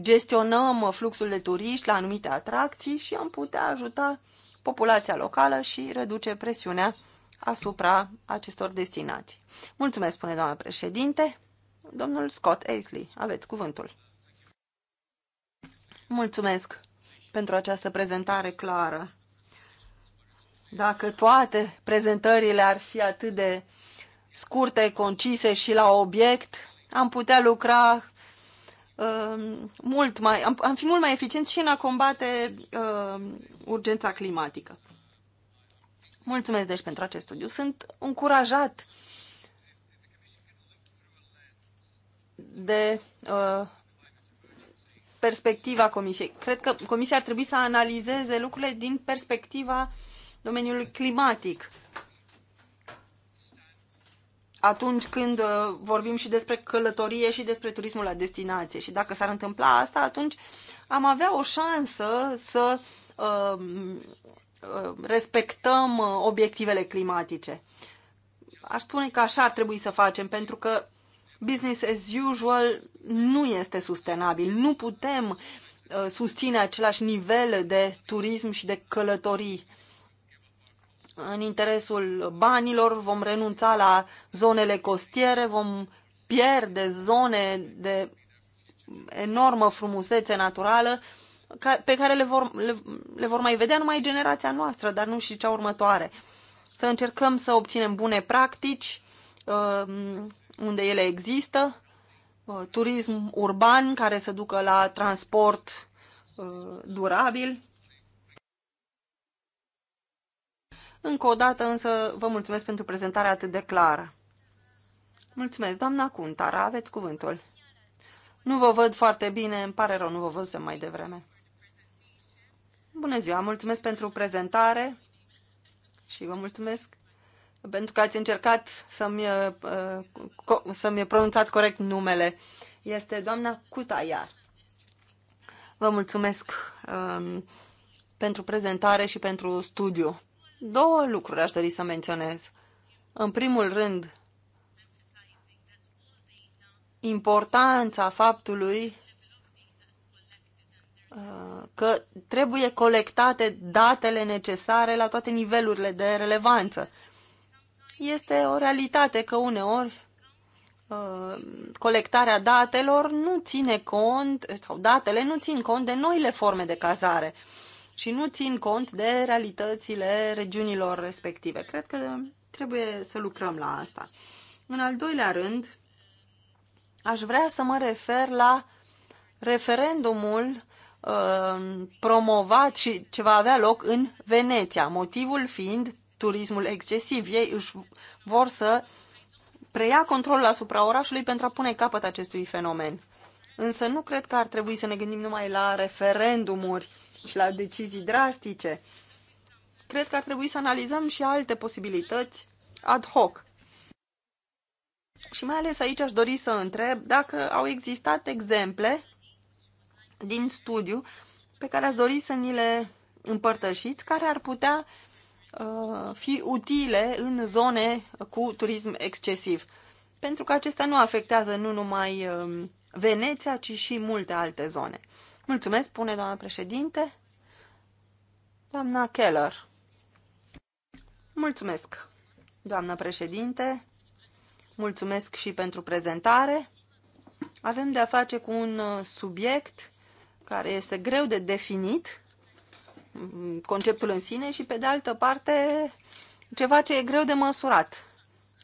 gestionăm fluxul de turiști la anumite atracții și am putea ajuta populația locală și reduce presiunea asupra acestor destinații. Mulțumesc, spune doamna președinte. Domnul Scott Aisley, aveți cuvântul. Mulțumesc pentru această prezentare clară. Dacă toate prezentările ar fi atât de scurte, concise și la obiect, am putea lucra uh, mult mai, am, am fi mult mai eficienți și în a combate uh, urgența climatică. Mulțumesc deci pentru acest studiu. Sunt încurajat uh, de uh, perspectiva Comisiei. Cred că Comisia ar trebui să analizeze lucrurile din perspectiva domeniului climatic. Atunci când uh, vorbim și despre călătorie și despre turismul la destinație. Și dacă s-ar întâmpla asta, atunci am avea o șansă să uh, respectăm obiectivele climatice. Aș spune că așa ar trebui să facem, pentru că business as usual nu este sustenabil. Nu putem uh, susține același nivel de turism și de călătorii. În interesul banilor vom renunța la zonele costiere, vom pierde zone de enormă frumusețe naturală pe care le vor, le, le vor mai vedea numai generația noastră, dar nu și cea următoare. Să încercăm să obținem bune practici, uh, unde ele există, uh, turism urban care să ducă la transport uh, durabil. Încă o dată însă vă mulțumesc pentru prezentarea atât de clară. Mulțumesc, doamna Cuntara, aveți cuvântul. Nu vă văd foarte bine, îmi pare rău, nu vă văzusem mai devreme. Bună ziua, mulțumesc pentru prezentare și vă mulțumesc pentru că ați încercat să-mi, uh, să pronunțați corect numele. Este doamna Cutaiar. Vă mulțumesc um, pentru prezentare și pentru studiu. Două lucruri aș dori să menționez. În primul rând, importanța faptului uh, că trebuie colectate datele necesare la toate nivelurile de relevanță. Este o realitate că uneori uh, colectarea datelor nu ține cont, sau datele nu țin cont de noile forme de cazare și nu țin cont de realitățile regiunilor respective. Cred că trebuie să lucrăm la asta. În al doilea rând, aș vrea să mă refer la referendumul uh, promovat și ce va avea loc în Veneția, motivul fiind turismul excesiv. Ei își vor să preia controlul asupra orașului pentru a pune capăt acestui fenomen. Însă nu cred că ar trebui să ne gândim numai la referendumuri și la decizii drastice. Cred că ar trebui să analizăm și alte posibilități ad hoc. Și mai ales aici aș dori să întreb dacă au existat exemple din studiu pe care ați dori să ni le împărtășiți, care ar putea Uh, fi utile în zone cu turism excesiv. Pentru că acesta nu afectează nu numai um, Veneția, ci și multe alte zone. Mulțumesc, spune doamna președinte. Doamna Keller. Mulțumesc, doamna președinte. Mulțumesc și pentru prezentare. Avem de a face cu un uh, subiect care este greu de definit, conceptul în sine și, pe de altă parte, ceva ce e greu de măsurat.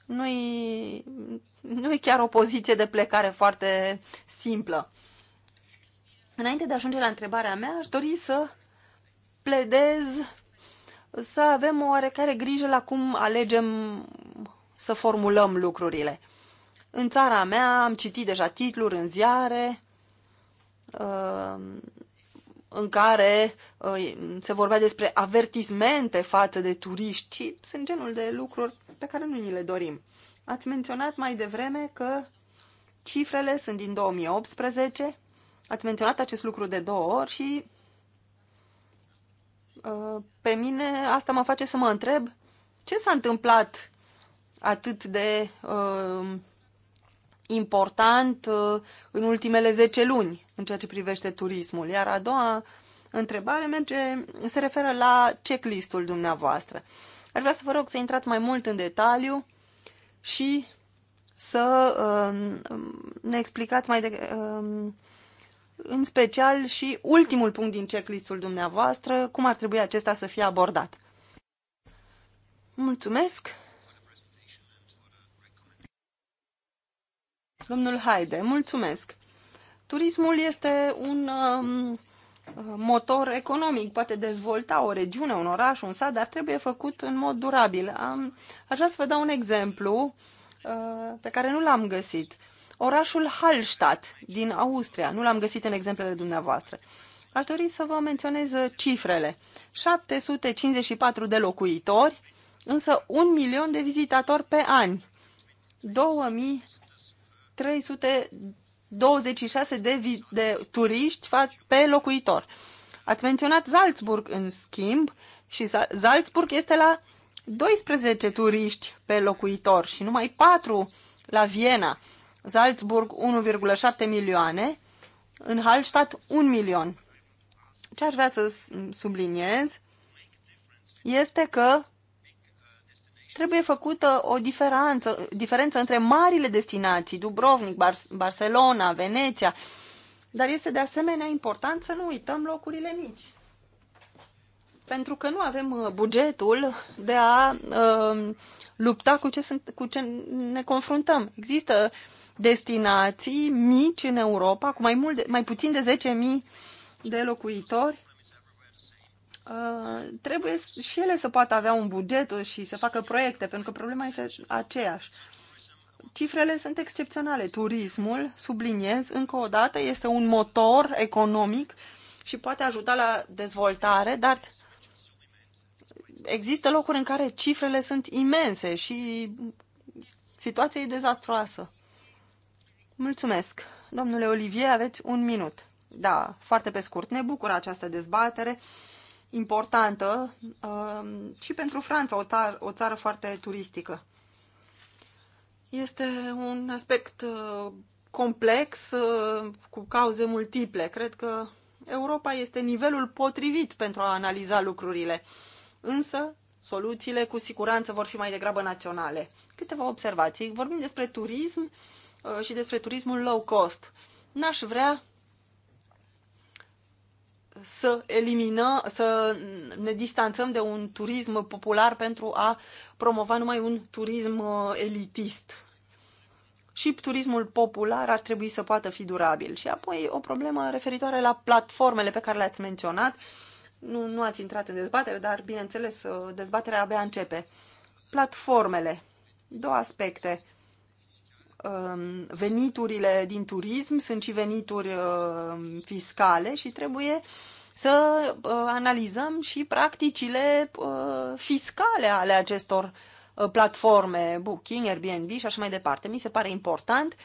Nu e, nu e chiar o poziție de plecare foarte simplă. Înainte de a ajunge la întrebarea mea, aș dori să pledez să avem o oarecare grijă la cum alegem să formulăm lucrurile. În țara mea am citit deja titluri în ziare, în care uh, se vorbea despre avertismente față de turiști, ci sunt genul de lucruri pe care nu ni le dorim. Ați menționat mai devreme că cifrele sunt din 2018, ați menționat acest lucru de două ori și uh, pe mine asta mă face să mă întreb ce s-a întâmplat atât de uh, important uh, în ultimele 10 luni în ceea ce privește turismul. Iar a doua întrebare merge, se referă la checklist-ul dumneavoastră. Ar vrea să vă rog să intrați mai mult în detaliu și să uh, ne explicați mai de, uh, în special și ultimul punct din checklist-ul dumneavoastră, cum ar trebui acesta să fie abordat. Mulțumesc! Domnul Haide, mulțumesc! Turismul este un um, motor economic, poate dezvolta o regiune, un oraș, un sat, dar trebuie făcut în mod durabil. Am, aș vrea să vă dau un exemplu uh, pe care nu l-am găsit. Orașul Hallstatt din Austria, nu l-am găsit în exemplele dumneavoastră. Aș dori să vă menționez cifrele. 754 de locuitori, însă un milion de vizitatori pe an. 2300 26 de, vi- de turiști pe locuitor. Ați menționat Salzburg, în schimb, și Salzburg este la 12 turiști pe locuitor și numai 4 la Viena. Salzburg 1,7 milioane, în Hallstatt 1 milion. Ce aș vrea să subliniez este că trebuie făcută o diferență, diferență între marile destinații, Dubrovnik, Bar Barcelona, Veneția, dar este de asemenea important să nu uităm locurile mici. Pentru că nu avem uh, bugetul de a uh, lupta cu ce, sunt, cu ce ne confruntăm. Există destinații mici în Europa, cu mai, mult de, mai puțin de 10.000 de locuitori, Uh, trebuie și ele să poată avea un buget și să facă proiecte, pentru că problema este aceeași. Cifrele sunt excepționale. Turismul, subliniez, încă o dată, este un motor economic și poate ajuta la dezvoltare, dar există locuri în care cifrele sunt imense și situația e dezastroasă. Mulțumesc. Domnule Olivier, aveți un minut. Da, foarte pe scurt. Ne bucură această dezbatere importantă um, și pentru Franța, o, tar, o țară foarte turistică. Este un aspect uh, complex uh, cu cauze multiple. Cred că Europa este nivelul potrivit pentru a analiza lucrurile. Însă, soluțiile cu siguranță vor fi mai degrabă naționale. Câteva observații. Vorbim despre turism uh, și despre turismul low cost. N-aș vrea să eliminăm, să ne distanțăm de un turism popular pentru a promova numai un turism uh, elitist. Și turismul popular ar trebui să poată fi durabil. Și apoi o problemă referitoare la platformele pe care le-ați menționat. Nu, nu ați intrat în dezbatere, dar bineînțeles uh, dezbaterea abia începe. Platformele. Două aspecte. Um, veniturile din turism sunt și venituri um, fiscale și trebuie să uh, analizăm și practicile uh, fiscale ale acestor uh, platforme, Booking, Airbnb și așa mai departe. Mi se pare important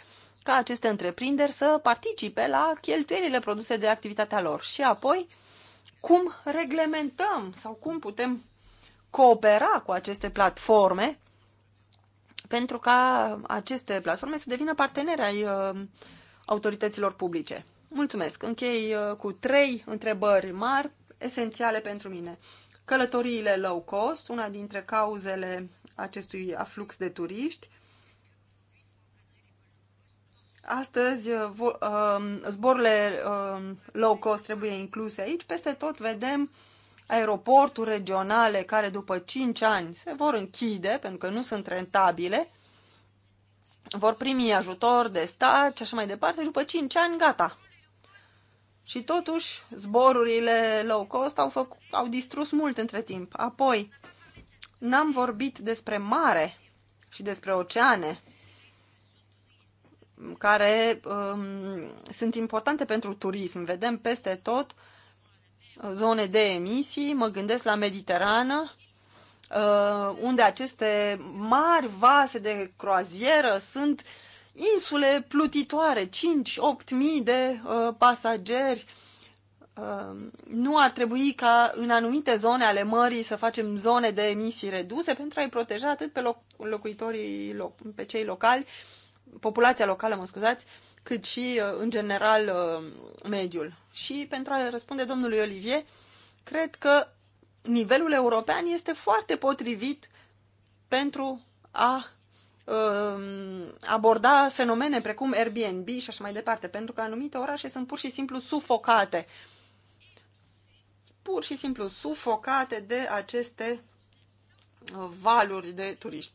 ca aceste întreprinderi să participe la cheltuielile produse de activitatea lor și apoi cum reglementăm sau cum putem coopera cu aceste platforme pentru ca aceste platforme să devină parteneri ai uh, autorităților publice. Mulțumesc! Închei uh, cu trei întrebări mari, esențiale pentru mine. Călătoriile low cost, una dintre cauzele acestui aflux de turiști. Astăzi, uh, zborurile low cost trebuie incluse aici. Peste tot vedem uh, aeroporturi regionale care după 5 ani se vor închide pentru că nu sunt rentabile, vor primi ajutor de stat și așa mai departe, după 5 ani, gata. Și totuși, zborurile low cost au, făc, au distrus mult între timp. Apoi, n-am vorbit despre mare și despre oceane, care um, sunt importante pentru turism. Vedem peste tot uh, zone de emisii, mă gândesc la Mediterană, uh, unde aceste mari vase de croazieră sunt insule plutitoare, 5-8 mii de uh, pasageri. Uh, nu ar trebui ca în anumite zone ale mării să facem zone de emisii reduse pentru a-i proteja atât pe locuitorii, pe cei locali, populația locală, mă scuzați, cât și, uh, în general, uh, mediul. Și pentru a răspunde domnului Olivier, cred că nivelul european este foarte potrivit pentru a um, aborda fenomene precum Airbnb și așa mai departe, pentru că anumite orașe sunt pur și simplu sufocate. Pur și simplu sufocate de aceste uh, valuri de turiști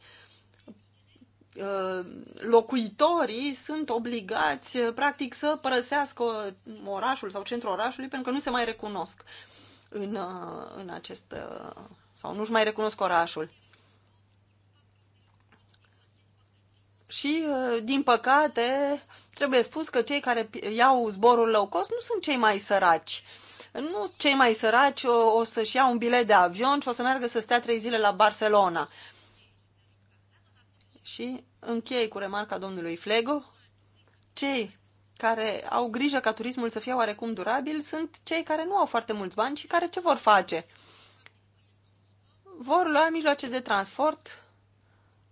locuitorii sunt obligați, eh, practic, să părăsească orașul sau centrul orașului pentru că nu se mai recunosc în, eh, în acest. Eh, sau nu-și mai recunosc orașul. Și, din păcate, trebuie spus că cei care iau zborul low cost nu sunt cei mai săraci. Nu cei mai săraci o, o să-și iau un bilet de avion și o să meargă să stea trei zile la Barcelona. Uh, și închei cu remarca domnului Flego. Cei care au grijă ca turismul să fie oarecum durabil sunt cei care nu au foarte mulți bani și care ce vor face? Vor lua mijloace de transport,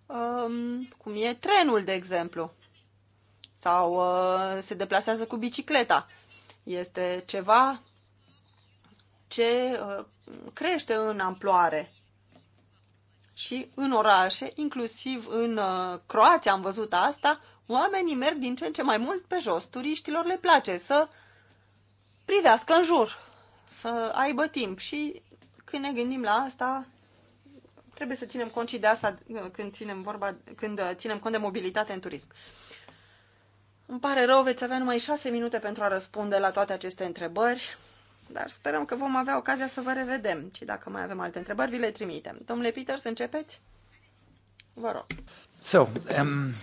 um, cum e trenul, de exemplu, sau uh, se deplasează cu bicicleta. Este ceva ce uh, crește în amploare și în orașe, inclusiv în uh, Croația am văzut asta, oamenii merg din ce în ce mai mult pe jos. Turiștilor le place să privească în jur, să aibă timp și când ne gândim la asta, trebuie să ținem cont și de asta uh, când ținem, vorba, când uh, ținem cont de mobilitate în turism. Îmi pare rău, veți avea numai șase minute pentru a răspunde la toate aceste întrebări dar sperăm că vom avea ocazia să vă revedem și dacă mai avem alte întrebări, vi le trimitem. Domnule Peter, să începeți? Vă rog. So, um,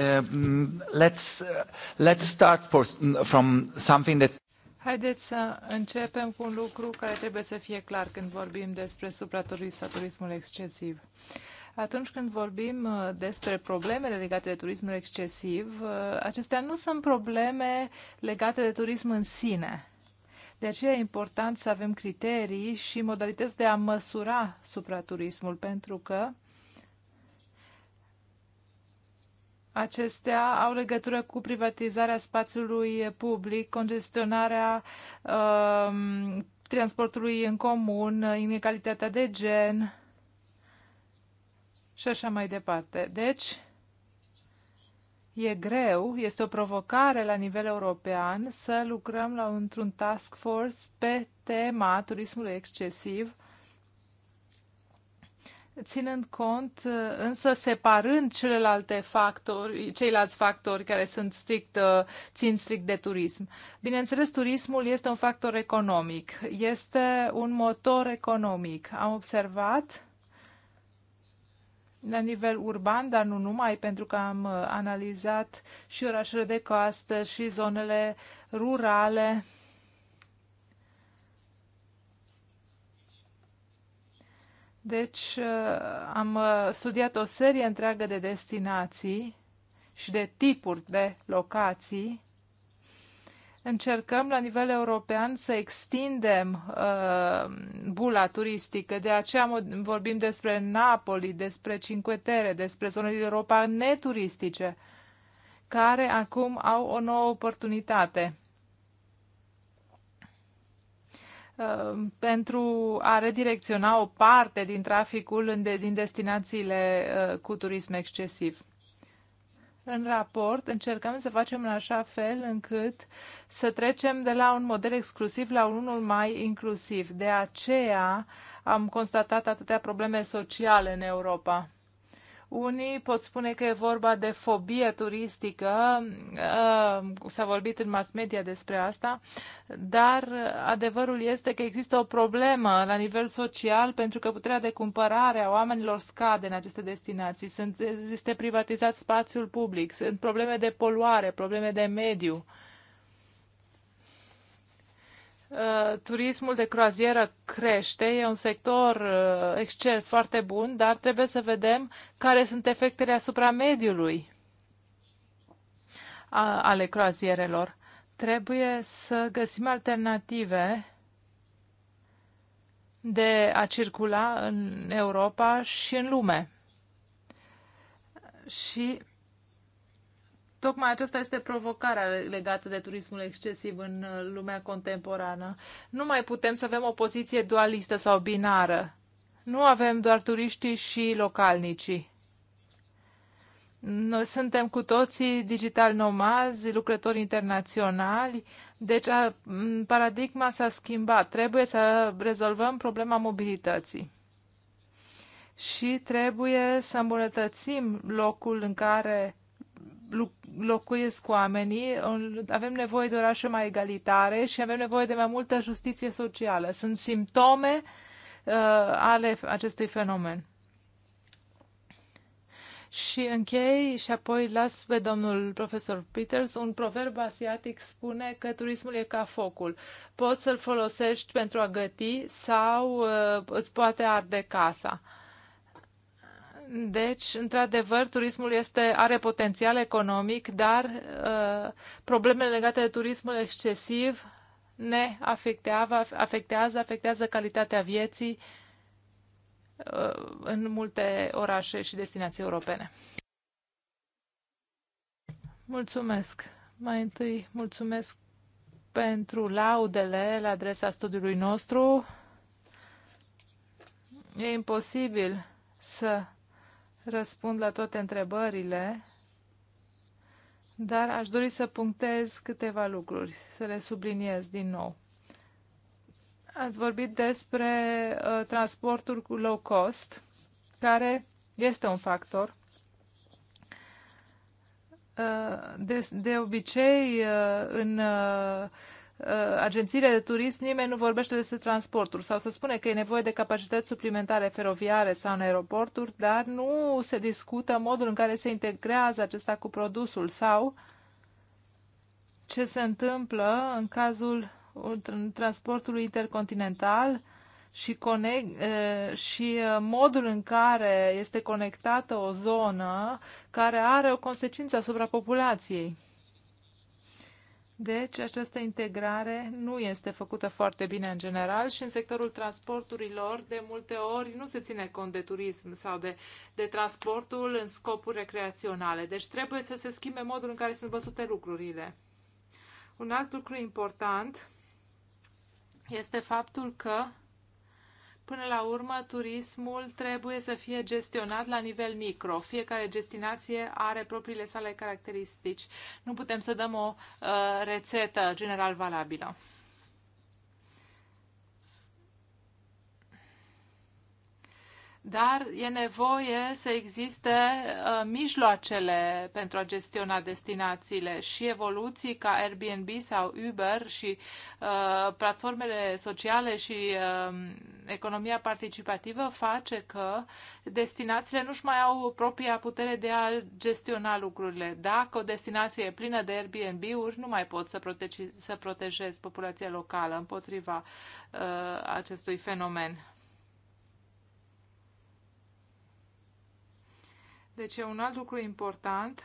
um, let's, uh, let's start for, from something that Haideți să începem cu un lucru care trebuie să fie clar când vorbim despre supraturism sau turismul excesiv. Atunci când vorbim uh, despre problemele legate de turismul excesiv, uh, acestea nu sunt probleme legate de turism în sine. De aceea e important să avem criterii și modalități de a măsura supraturismul, pentru că acestea au legătură cu privatizarea spațiului public, congestionarea um, transportului în comun, inegalitatea de gen și așa mai departe. Deci, E greu, este o provocare la nivel european să lucrăm la, într-un task force pe tema turismului excesiv, ținând cont, însă separând celelalte factori, ceilalți factori care sunt strict, țin strict de turism. Bineînțeles, turismul este un factor economic, este un motor economic. Am observat la nivel urban, dar nu numai, pentru că am uh, analizat și orașele de coastă și zonele rurale. Deci uh, am uh, studiat o serie întreagă de destinații și de tipuri de locații încercăm la nivel european să extindem uh, bula turistică. De aceea vorbim despre Napoli, despre Cinque Terre, despre zonele din Europa neturistice, care acum au o nouă oportunitate uh, pentru a redirecționa o parte din traficul în de, din destinațiile uh, cu turism excesiv. În raport încercăm să facem în așa fel încât să trecem de la un model exclusiv la unul mai inclusiv. De aceea am constatat atâtea probleme sociale în Europa. Unii pot spune că e vorba de fobie turistică, uh, s-a vorbit în mass media despre asta, dar adevărul este că există o problemă la nivel social pentru că puterea de cumpărare a oamenilor scade în aceste destinații, Sunt, este privatizat spațiul public, sunt probleme de poluare, probleme de mediu. Uh, turismul de croazieră crește, e un sector uh, excel foarte bun, dar trebuie să vedem care sunt efectele asupra mediului ale croazierelor. Trebuie să găsim alternative de a circula în Europa și în lume. Și tocmai aceasta este provocarea legată de turismul excesiv în uh, lumea contemporană. Nu mai putem să avem o poziție dualistă sau binară. Nu avem doar turiștii și localnicii. Noi suntem cu toții digital nomazi, lucrători internaționali, deci a, paradigma s-a schimbat. Trebuie să rezolvăm problema mobilității și trebuie să îmbunătățim locul în care locuiesc oamenii, avem nevoie de orașe mai egalitare și avem nevoie de mai multă justiție socială. Sunt simptome uh, ale acestui fenomen. Și închei și apoi las pe domnul profesor Peters. Un proverb asiatic spune că turismul e ca focul. Poți să-l folosești pentru a găti sau uh, îți poate arde casa. Uh, deci, într-adevăr, turismul este, are potențial economic, dar uh, problemele legate de turismul excesiv ne afectează, afectează, afectează calitatea vieții uh, în multe orașe și destinații europene. Mulțumesc! Mai întâi, mulțumesc pentru laudele la adresa studiului nostru. E imposibil să răspund la toate întrebările, dar aș dori să punctez câteva lucruri, să le subliniez din nou. Ați vorbit despre uh, transportul cu low cost, care este un factor. Uh, de, de obicei, uh, în uh, Uh, agențiile de turism, nimeni nu vorbește despre transporturi sau se spune că e nevoie de capacități suplimentare feroviare sau în aeroporturi, dar nu se discută modul în care se integrează acesta cu produsul sau ce se întâmplă în cazul transportului intercontinental și, conect, uh, și uh, modul în care este conectată o zonă care are o consecință asupra populației. Deci această integrare nu este făcută foarte bine în general și în sectorul transporturilor de multe ori nu se ține cont de turism sau de, de transportul în scopuri recreaționale. Deci trebuie să se schimbe modul în care sunt văzute lucrurile. Un alt lucru important este faptul că Până la urmă, turismul trebuie să fie gestionat la nivel micro. Fiecare destinație are propriile sale caracteristici. Nu putem să dăm o uh, rețetă general valabilă. dar e nevoie să existe uh, mijloacele pentru a gestiona destinațiile și evoluții ca Airbnb sau Uber și uh, platformele sociale și uh, economia participativă face că destinațiile nu-și mai au propria putere de a gestiona lucrurile. Dacă o destinație e plină de Airbnb-uri, nu mai pot să, protege, să protejez populația locală împotriva uh, acestui fenomen. Deci e un alt lucru important.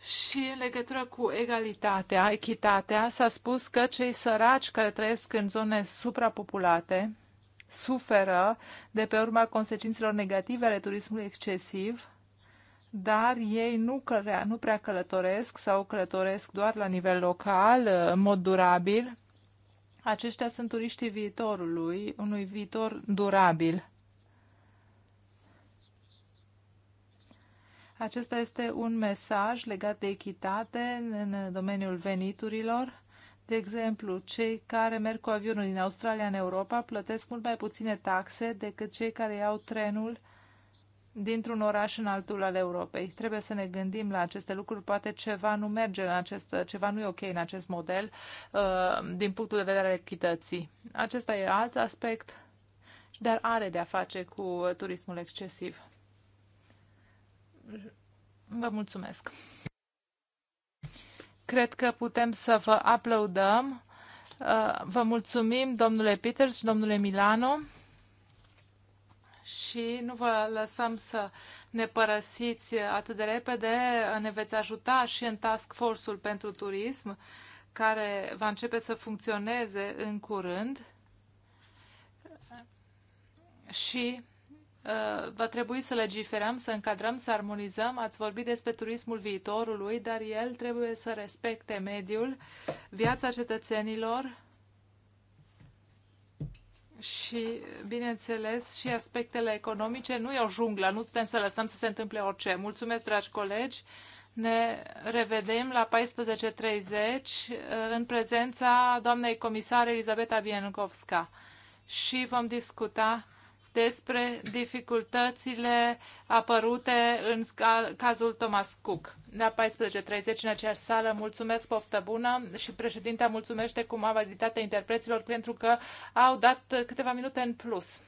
Și în legătură cu egalitatea, echitatea, s-a spus că cei săraci care trăiesc în zone suprapopulate suferă de pe urma consecințelor negative ale turismului excesiv, dar ei nu, cărea, nu prea călătoresc sau călătoresc doar la nivel local, în mod durabil. Aceștia sunt turiștii viitorului, unui viitor durabil. Acesta este un mesaj legat de echitate în domeniul veniturilor. De exemplu, cei care merg cu avionul din Australia în Europa plătesc mult mai puține taxe decât cei care iau trenul dintr-un oraș în altul al Europei. Trebuie să ne gândim la aceste lucruri. Poate ceva nu merge în acest, ceva nu e ok în acest model uh, din punctul de vedere al echității. Acesta e alt aspect, dar are de a face cu turismul excesiv. Vă mulțumesc. Cred că putem să vă aplaudăm. Uh, vă mulțumim, domnule Peters, domnule Milano și nu vă lăsăm să ne părăsiți atât de repede. Ne veți ajuta și în Task Force-ul pentru turism, care va începe să funcționeze în curând. Și Uh, va trebui să legiferăm, să încadrăm, să armonizăm. Ați vorbit despre turismul viitorului, dar el trebuie să respecte mediul, viața cetățenilor și, bineînțeles, și aspectele economice. Nu e o junglă, nu putem să lăsăm să se întâmple orice. Mulțumesc, dragi colegi! Ne revedem la 14.30 uh, în prezența doamnei comisar Elizabeta Vienkovska și vom discuta despre dificultățile apărute în cazul Thomas Cook. La 14.30 în aceeași sală, mulțumesc, poftă bună și președintea mulțumește cu amabilitatea interpreților pentru că au dat câteva minute în plus.